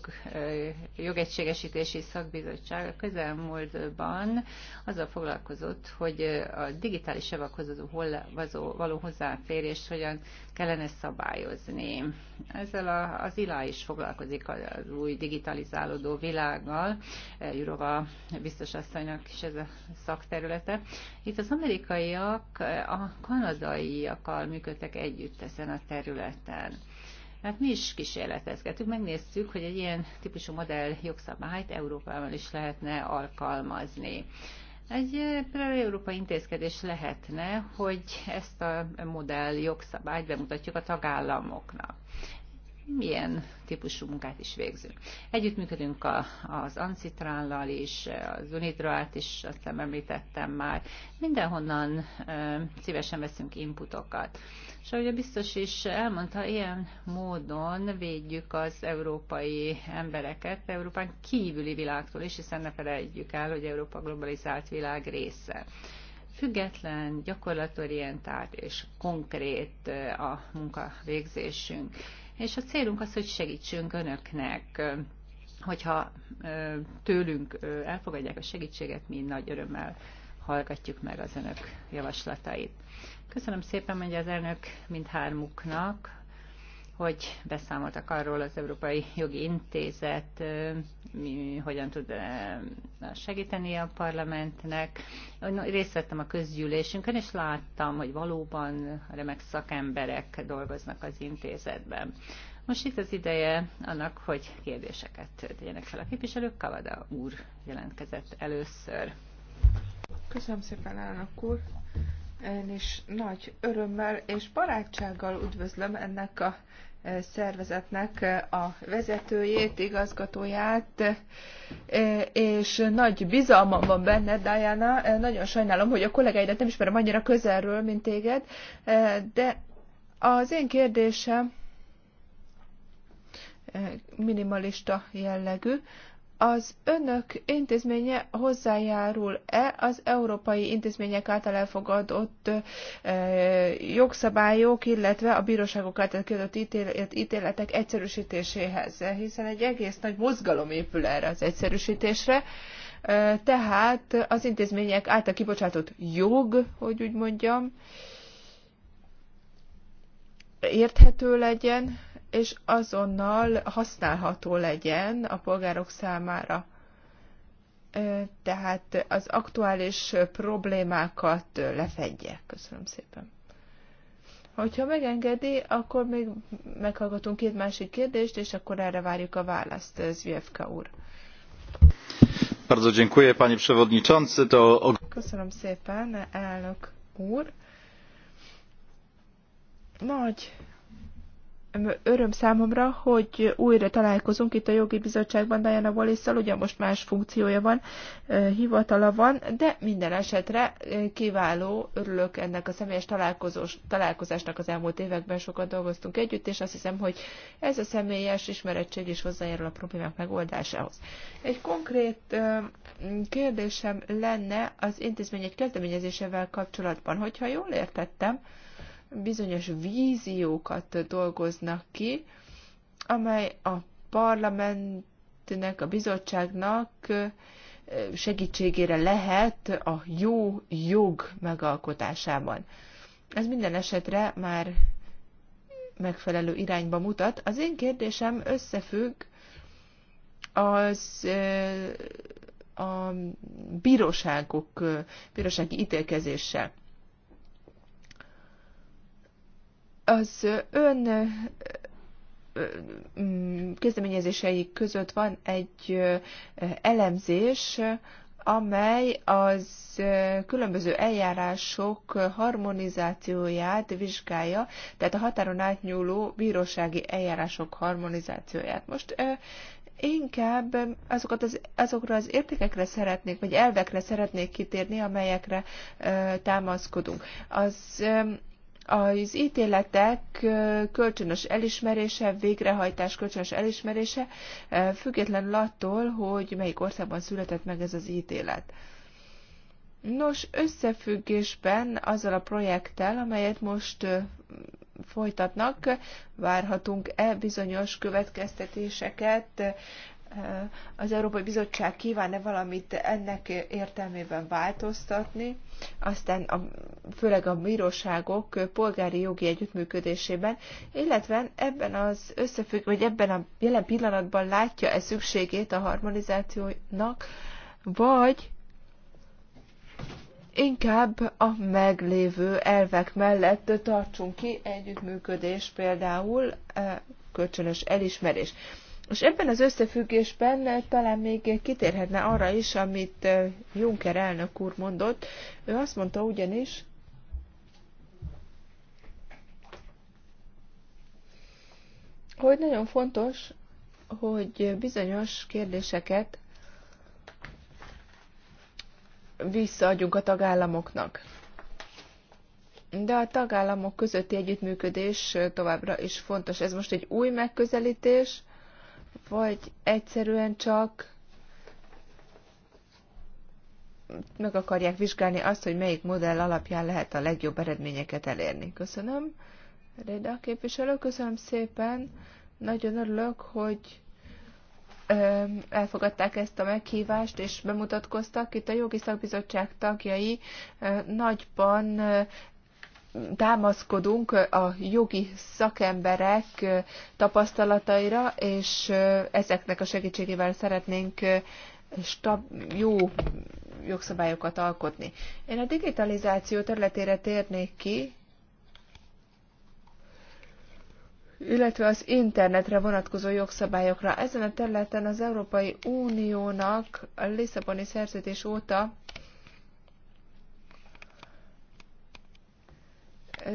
jogegységesítési szakbizottság a közelmúltban azzal foglalkozott, hogy a digitális javakhoz való hozzáférést hogyan kellene szabályozni. Ezzel a, az ILA is foglalkozik az új digitalizálódó világgal, Jurova biztos asszonynak is ez a szakterülete. Itt az amerikaiak a kanadaiakkal működtek együtt ezen a területen. Hát mi is kísérletezgetünk, megnéztük, hogy egy ilyen típusú modell jogszabályt Európában is lehetne alkalmazni. Egy eh, európai intézkedés lehetne, hogy ezt a modell jogszabályt bemutatjuk a tagállamoknak milyen típusú munkát is végzünk. Együttműködünk a, az ancitrállal is, az unidroát is, azt nem említettem már. Mindenhonnan e, szívesen veszünk inputokat. És ahogy a biztos is elmondta, ilyen módon védjük az európai embereket Európán kívüli világtól is, hiszen ne felejtjük el, hogy Európa globalizált világ része független, gyakorlatorientált és konkrét a munkavégzésünk és a célunk az, hogy segítsünk önöknek hogyha tőlünk elfogadják a segítséget, mi nagy örömmel hallgatjuk meg az önök javaslatait. Köszönöm szépen, hogy az elnök mindhármuknak hogy beszámoltak arról az Európai Jogi Intézet, mi, hogyan tud segíteni a parlamentnek. Részt vettem a közgyűlésünkön, és láttam, hogy valóban remek szakemberek dolgoznak az intézetben. Most itt az ideje annak, hogy kérdéseket tegyenek fel a képviselők. Kavada úr jelentkezett először. Köszönöm szépen, elnök úr. Én is nagy örömmel és barátsággal üdvözlöm ennek a e, szervezetnek e, a vezetőjét, igazgatóját, e, és nagy bizalmam van benne, Diana. Nagyon sajnálom, hogy a kollégáidat nem ismerem annyira közelről, mint téged, de az én kérdésem minimalista jellegű az önök intézménye hozzájárul-e az európai intézmények által elfogadott jogszabályok, illetve a bíróságok által kiadott ítéletek egyszerűsítéséhez? Hiszen egy egész nagy mozgalom épül erre az egyszerűsítésre, tehát az intézmények által kibocsátott jog, hogy úgy mondjam, érthető legyen, és azonnal használható legyen a polgárok számára. Tehát az aktuális problémákat lefedje. Köszönöm szépen. Hogyha megengedi, akkor még meghallgatunk két másik kérdést, és akkor erre várjuk a választ, Zvievka úr. Bardzo dziękuję, panie przewodniczący. To... Köszönöm szépen, elnök úr. Nagy öröm számomra, hogy újra találkozunk itt a jogi bizottságban Diana wallace ugye most más funkciója van, hivatala van, de minden esetre kiváló, örülök ennek a személyes találkozós, találkozásnak az elmúlt években sokat dolgoztunk együtt, és azt hiszem, hogy ez a személyes ismerettség is hozzájárul a problémák megoldásához. Egy konkrét kérdésem lenne az intézmény egy kezdeményezésevel kapcsolatban, hogyha jól értettem, bizonyos víziókat dolgoznak ki, amely a parlamentnek, a bizottságnak segítségére lehet a jó jog megalkotásában. Ez minden esetre már megfelelő irányba mutat. Az én kérdésem összefügg az a bíróságok, bírósági ítélkezéssel. Az ön kezdeményezései között van egy elemzés, amely az különböző eljárások harmonizációját vizsgálja, tehát a határon átnyúló bírósági eljárások harmonizációját. Most inkább azokat az, azokra az értékekre szeretnék, vagy elvekre szeretnék kitérni, amelyekre támaszkodunk. Az az ítéletek kölcsönös elismerése, végrehajtás kölcsönös elismerése, függetlenül attól, hogy melyik országban született meg ez az ítélet. Nos, összefüggésben azzal a projekttel, amelyet most folytatnak, várhatunk-e bizonyos következtetéseket az Európai Bizottság kíván-e valamit ennek értelmében változtatni, aztán a, főleg a bíróságok polgári jogi együttműködésében, illetve ebben az összefügg, vagy ebben a jelen pillanatban látja-e szükségét a harmonizációnak, vagy inkább a meglévő elvek mellett tartsunk ki együttműködés, például e, kölcsönös elismerés. És ebben az összefüggésben talán még kitérhetne arra is, amit Juncker elnök úr mondott. Ő azt mondta ugyanis, hogy nagyon fontos, hogy bizonyos kérdéseket visszaadjunk a tagállamoknak. De a tagállamok közötti együttműködés továbbra is fontos. Ez most egy új megközelítés, vagy egyszerűen csak meg akarják vizsgálni azt, hogy melyik modell alapján lehet a legjobb eredményeket elérni. Köszönöm, Réda képviselő, köszönöm szépen. Nagyon örülök, hogy elfogadták ezt a meghívást, és bemutatkoztak. Itt a jogi szakbizottság tagjai nagyban támaszkodunk a jogi szakemberek tapasztalataira, és ezeknek a segítségével szeretnénk stab, jó jogszabályokat alkotni. Én a digitalizáció területére térnék ki, illetve az internetre vonatkozó jogszabályokra. Ezen a területen az Európai Uniónak a Lisszaboni szerződés óta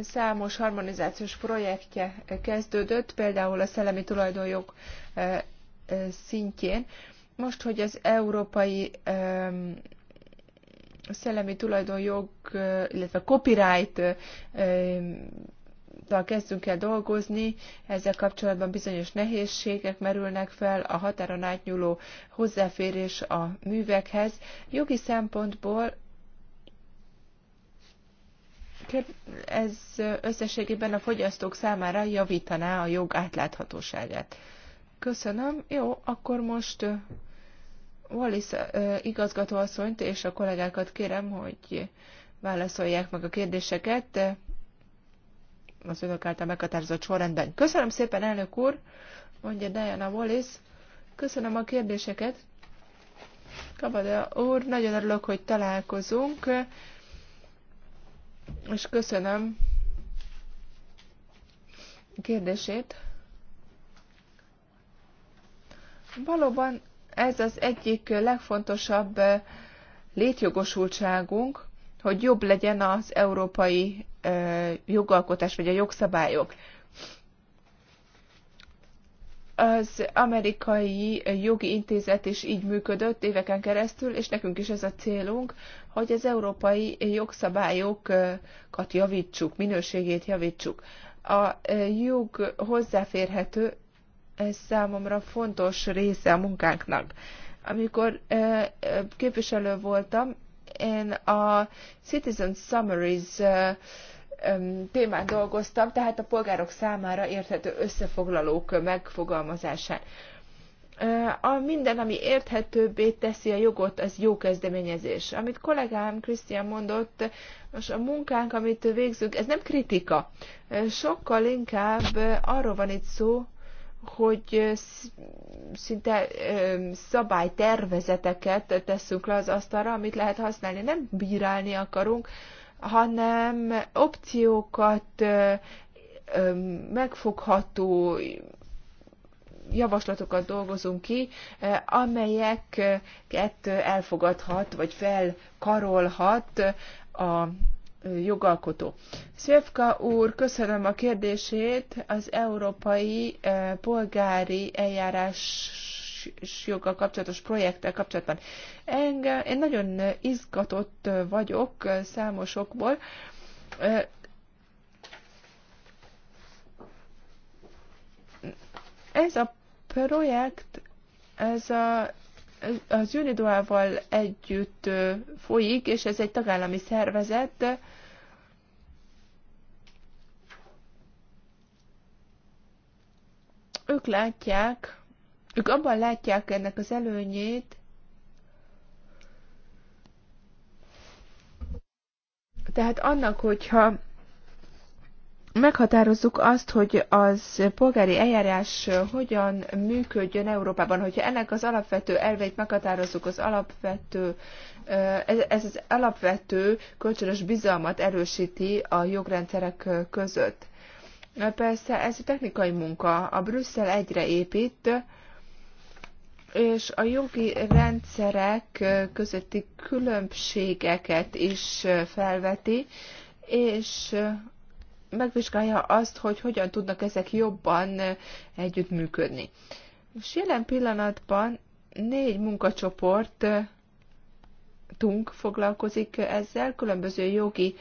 számos harmonizációs projektje kezdődött, például a szellemi tulajdonjog szintjén. Most, hogy az európai szellemi tulajdonjog, illetve copyright kezdünk el dolgozni, ezzel kapcsolatban bizonyos nehézségek merülnek fel, a határon átnyúló hozzáférés a művekhez. Jogi szempontból ez összességében a fogyasztók számára javítaná a jog átláthatóságát. Köszönöm. Jó, akkor most Wallis igazgatóasszonyt és a kollégákat kérem, hogy válaszolják meg a kérdéseket az önök által meghatározott sorrendben. Köszönöm szépen, elnök úr, mondja Diana Wallis. Köszönöm a kérdéseket. Kabada úr, nagyon örülök, hogy találkozunk és köszönöm a kérdését. Valóban ez az egyik legfontosabb eh, létjogosultságunk, hogy jobb legyen az európai eh, jogalkotás vagy a jogszabályok az amerikai jogi intézet is így működött éveken keresztül, és nekünk is ez a célunk, hogy az európai jogszabályokat javítsuk, minőségét javítsuk. A jog hozzáférhető, ez számomra fontos része a munkánknak. Amikor képviselő voltam, én a Citizen Summaries témán dolgoztam, tehát a polgárok számára érthető összefoglalók megfogalmazásán. A minden, ami érthetőbbé teszi a jogot, az jó kezdeményezés. Amit kollégám Krisztián mondott, most a munkánk, amit végzünk, ez nem kritika. Sokkal inkább arról van itt szó, hogy szinte szabálytervezeteket teszünk le az asztalra, amit lehet használni. Nem bírálni akarunk, hanem opciókat, megfogható javaslatokat dolgozunk ki, amelyeket elfogadhat, vagy felkarolhat a jogalkotó. Szövka úr, köszönöm a kérdését. Az európai polgári eljárás joggal kapcsolatos projekttel kapcsolatban. Engem, én nagyon izgatott vagyok számosokból. Ez a projekt, ez a az Unidoával együtt folyik, és ez egy tagállami szervezet, ők látják ők abban látják ennek az előnyét, tehát annak, hogyha meghatározzuk azt, hogy az polgári eljárás hogyan működjön Európában. Hogyha ennek az alapvető elveit meghatározzuk, az alapvető, eh, ez az alapvető kölcsönös bizalmat erősíti a jogrendszerek között. Persze ez technikai munka. A Brüsszel egyre épít, és a jogi rendszerek közötti különbségeket is felveti, és megvizsgálja azt, hogy hogyan tudnak ezek jobban együttműködni. És jelen pillanatban négy munkacsoport tunk foglalkozik ezzel, különböző jogi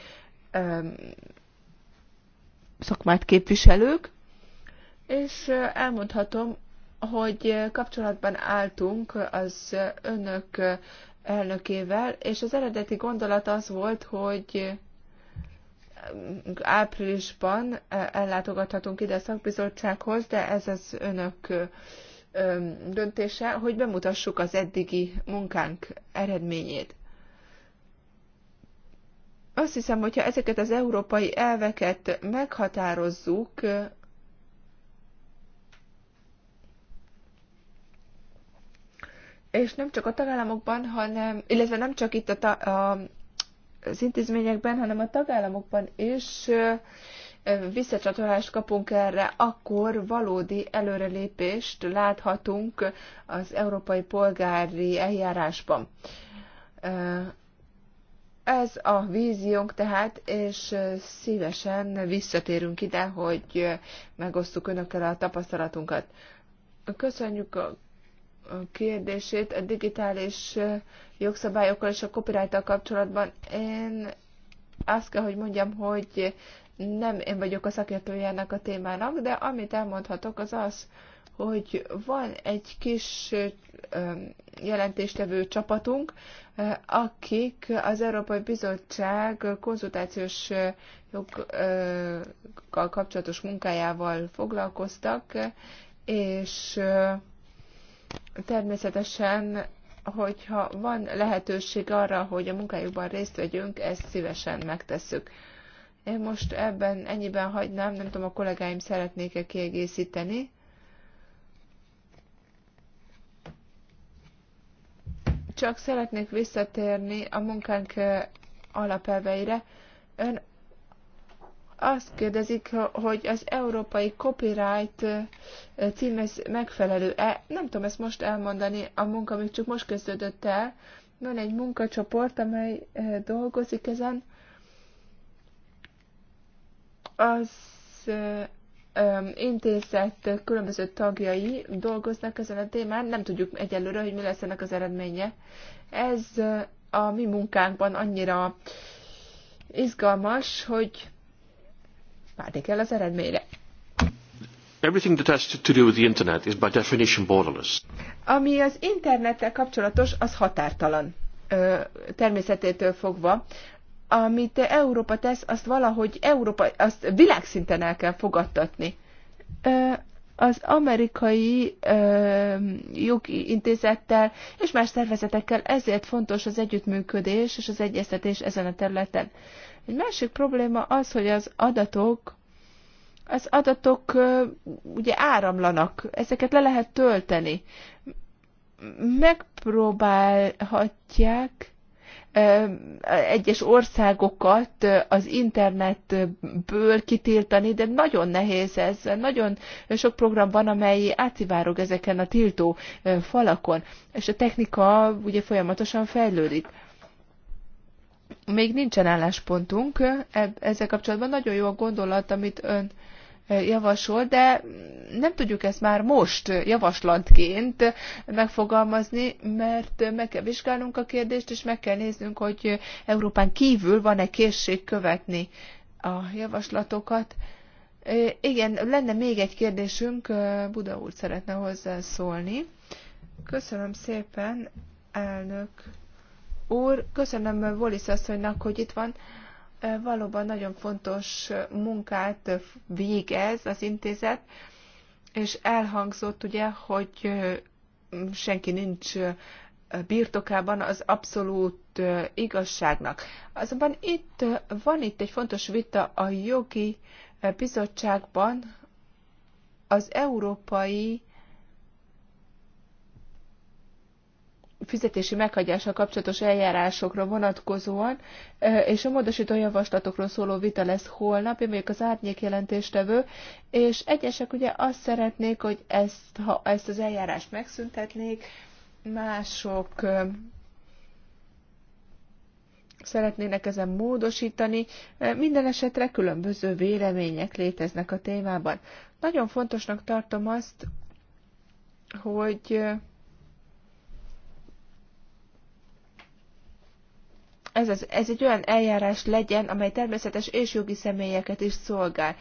szakmát képviselők, és elmondhatom, hogy kapcsolatban álltunk az önök elnökével, és az eredeti gondolat az volt, hogy áprilisban ellátogathatunk ide a szakbizottsághoz, de ez az önök döntése, hogy bemutassuk az eddigi munkánk eredményét. Azt hiszem, hogyha ezeket az európai elveket meghatározzuk és nem csak a tagállamokban, hanem, illetve nem csak itt a, a, az intézményekben, hanem a tagállamokban is visszacsatolást kapunk erre, akkor valódi előrelépést láthatunk az európai polgári eljárásban. Ez a víziónk tehát, és szívesen visszatérünk ide, hogy megosztuk önökkel a tapasztalatunkat. Köszönjük a kérdését a digitális jogszabályokkal és a copyright kapcsolatban. Én azt kell, hogy mondjam, hogy nem én vagyok a szakértője ennek a témának, de amit elmondhatok az az, hogy van egy kis jelentéstevő csapatunk, akik az Európai Bizottság konzultációs jogkal kapcsolatos munkájával foglalkoztak, és Természetesen, hogyha van lehetőség arra, hogy a munkájukban részt vegyünk, ezt szívesen megtesszük. Én most ebben ennyiben hagynám, nem tudom, a kollégáim szeretnék-e kiegészíteni. Csak szeretnék visszatérni a munkánk eh, alapelveire. Ön azt kérdezik, hogy az európai copyright címez megfelelő-e. Nem tudom ezt most elmondani, a munka még csak most kezdődött el. Van egy munkacsoport, amely dolgozik ezen. Az intézet különböző tagjai dolgoznak ezen a témán, nem tudjuk egyelőre, hogy mi lesz ennek az eredménye. Ez a mi munkánkban annyira izgalmas, hogy várni kell az eredményre. Everything that has to do with the internet is by definition borderless. Ami az internettel kapcsolatos, az határtalan természetétől fogva. Amit Európa tesz, azt valahogy Európa, azt világszinten el kell fogadtatni az amerikai ö, jogi intézettel és más szervezetekkel, ezért fontos az együttműködés és az egyeztetés ezen a területen. Egy másik probléma az, hogy az adatok, az adatok ö, ugye áramlanak, ezeket le lehet tölteni. Megpróbálhatják egyes országokat az internetből kitiltani, de nagyon nehéz ez. Nagyon sok program van, amely átszivárog ezeken a tiltó falakon, és a technika ugye folyamatosan fejlődik. Még nincsen álláspontunk e- ezzel kapcsolatban. Nagyon jó a gondolat, amit ön javasol, de nem tudjuk ezt már most javaslatként megfogalmazni, mert meg kell vizsgálnunk a kérdést, és meg kell néznünk, hogy Európán kívül van-e készség követni a javaslatokat. Igen, lenne még egy kérdésünk, Buda úr szeretne hozzászólni. Köszönöm szépen, elnök úr, köszönöm Volis asszonynak, hogy itt van. Valóban nagyon fontos munkát végez az intézet, és elhangzott ugye, hogy senki nincs birtokában az abszolút igazságnak. Azonban itt van itt egy fontos vita a jogi bizottságban az európai fizetési meghagyással kapcsolatos eljárásokra vonatkozóan, és a módosító javaslatokról szóló vita lesz holnap, én vagyok az árnyék jelentéstevő, és egyesek ugye azt szeretnék, hogy ezt, ha ezt az eljárást megszüntetnék, mások szeretnének ezen módosítani, minden esetre különböző vélemények léteznek a témában. Nagyon fontosnak tartom azt, hogy ez, az, ez egy olyan eljárás legyen, amely természetes és jogi személyeket is szolgál.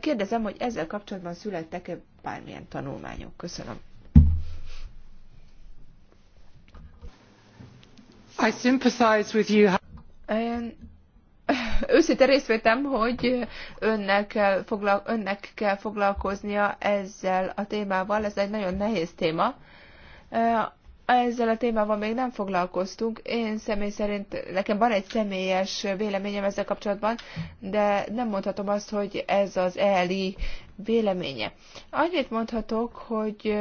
Kérdezem, hogy ezzel kapcsolatban születtek-e bármilyen tanulmányok? Köszönöm. I sympathize with you. Én őszinte részt vettem, hogy önnek kell, foglal, önnek kell foglalkoznia ezzel a témával. Ez egy nagyon nehéz téma ezzel a témával még nem foglalkoztunk. Én személy szerint, nekem van egy személyes véleményem ezzel kapcsolatban, de nem mondhatom azt, hogy ez az ELI véleménye. Annyit mondhatok, hogy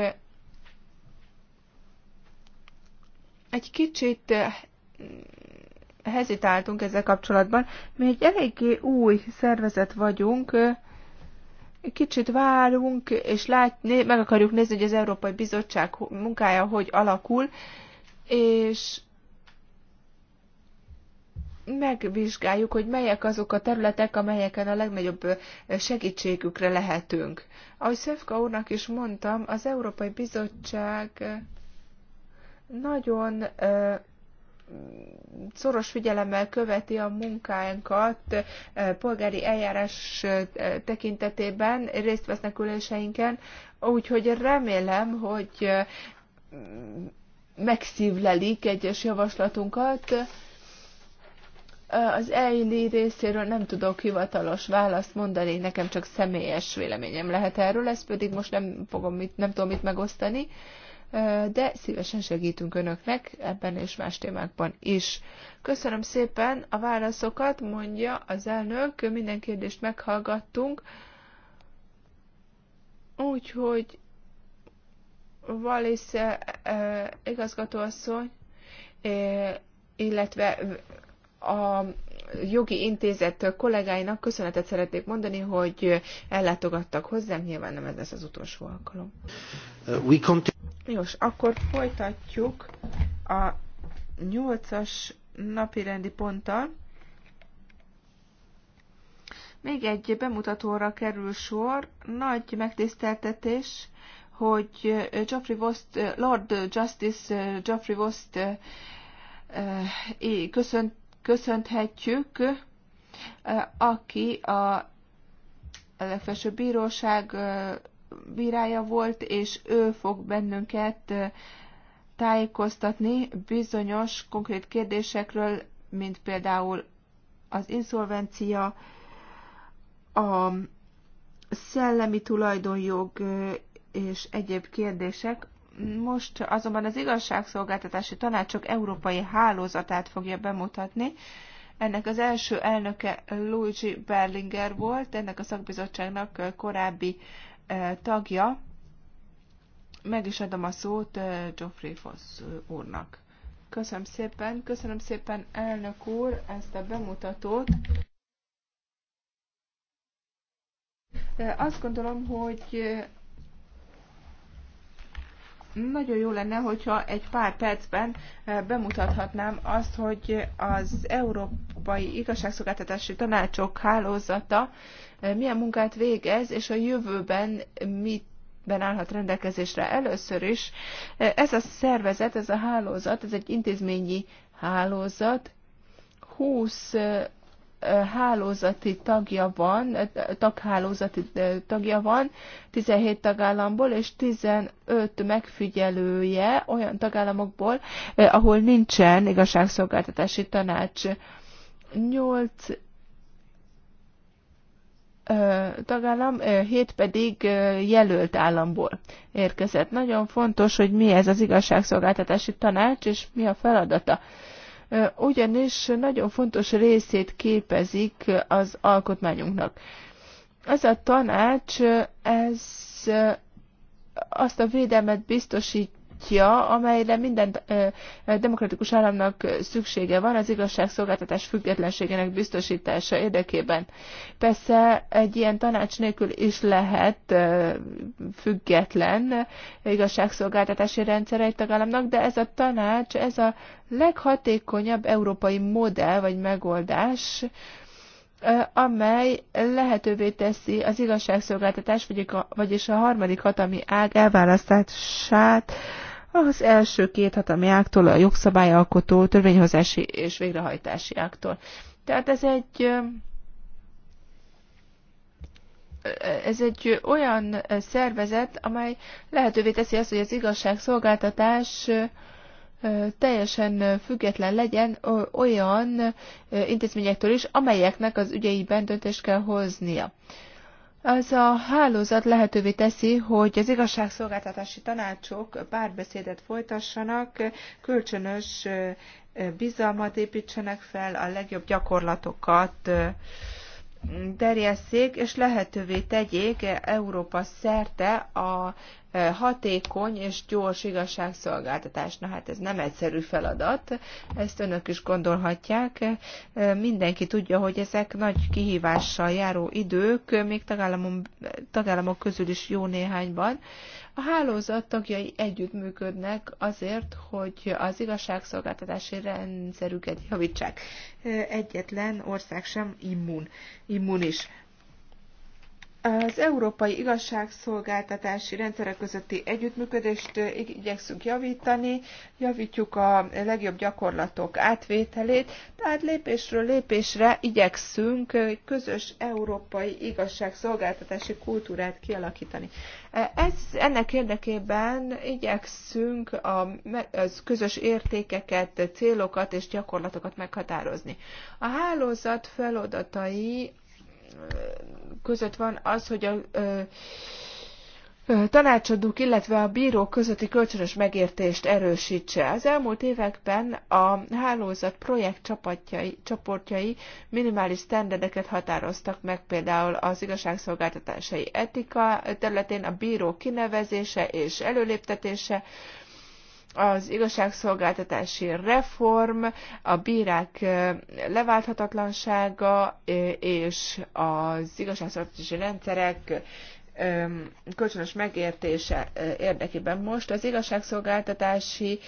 egy kicsit eh, hezitáltunk ezzel kapcsolatban. Mi egy eléggé új szervezet vagyunk, eh, Kicsit várunk, és lát, meg akarjuk nézni, hogy az Európai Bizottság munkája hogy alakul, és megvizsgáljuk, hogy melyek azok a területek, amelyeken a legnagyobb segítségükre lehetünk. Ahogy Szövka úrnak is mondtam, az Európai Bizottság nagyon szoros figyelemmel követi a munkánkat eh, polgári eljárás eh, tekintetében, részt vesznek üléseinken, úgyhogy remélem, hogy eh, megszívlelik egyes javaslatunkat. Az EILI részéről nem tudok hivatalos választ mondani, nekem csak személyes véleményem lehet erről, ezt pedig most nem fogom, mit, nem tudom mit megosztani de szívesen segítünk Önöknek ebben és más témákban is. Köszönöm szépen a válaszokat, mondja az elnök, minden kérdést meghallgattunk, úgyhogy Valész igazgatóasszony, illetve a jogi intézet kollégáinak köszönetet szeretnék mondani, hogy ellátogattak hozzánk, nyilván nem ez lesz az utolsó alkalom. Uh, Nos, akkor folytatjuk a nyolcas napi rendi ponttal. Még egy bemutatóra kerül sor, nagy megtiszteltetés, hogy Geoffrey Vost, Lord Justice Geoffrey Vost eh, eh, köszönt, köszönhetjük, aki a legfelsőbb bíróság bírája volt, és ő fog bennünket tájékoztatni bizonyos konkrét kérdésekről, mint például az inszolvencia, a szellemi tulajdonjog és egyéb kérdések, most azonban az igazságszolgáltatási tanácsok európai hálózatát fogja bemutatni. Ennek az első elnöke Luigi Berlinger volt, ennek a szakbizottságnak korábbi e, tagja. Meg is adom a szót e, Geoffrey Foss úrnak. Köszönöm szépen, köszönöm szépen elnök úr ezt a bemutatót. E, azt gondolom, hogy nagyon jó lenne, hogyha egy pár percben eh, bemutathatnám azt, hogy az Európai Igazságszolgáltatási Tanácsok hálózata eh, milyen munkát végez, és a jövőben mit ben állhat rendelkezésre először is. Eh, ez a szervezet, ez a hálózat, ez egy intézményi hálózat, 20 hálózati tagja van, taghálózati tagja van, 17 tagállamból, és 15 megfigyelője olyan tagállamokból, ahol nincsen igazságszolgáltatási tanács. 8 tagállam, 7 pedig jelölt államból érkezett. Nagyon fontos, hogy mi ez az igazságszolgáltatási tanács, és mi a feladata ugyanis nagyon fontos részét képezik az alkotmányunknak. Ez a tanács, ez azt a védelmet biztosít, útja, amelyre minden demokratikus államnak szüksége van az igazságszolgáltatás függetlenségének biztosítása érdekében. Persze egy ilyen tanács nélkül is lehet független igazságszolgáltatási rendszer egy tagállamnak, de ez a tanács, ez a leghatékonyabb európai modell vagy megoldás, amely lehetővé teszi az igazságszolgáltatás, vagyis a harmadik hatami ág elválasztását az első két hatalmi áktól, a jogszabályalkotó, törvényhozási és végrehajtási áktól. Tehát ez egy ez egy olyan szervezet, amely lehetővé teszi azt, hogy az igazságszolgáltatás teljesen független legyen olyan intézményektől is, amelyeknek az ügyeiben döntést kell hoznia. Az a hálózat lehetővé teszi, hogy az igazságszolgáltatási tanácsok párbeszédet folytassanak, kölcsönös bizalmat építsenek fel, a legjobb gyakorlatokat terjesszék, és lehetővé tegyék Európa szerte a e, hatékony és gyors igazságszolgáltatás. Na hát ez nem egyszerű feladat, ezt önök is gondolhatják. E, mindenki tudja, hogy ezek nagy kihívással járó idők, még tagállamok közül is jó néhányban. A hálózat tagjai együttműködnek azért, hogy az igazságszolgáltatási rendszerüket javítsák. Egyetlen ország sem immun, immunis. Az európai igazságszolgáltatási rendszerek közötti együttműködést eh, igyekszünk javítani, javítjuk a legjobb gyakorlatok átvételét, tehát lépésről lépésre igyekszünk eh, közös európai igazságszolgáltatási kultúrát kialakítani. Eh, ez, ennek érdekében igyekszünk a, az közös értékeket, célokat és gyakorlatokat meghatározni. A hálózat feladatai között van az, hogy a tanácsadók, illetve a bírók közötti kölcsönös megértést erősítse. Az elmúlt években a hálózat projekt csapatjai, csoportjai minimális sztenderdeket határoztak meg, például az igazságszolgáltatásai etika területén a bíró kinevezése és előléptetése, az igazságszolgáltatási reform, a bírák leválthatatlansága és az igazságszolgáltatási rendszerek kölcsönös megértése érdekében. Most az igazságszolgáltatási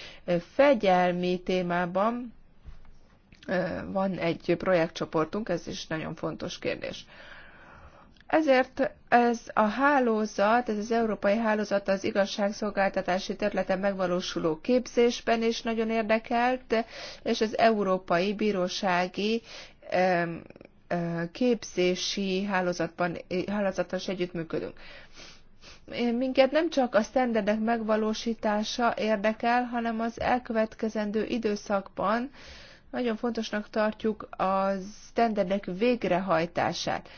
fegyelmi témában van egy projektcsoportunk, ez is nagyon fontos kérdés. Ezért ez a hálózat, ez az európai hálózat az igazságszolgáltatási területen megvalósuló képzésben is nagyon érdekelt, és az európai bírósági képzési hálózatban, hálózatos együttműködünk. Minket nem csak a sztenderdek megvalósítása érdekel, hanem az elkövetkezendő időszakban nagyon fontosnak tartjuk a sztenderdek végrehajtását.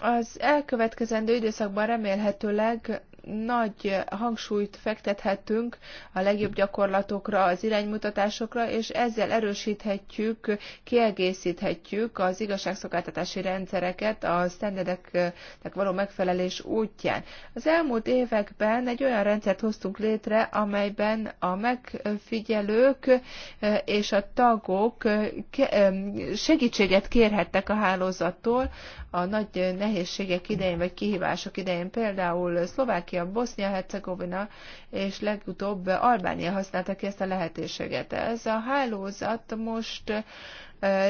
Az elkövetkezendő időszakban remélhetőleg nagy hangsúlyt fektethetünk a legjobb gyakorlatokra, az iránymutatásokra, és ezzel erősíthetjük, kiegészíthetjük az igazságszolgáltatási rendszereket a standardeknek való megfelelés útján. Az elmúlt években egy olyan rendszert hoztunk létre, amelyben a megfigyelők eh, és a tagok eh, eh, segítséget kérhettek a hálózattól a nagy nehézségek idején, vagy kihívások idején, például Szlovákia a Bosznia-Hercegovina és legutóbb Albánia használta ki ezt a lehetőséget. Ez a hálózat most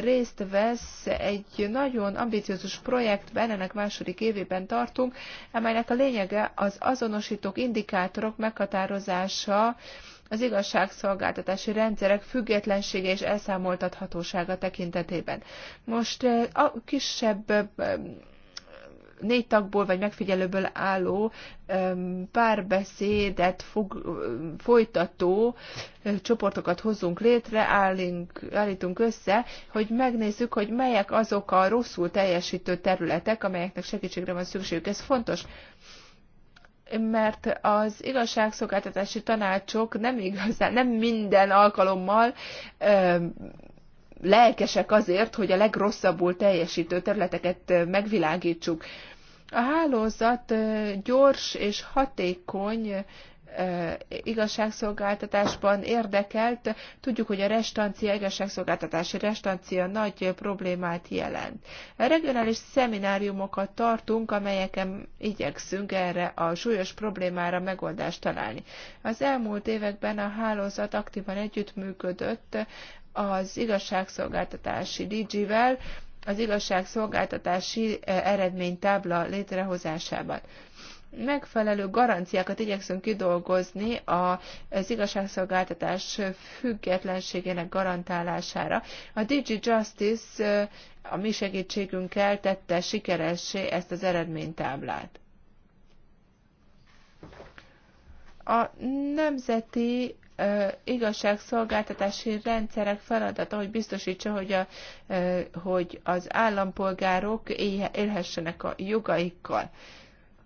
részt vesz egy nagyon ambiciózus projektben, ennek második évében tartunk, amelynek a lényege az azonosítók, indikátorok meghatározása, az igazságszolgáltatási rendszerek függetlensége és elszámoltathatósága tekintetében. Most a kisebb négy tagból vagy megfigyelőből álló párbeszédet fog, folytató csoportokat hozzunk létre, állink, állítunk össze, hogy megnézzük, hogy melyek azok a rosszul teljesítő területek, amelyeknek segítségre van szükségük. Ez fontos mert az igazságszolgáltatási tanácsok nem igazán, nem minden alkalommal ö, lelkesek azért, hogy a legrosszabbul teljesítő területeket megvilágítsuk. A hálózat gyors és hatékony igazságszolgáltatásban érdekelt. Tudjuk, hogy a restancia, igazságszolgáltatási restancia nagy problémát jelent. A regionális szemináriumokat tartunk, amelyeken igyekszünk erre a súlyos problémára megoldást találni. Az elmúlt években a hálózat aktívan együttműködött az igazságszolgáltatási DG-vel, az igazságszolgáltatási eh, eredménytábla létrehozásában. Megfelelő garanciákat igyekszünk kidolgozni az igazságszolgáltatás függetlenségének garantálására. A Digi Justice eh, a mi segítségünkkel tette sikeressé ezt az eredménytáblát. A nemzeti igazságszolgáltatási rendszerek feladata, hogy biztosítsa, hogy, a, hogy az állampolgárok élhessenek a jogaikkal.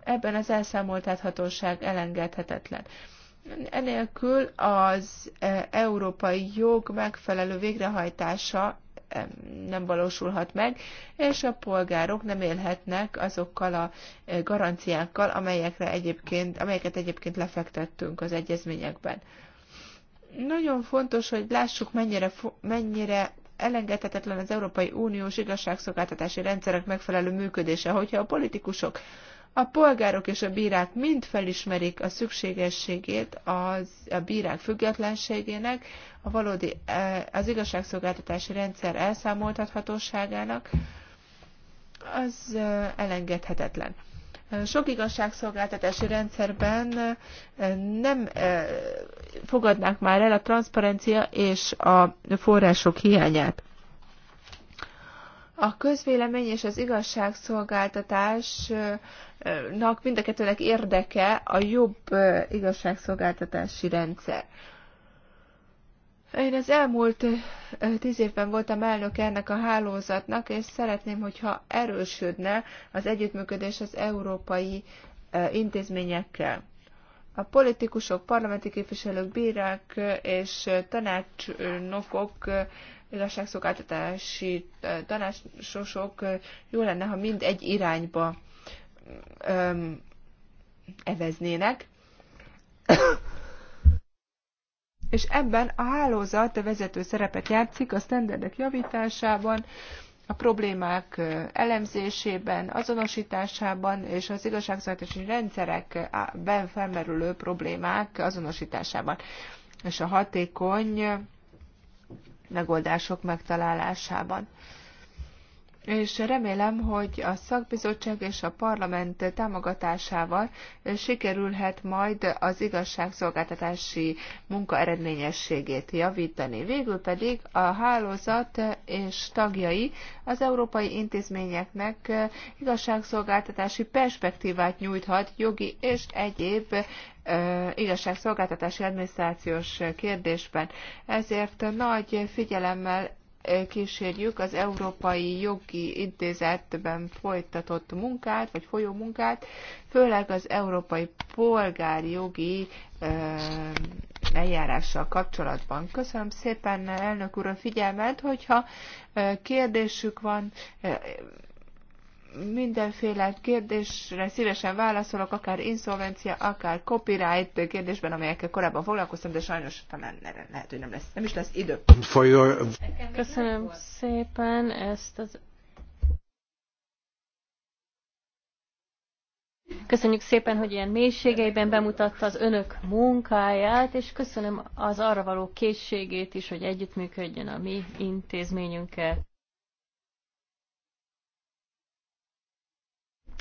Ebben az elszámoltathatóság elengedhetetlen. Enélkül az európai jog megfelelő végrehajtása nem valósulhat meg, és a polgárok nem élhetnek azokkal a garanciákkal, amelyekre egyébként, amelyeket egyébként lefektettünk az egyezményekben. Nagyon fontos, hogy lássuk, mennyire, mennyire elengedhetetlen az Európai Uniós igazságszolgáltatási rendszerek megfelelő működése, hogyha a politikusok, a polgárok és a bírák mind felismerik a szükségességét az, a bírák függetlenségének, a valódi, e, az igazságszolgáltatási rendszer elszámoltathatóságának, az e, elengedhetetlen. Sok igazságszolgáltatási rendszerben eh, nem eh, fogadnák már el a transzparencia és a források hiányát. A közvélemény és az igazságszolgáltatásnak mind a kettőnek érdeke a jobb eh, igazságszolgáltatási rendszer. Én az elmúlt tíz évben voltam elnök ennek a hálózatnak, és szeretném, hogyha erősödne az együttműködés az európai intézményekkel. A politikusok, parlamenti képviselők, bírák és tanácsnokok, igazságszolgáltatási tanácsosok jó lenne, ha mind egy irányba öm, eveznének és ebben a hálózat a vezető szerepet játszik a standardek javításában, a problémák elemzésében, azonosításában és az igazságszolgáltatási rendszerekben felmerülő problémák azonosításában, és a hatékony megoldások megtalálásában és remélem, hogy a szakbizottság és a parlament támogatásával sikerülhet majd az igazságszolgáltatási munka eredményességét javítani. Végül pedig a hálózat és tagjai az európai intézményeknek igazságszolgáltatási perspektívát nyújthat jogi és egyéb igazságszolgáltatási adminisztrációs kérdésben. Ezért nagy figyelemmel kísérjük az Európai Jogi Intézetben folytatott munkát, vagy folyó munkát, főleg az Európai Polgári Jogi eljárással kapcsolatban. Köszönöm szépen elnök úr a figyelmet, hogyha kérdésük van, mindenféle kérdésre szívesen válaszolok, akár inszolvencia, akár copyright kérdésben, amelyekkel korábban foglalkoztam, de sajnos talán lehet, hogy nem, lesz, nem is lesz idő. Köszönöm szépen ezt az Köszönjük szépen, hogy ilyen mélységeiben bemutatta az önök munkáját, és köszönöm az arra való készségét is, hogy együttműködjön a mi intézményünkkel.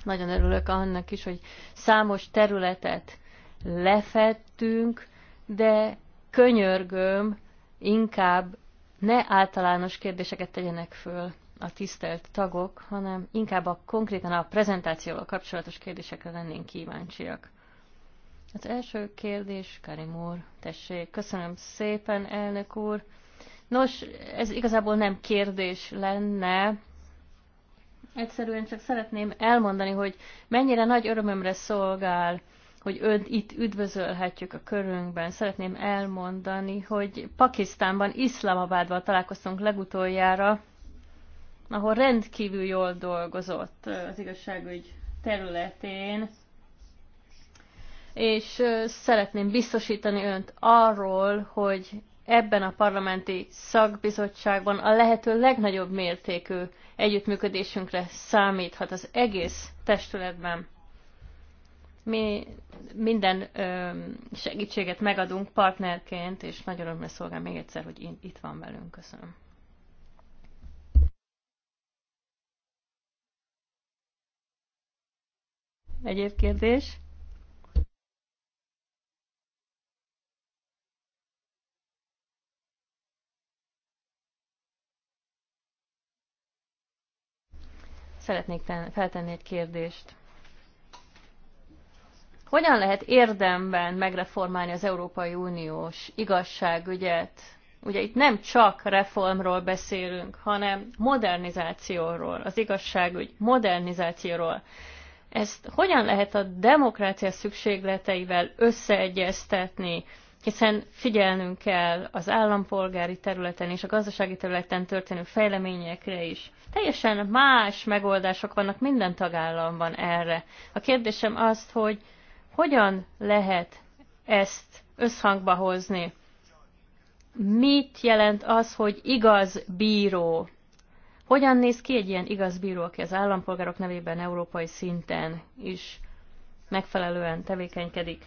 Nagyon örülök annak is, hogy számos területet lefettünk, de könyörgöm, inkább ne általános kérdéseket tegyenek föl a tisztelt tagok, hanem inkább a konkrétan a prezentációval kapcsolatos kérdésekre lennénk kíváncsiak. Az első kérdés, Karim úr, tessék, köszönöm szépen, elnök úr. Nos, ez igazából nem kérdés lenne, Egyszerűen csak szeretném elmondani, hogy mennyire nagy örömömre szolgál, hogy önt itt üdvözölhetjük a körünkben. Szeretném elmondani, hogy Pakisztánban, Iszlamabádban találkoztunk legutoljára, ahol rendkívül jól dolgozott az igazságügy területén, és szeretném biztosítani önt arról, hogy ebben a parlamenti szakbizottságban a lehető legnagyobb mértékű együttműködésünkre számíthat az egész testületben. Mi minden ö, segítséget megadunk partnerként, és nagyon örömmel szolgál még egyszer, hogy itt van velünk. Köszönöm. Egyéb kérdés? szeretnék feltenni egy kérdést. Hogyan lehet érdemben megreformálni az Európai Uniós igazságügyet? Ugye itt nem csak reformról beszélünk, hanem modernizációról, az igazságügy modernizációról. Ezt hogyan lehet a demokrácia szükségleteivel összeegyeztetni? hiszen figyelnünk kell az állampolgári területen és a gazdasági területen történő fejleményekre is. Teljesen más megoldások vannak minden tagállamban erre. A kérdésem az, hogy hogyan lehet ezt összhangba hozni? Mit jelent az, hogy igaz bíró? Hogyan néz ki egy ilyen igaz bíró, aki az állampolgárok nevében európai szinten is megfelelően tevékenykedik?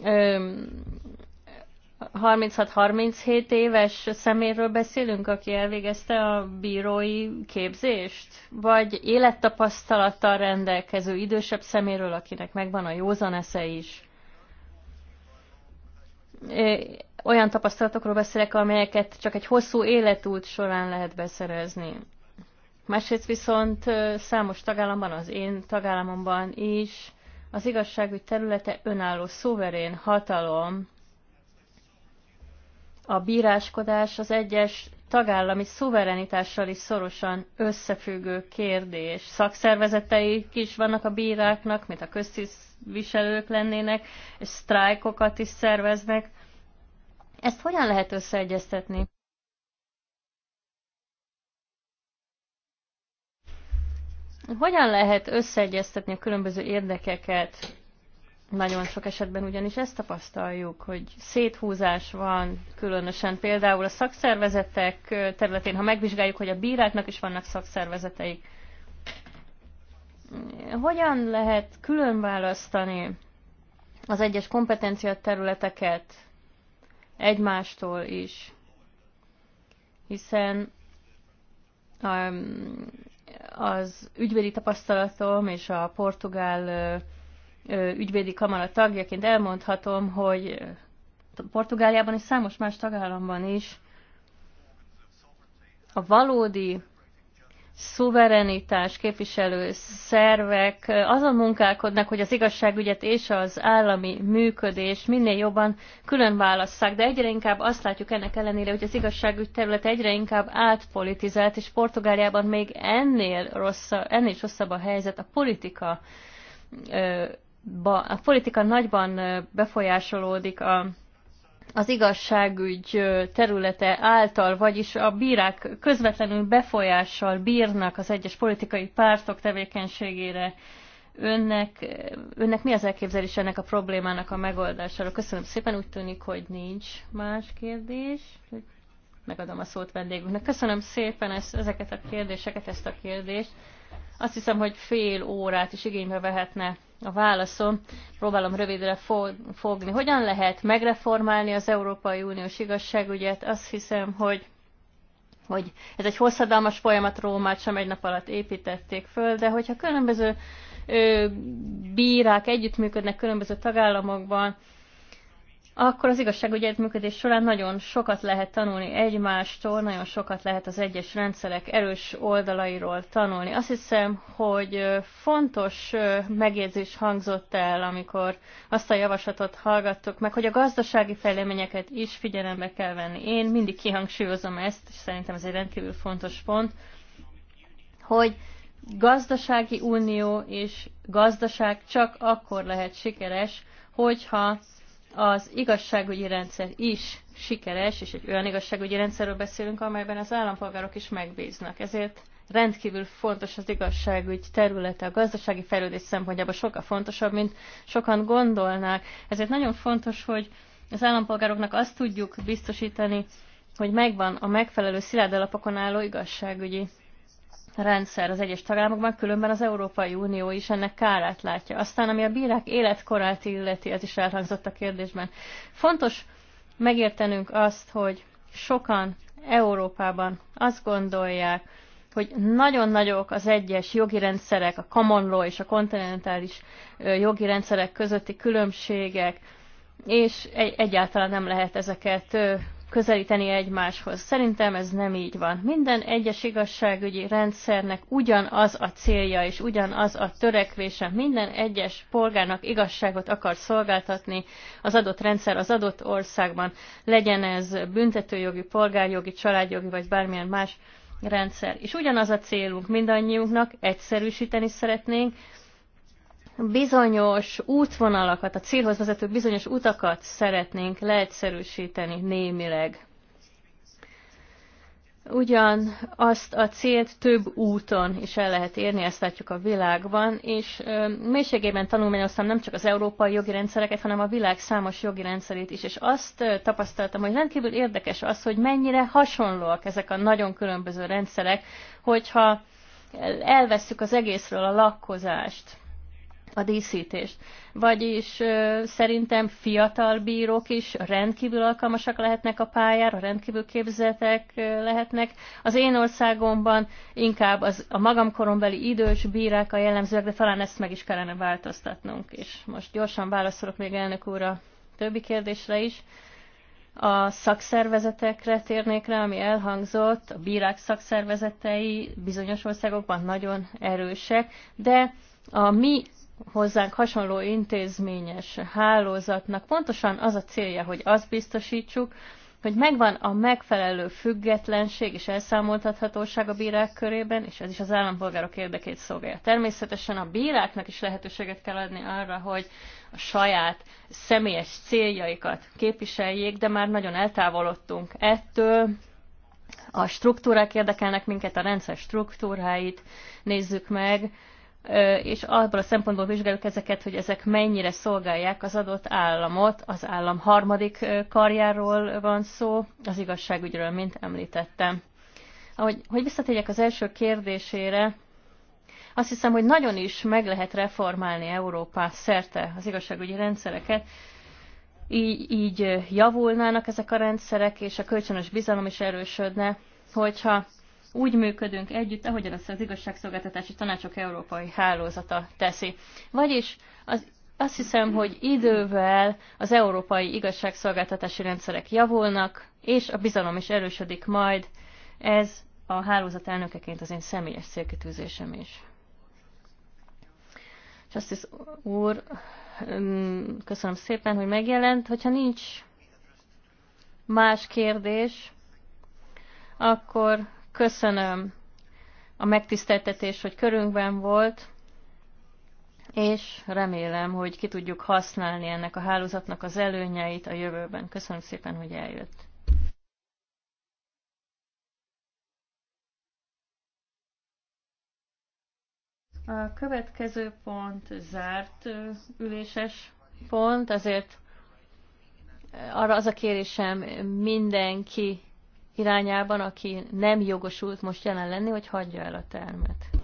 36-37 éves szeméről beszélünk, aki elvégezte a bírói képzést? Vagy élettapasztalattal rendelkező idősebb szeméről, akinek megvan a józan esze is? Olyan tapasztalatokról beszélek, amelyeket csak egy hosszú életút során lehet beszerezni. Másrészt viszont számos tagállamban, az én tagállamomban is az igazságügy területe önálló, szuverén hatalom, a bíráskodás az egyes tagállami szuverenitással is szorosan összefüggő kérdés. Szakszervezetei is vannak a bíráknak, mint a köztisztviselők lennének, és sztrájkokat is szerveznek. Ezt hogyan lehet összeegyeztetni? Hogyan lehet összeegyeztetni a különböző érdekeket? Nagyon sok esetben ugyanis ezt tapasztaljuk, hogy széthúzás van, különösen például a szakszervezetek területén, ha megvizsgáljuk, hogy a bíráknak is vannak szakszervezeteik. Hogyan lehet különválasztani az egyes kompetencia területeket egymástól is? Hiszen az ügyvédi tapasztalatom és a portugál ügyvédi kamara tagjaként elmondhatom, hogy Portugáliában és számos más tagállamban is a valódi szuverenitás képviselő szervek azon munkálkodnak, hogy az igazságügyet és az állami működés minél jobban külön válasszák, de egyre inkább azt látjuk ennek ellenére, hogy az igazságügy terület egyre inkább átpolitizált, és Portugáliában még ennél, rosszabb, ennél is rosszabb a helyzet a politika a politika nagyban befolyásolódik a az igazságügy területe által, vagyis a bírák közvetlenül befolyással bírnak az egyes politikai pártok tevékenységére. Önnek, önnek mi az elképzelés ennek a problémának a megoldására? Köszönöm szépen, úgy tűnik, hogy nincs más kérdés. Megadom a szót vendégünknek. Köszönöm szépen ezt, ezeket a kérdéseket, ezt a kérdést. Azt hiszem, hogy fél órát is igénybe vehetne a válaszom, próbálom rövidre fogni. Hogyan lehet megreformálni az Európai Uniós igazságügyet? Azt hiszem, hogy hogy ez egy hosszadalmas folyamat, Rómát sem egy nap alatt építették föl, de hogyha különböző ö, bírák együttműködnek különböző tagállamokban, akkor az igazság, hogy egy működés során nagyon sokat lehet tanulni egymástól, nagyon sokat lehet az egyes rendszerek erős oldalairól tanulni. Azt hiszem, hogy fontos megjegyzés hangzott el, amikor azt a javaslatot hallgattuk meg, hogy a gazdasági fejleményeket is figyelembe kell venni. Én mindig kihangsúlyozom ezt, és szerintem ez egy rendkívül fontos pont, hogy gazdasági unió és gazdaság csak akkor lehet sikeres, hogyha az igazságügyi rendszer is sikeres, és egy olyan igazságügyi rendszerről beszélünk, amelyben az állampolgárok is megbíznak. Ezért rendkívül fontos az igazságügy területe, a gazdasági fejlődés szempontjából sokkal fontosabb, mint sokan gondolnák. Ezért nagyon fontos, hogy az állampolgároknak azt tudjuk biztosítani, hogy megvan a megfelelő szilárd alapokon álló igazságügyi rendszer az egyes tagállamokban, különben az Európai Unió is ennek kárát látja. Aztán, ami a bírák életkorát illeti, ez is elhangzott a kérdésben. Fontos megértenünk azt, hogy sokan Európában azt gondolják, hogy nagyon nagyok az egyes jogi rendszerek, a common law és a kontinentális jogi rendszerek közötti különbségek, és egyáltalán nem lehet ezeket közelíteni egymáshoz. Szerintem ez nem így van. Minden egyes igazságügyi rendszernek ugyanaz a célja és ugyanaz a törekvése. Minden egyes polgárnak igazságot akar szolgáltatni az adott rendszer az adott országban, legyen ez büntetőjogi, polgárjogi, családjogi vagy bármilyen más rendszer. És ugyanaz a célunk mindannyiunknak, egyszerűsíteni szeretnénk, bizonyos útvonalakat, a célhoz vezető bizonyos utakat szeretnénk leegyszerűsíteni némileg. Ugyan azt a célt több úton is el lehet érni, ezt látjuk a világban, és mélységében tanulmányoztam nem csak az európai jogi rendszereket, hanem a világ számos jogi rendszerét is, és azt tapasztaltam, hogy rendkívül érdekes az, hogy mennyire hasonlóak ezek a nagyon különböző rendszerek, hogyha elvesszük az egészről a lakkozást a díszítést. Vagyis szerintem fiatal bírók is rendkívül alkalmasak lehetnek a pályára, rendkívül képzetek lehetnek. Az én országomban inkább az, a magam korombeli idős bírák a jellemzőek, de talán ezt meg is kellene változtatnunk. És most gyorsan válaszolok még elnök úr a többi kérdésre is. A szakszervezetekre térnék rá, ami elhangzott, a bírák szakszervezetei bizonyos országokban nagyon erősek, de a mi hozzánk hasonló intézményes hálózatnak pontosan az a célja, hogy azt biztosítsuk, hogy megvan a megfelelő függetlenség és elszámoltathatóság a bírák körében, és ez is az állampolgárok érdekét szolgálja. Természetesen a bíráknak is lehetőséget kell adni arra, hogy a saját személyes céljaikat képviseljék, de már nagyon eltávolodtunk ettől, a struktúrák érdekelnek minket, a rendszer struktúráit nézzük meg, és abból a szempontból vizsgáljuk ezeket, hogy ezek mennyire szolgálják az adott államot. Az állam harmadik karjáról van szó, az igazságügyről, mint említettem. Ahogy, hogy visszatérjek az első kérdésére, azt hiszem, hogy nagyon is meg lehet reformálni Európa szerte az igazságügyi rendszereket, így, így javulnának ezek a rendszerek, és a kölcsönös bizalom is erősödne, hogyha úgy működünk együtt, ahogyan azt az igazságszolgáltatási tanácsok európai hálózata teszi. Vagyis az azt hiszem, hogy idővel az európai igazságszolgáltatási rendszerek javulnak, és a bizalom is erősödik majd. Ez a hálózat elnökeként az én személyes célkitűzésem is. Justice úr, köszönöm szépen, hogy megjelent. Hogyha nincs más kérdés, akkor Köszönöm a megtiszteltetés, hogy körünkben volt, és remélem, hogy ki tudjuk használni ennek a hálózatnak az előnyeit a jövőben. Köszönöm szépen, hogy eljött. A következő pont zárt üléses pont, azért arra az a kérésem mindenki irányában, aki nem jogosult most jelen lenni, hogy hagyja el a termet.